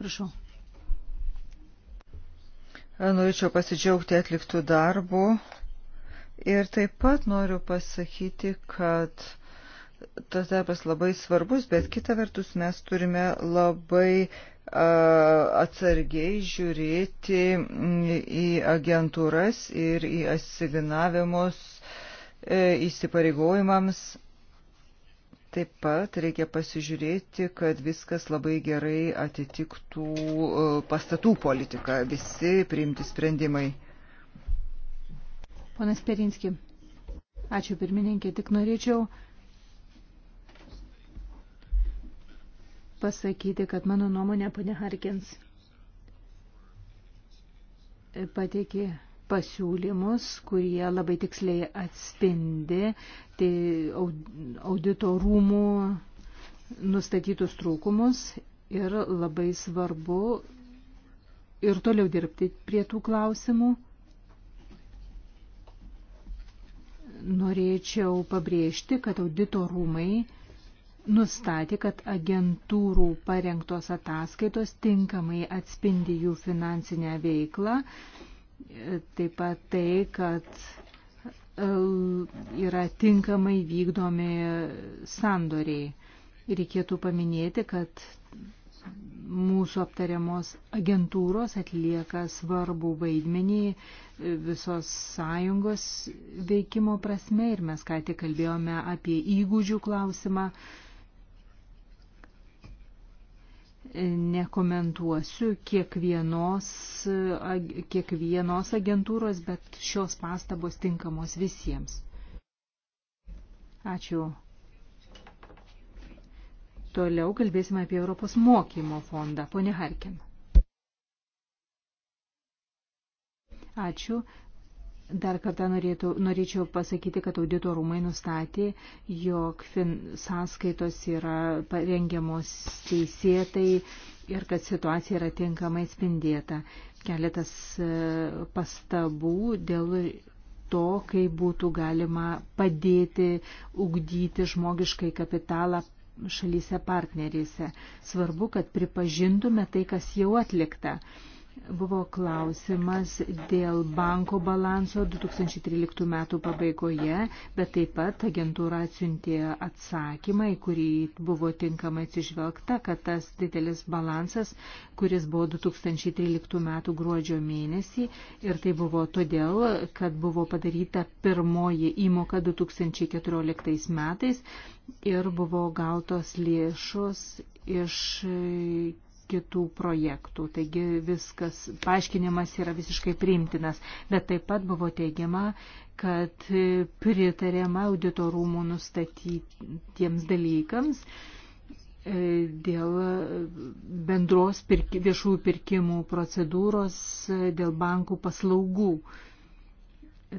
Prašau. Norėčiau pasidžiaugti atliktų darbų ir taip pat noriu pasakyti, kad tas darbas labai svarbus, bet kita vertus mes turime labai atsargiai žiūrėti į agentūras ir į asignavimus e, įsipareigojimams Taip pat reikia pasižiūrėti, kad viskas labai gerai atitiktų e, pastatų politiką, visi priimti sprendimai. Ponas Perinski, ačiū pirmininkė, tik norėčiau pasakyti, kad mano nuomonė, ponė Harkins, pateikė pasiūlymus, kurie labai tiksliai atspindi tai audito rūmų nustatytus trūkumus ir labai svarbu ir toliau dirbti prie tų klausimų. Norėčiau pabrėžti, kad audito rūmai nustatė, kad agentūrų parengtos ataskaitos tinkamai atspindi jų finansinę veiklą taip pat tai, kad e, yra tinkamai vykdomi sandoriai. Reikėtų paminėti, kad mūsų aptariamos agentūros atlieka svarbų vaidmenį visos sąjungos veikimo prasme ir mes ką tik kalbėjome apie įgūdžių klausimą nekomentuosiu kiekvienos, kiekvienos agentūros, bet šios pastabos tinkamos visiems. Ačiū. Toliau kalbėsime apie Europos mokymo fondą. Pone Harkin. Ačiū. Dar kartą norėtų, norėčiau pasakyti, kad auditorumai nustatė, jog fin, sąskaitos yra parengiamos teisėtai ir kad situacija yra tinkamai spindėta. Keletas e, pastabų dėl to, kaip būtų galima padėti ugdyti žmogiškai kapitalą šalyse partnerėse. Svarbu, kad pripažintume tai, kas jau atlikta. Uh, buvo klausimas dėl banko balanso 2013 metų pabaigoje, bet taip pat agentūra atsiuntė atsakymą, į kurį buvo tinkamai atsižvelgta, kad tas didelis balansas, kuris buvo 2013 metų gruodžio mėnesį, ir tai buvo todėl, kad buvo padaryta pirmoji įmoka 2014 metais ir buvo gautos lėšos iš kitų projektų. Taigi viskas, paaiškinimas yra visiškai priimtinas. Bet taip pat buvo teigiama, kad pritarėma auditorumų nustatytiems dalykams e, dėl bendros pirk, viešųjų pirkimų procedūros, e, dėl bankų paslaugų.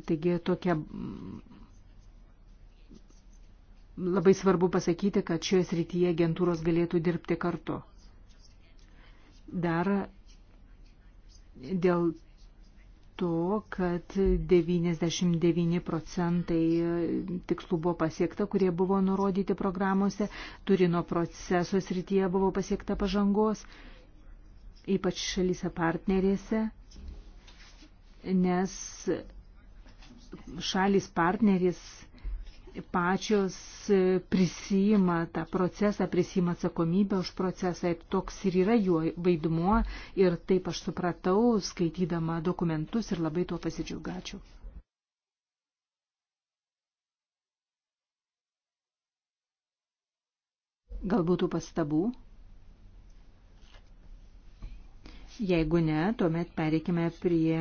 Taigi tokia labai svarbu pasakyti, kad šioje srityje agentūros galėtų dirbti kartu dar dėl to, kad 99 procentai e, tikslų buvo pasiekta, kurie buvo nurodyti programuose, Turino proceso srityje buvo pasiekta pažangos, ypač šalyse partnerėse, nes šalis partneris pačios e, prisima tą procesą, prisima atsakomybę už procesą ir toks ir yra jų vaidmuo ir taip aš supratau, skaitydama dokumentus ir labai tuo pasidžiaugačiau. Gal būtų pastabų? Jeigu ne, tuomet pereikime prie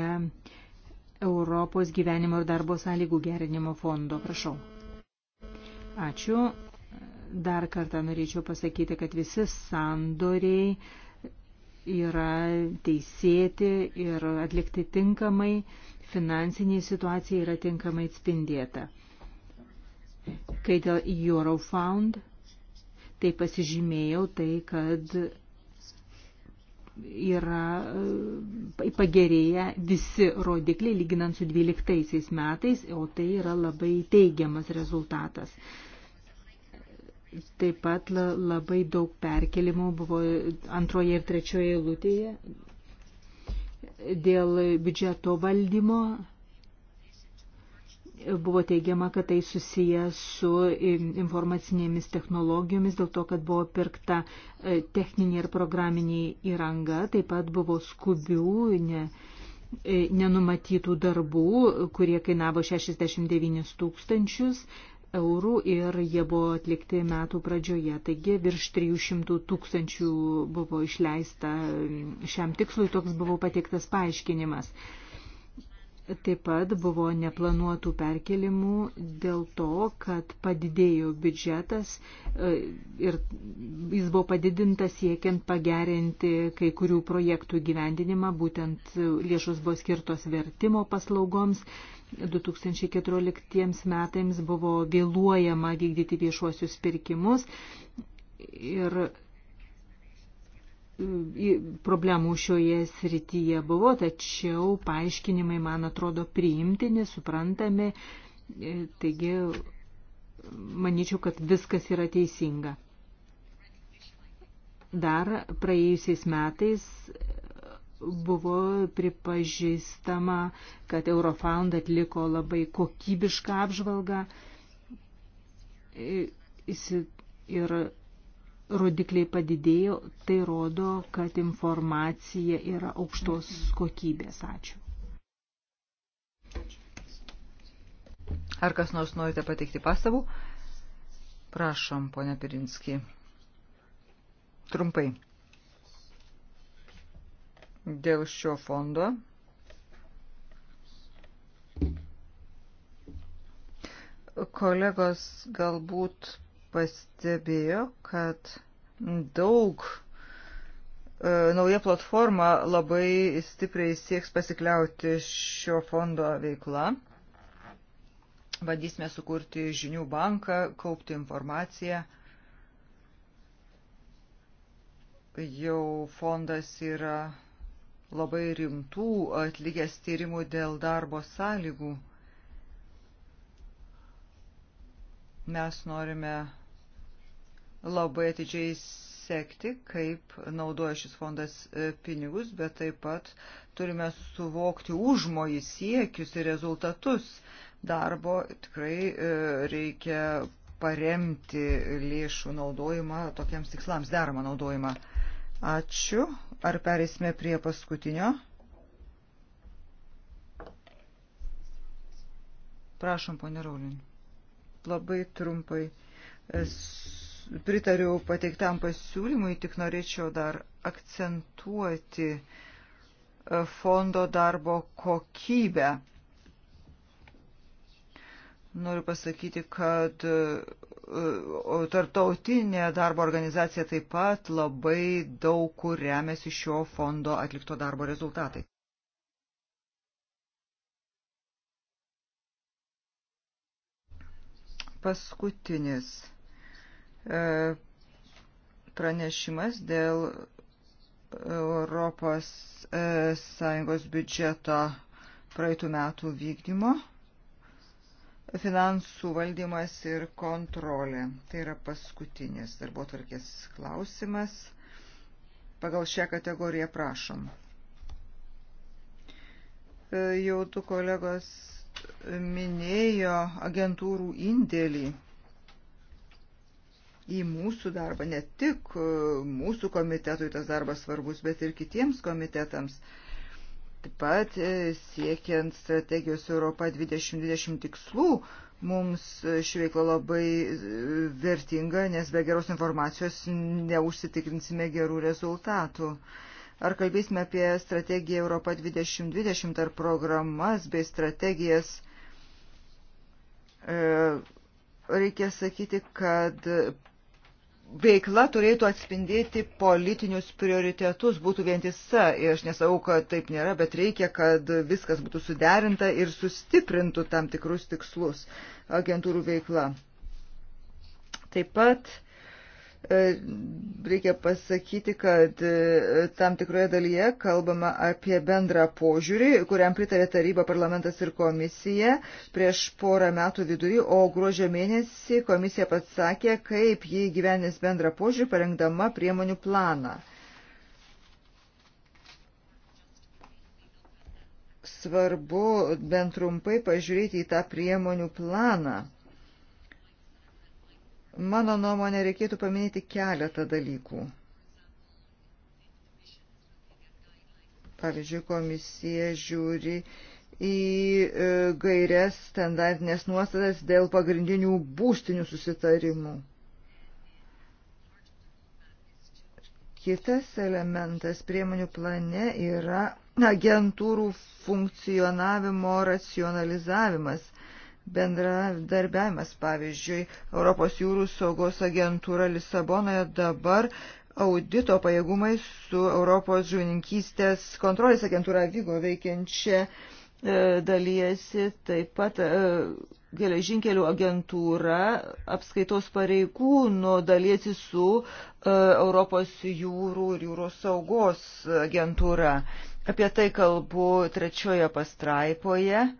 Europos gyvenimo ir darbo sąlygų gerinimo fondo. Prašau. Ačiū. Dar kartą norėčiau pasakyti, kad visi sandoriai yra teisėti ir atlikti tinkamai, finansinė situacija yra tinkamai atspindėta. Kai dėl Eurofound, tai pasižymėjau tai, kad yra e, pagerėję visi rodikliai lyginant su 12 metais, o tai yra labai teigiamas rezultatas. Taip pat labai daug perkelimų buvo antroje ir trečioje eilutėje dėl biudžeto valdymo. Buvo teigiama, kad tai susiję su informacinėmis technologijomis, dėl to, kad buvo pirkta e, techninė ir programinė įranga, taip pat buvo skubių, ne, e, nenumatytų darbų, kurie kainavo 69 tūkstančius, eurų ir jie buvo atlikti metų pradžioje. Taigi virš 300 tūkstančių buvo išleista šiam tikslui, toks buvo pateiktas paaiškinimas. Taip pat buvo neplanuotų perkelimų dėl to, kad padidėjo biudžetas e, ir jis buvo padidintas siekiant pagerinti kai kurių projektų gyvendinimą, būtent lėšos buvo skirtos vertimo paslaugoms 2014 metams buvo vėluojama vykdyti viešuosius pirkimus ir e, problemų šioje srityje buvo, tačiau paaiškinimai, man atrodo, priimtini, suprantami, e, taigi manyčiau, kad viskas yra teisinga. Dar praėjusiais metais buvo pripažįstama, kad Eurofound atliko labai kokybišką apžvalgą ir rodikliai padidėjo, tai rodo, kad informacija yra aukštos kokybės. Ačiū. Ar kas nors norite pateikti pastabų? Prašom, ponia Pirinski. Trumpai dėl šio fondo. Kolegos galbūt pastebėjo, kad daug e, nauja platforma labai stipriai sieks pasikliauti šio fondo veikla. Bandysime sukurti žinių banką, kaupti informaciją. Jau fondas yra labai rimtų atlikęs tyrimų dėl darbo sąlygų. Mes norime labai atidžiai sekti, kaip naudoja šis fondas e, pinigus, bet taip pat turime suvokti užmojį siekius ir rezultatus. Darbo tikrai e, reikia paremti lėšų naudojimą tokiems tikslams, deramą naudojimą. Ačiū. Ar perėsime prie paskutinio? Prašom, ponė Raulin. Labai trumpai. Es pritariu pateiktam pasiūlymui, tik norėčiau dar akcentuoti e, fondo darbo kokybę. Noriu pasakyti, kad Tartautinė darbo organizacija taip pat labai daug kur remiasi šio fondo atlikto darbo rezultatai. Paskutinis e, pranešimas dėl Europos e, Sąjungos biudžeto praeitų metų vykdymo finansų valdymas ir kontrolė. Tai yra paskutinis darbo tvarkės klausimas. Pagal šią kategoriją prašom. E, jau tu kolegos minėjo agentūrų indėlį į mūsų darbą, ne tik e, mūsų komitetui tas darbas svarbus, bet ir kitiems komitetams. Uh, Taip pat e, siekiant strategijos Europa 2020 tikslų, mums e, ši veikla labai e, vertinga, nes be geros informacijos neužsitikrinsime gerų rezultatų. Ar kalbėsime apie strategiją Europa 2020 ar programas bei strategijas? Reikia sakyti, kad veikla turėtų atspindėti politinius prioritetus, būtų vientisa. Ir aš nesakau, kad taip nėra, bet reikia, kad viskas būtų suderinta ir sustiprintų tam tikrus tikslus agentūrų veikla. Taip pat E, reikia pasakyti, kad e, tam tikroje dalyje kalbama apie bendrą požiūrį, kuriam pritarė taryba, parlamentas ir komisija prieš porą metų vidurį, o gruožio mėnesį komisija pasakė, kaip jį gyvenės bendrą požiūrį, parengdama priemonių planą. Svarbu bent trumpai pažiūrėti į tą priemonių planą Mano nuomonė reikėtų paminėti keletą dalykų. Pavyzdžiui, komisija žiūri į e, gairias standartinės nuostatas dėl pagrindinių būstinių susitarimų. Kitas elementas priemonių plane yra agentūrų funkcionavimo racionalizavimas – bendradarbiavimas. Pavyzdžiui, Europos jūrų saugos agentūra Lisabonoje dabar audito pajėgumai su Europos žuvininkystės kontrolės agentūra Vygo veikiančia e, dalyjasi. Taip pat e, geležinkelių agentūra apskaitos pareigūnų dalyjasi su e, Europos jūrų ir jūros saugos agentūra. Apie tai kalbu trečioje pastraipoje. E,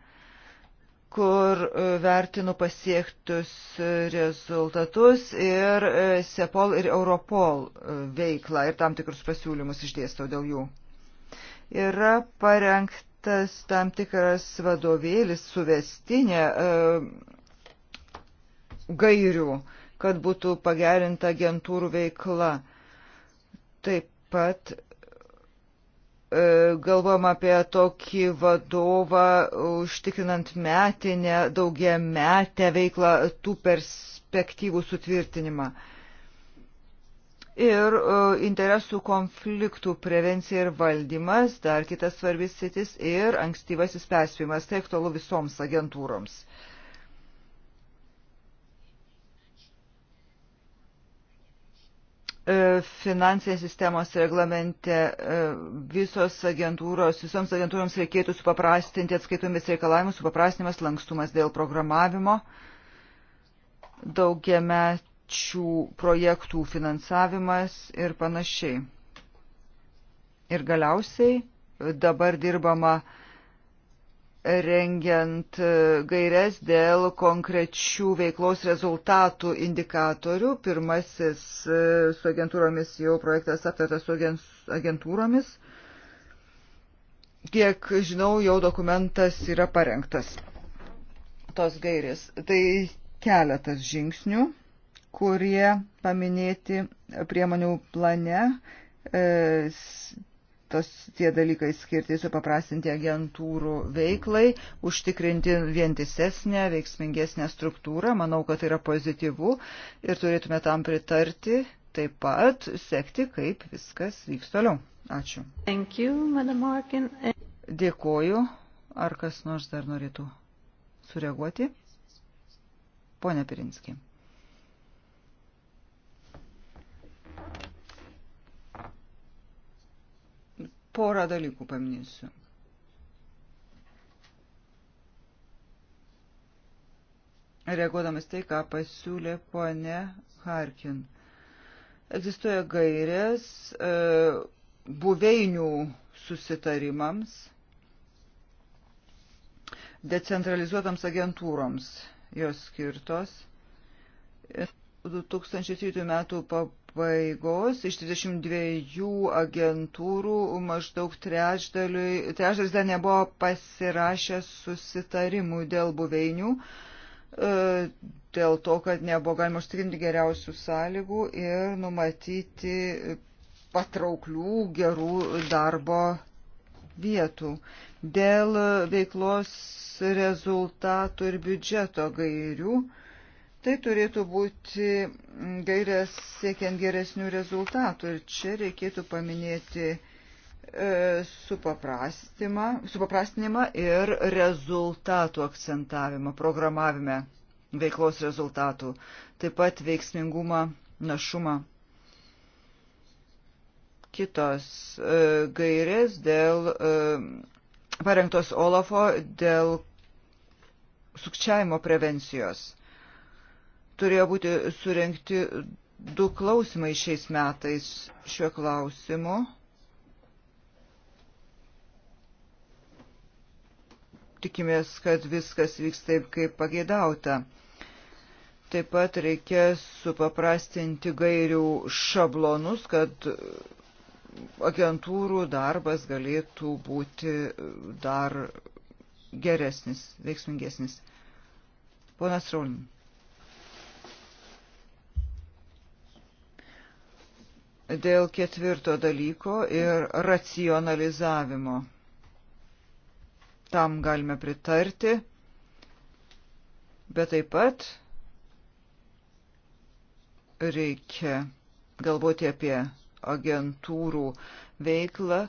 kur e, vertinu pasiektus rezultatus ir e, SEPOL ir Europol e, veiklą ir tam tikrus pasiūlymus išdėstau dėl jų. Yra parengtas tam tikras vadovėlis suvestinė gairių, kad būtų pagerinta agentūrų veikla. Taip pat E, galvojam apie tokį vadovą, užtikrinant metinę, daugia metę veiklą tų perspektyvų sutvirtinimą. Ir e, interesų konfliktų prevencija ir valdymas, dar kitas svarbis sitis ir ankstyvasis perspėjimas, tai aktualu visoms agentūroms. Uh, E, finansinės sistemos reglamente e, visos agentūros, visoms agentūroms reikėtų supaprastinti atskaitomis reikalavimus, supaprastinimas lankstumas dėl programavimo, daugiamečių projektų finansavimas ir panašiai. Ir galiausiai dabar dirbama uh, rengiant e, gairias dėl konkrečių veiklos rezultatų indikatorių. Pirmasis e, su agentūromis jau projektas aptartas su agentūromis. Kiek žinau, jau dokumentas yra parengtas. Tos gairės. Tai keletas žingsnių, kurie paminėti priemonių plane e, tos tie dalykai skirti supaprastinti agentūrų veiklai, užtikrinti vientisesnę, veiksmingesnę struktūrą. Manau, kad tai yra pozityvu ir turėtume tam pritarti, taip pat sekti, kaip viskas vyks toliau. Ačiū. Thank you, Markin. Dėkoju. Ar kas nors dar norėtų sureaguoti? Pone Pirinski. porą dalykų paminėsiu. Reaguodamas tai, ką pasiūlė ponė Harkin. Egzistuoja gairės e, buveinių susitarimams, decentralizuotams agentūroms jos skirtos. 2003 metų pabaigos iš 32 agentūrų maždaug trečdalis dar nebuvo pasirašęs susitarimų dėl buveinių, e, dėl to, kad nebuvo galima užtikrinti geriausių sąlygų ir numatyti patrauklių gerų darbo vietų. Dėl veiklos rezultatų ir biudžeto gairių Tai turėtų būti gairės siekiant geresnių rezultatų ir čia reikėtų paminėti e, supaprastinimą ir rezultatų akcentavimą programavime veiklos rezultatų, taip pat veiksmingumą, našumą. Kitos e, gairės dėl e, parengtos Olafo dėl sukčiavimo prevencijos turėjo būti surenkti du klausimai šiais metais šiuo klausimu. Tikimės, kad viskas vyks taip, kaip pageidauta. Taip pat reikia supaprastinti gairių šablonus, kad agentūrų darbas galėtų būti dar geresnis, veiksmingesnis. Ponas Raulin. dėl ketvirto dalyko ir racionalizavimo. Tam galime pritarti, bet taip pat reikia galvoti apie agentūrų veiklą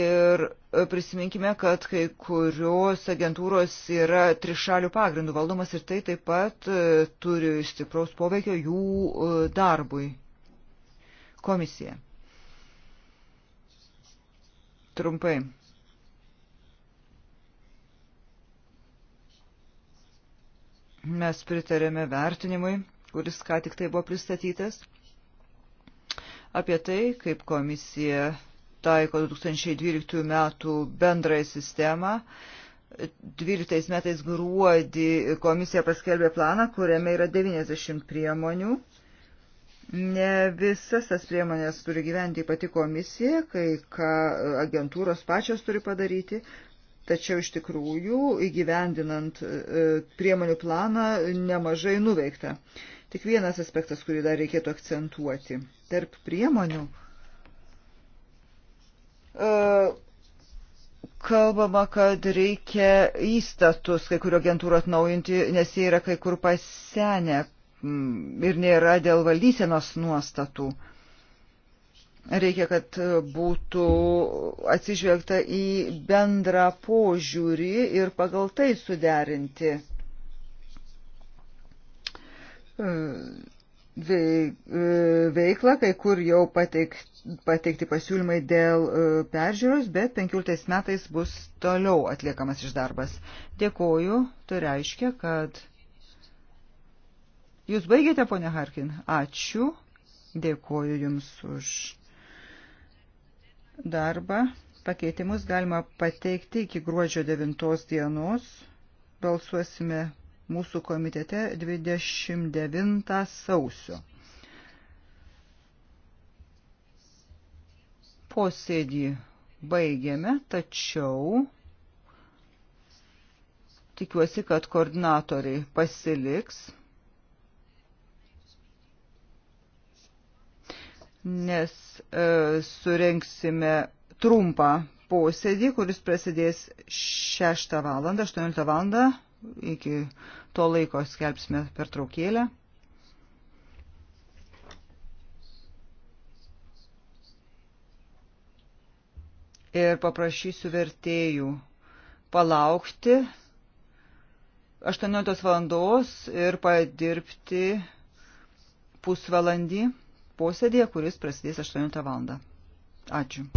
ir prisiminkime, kad kai kurios agentūros yra trišalių pagrindų valdomas ir tai taip pat e, turi stipraus poveikio jų e, darbui. Komisija. Trumpai. Mes pritarėme vertinimui, kuris ką tik tai buvo pristatytas, apie tai, kaip komisija taiko 2012 metų bendrąją sistemą. 12 metais gruodį komisija paskelbė planą, kuriame yra 90 priemonių Ne visas tas priemonės turi gyventi pati komisija, kai ką agentūros pačios turi padaryti, tačiau iš tikrųjų įgyvendinant e, priemonių planą nemažai nuveikta. Tik vienas aspektas, kurį dar reikėtų akcentuoti. Tarp priemonių e, kalbama, kad reikia įstatus kai kurio agentūrų atnaujinti, nes jie yra kai kur pasenę Mm, ir nėra dėl valdysenos nuostatų. Reikia, kad būtų atsižvelgta į bendrą požiūrį ir pagal tai suderinti mm, mm, veiklą, kai kur jau pateikti pasiūlymai dėl peržiūros, bet 15 metais bus toliau atliekamas iš darbas. Dėkoju, tai reiškia, kad Jūs baigėte, ponė Harkin? Ačiū. Dėkuoju Jums už darbą. Pakeitimus galima pateikti iki gruodžio 9 dienos. Balsuosime mūsų komitete 29 sausio. Posėdį baigėme, tačiau tikiuosi, kad koordinatoriai pasiliks. nes e, surenksime trumpą posėdį, kuris prasidės 6 val. 18 val. Iki to laiko skelbsime pertraukėlę. Ir paprašysiu vertėjų palaukti 18 valandos ir padirbti pusvalandį posėdėje, kuris prasidės 8 val. Ačiū.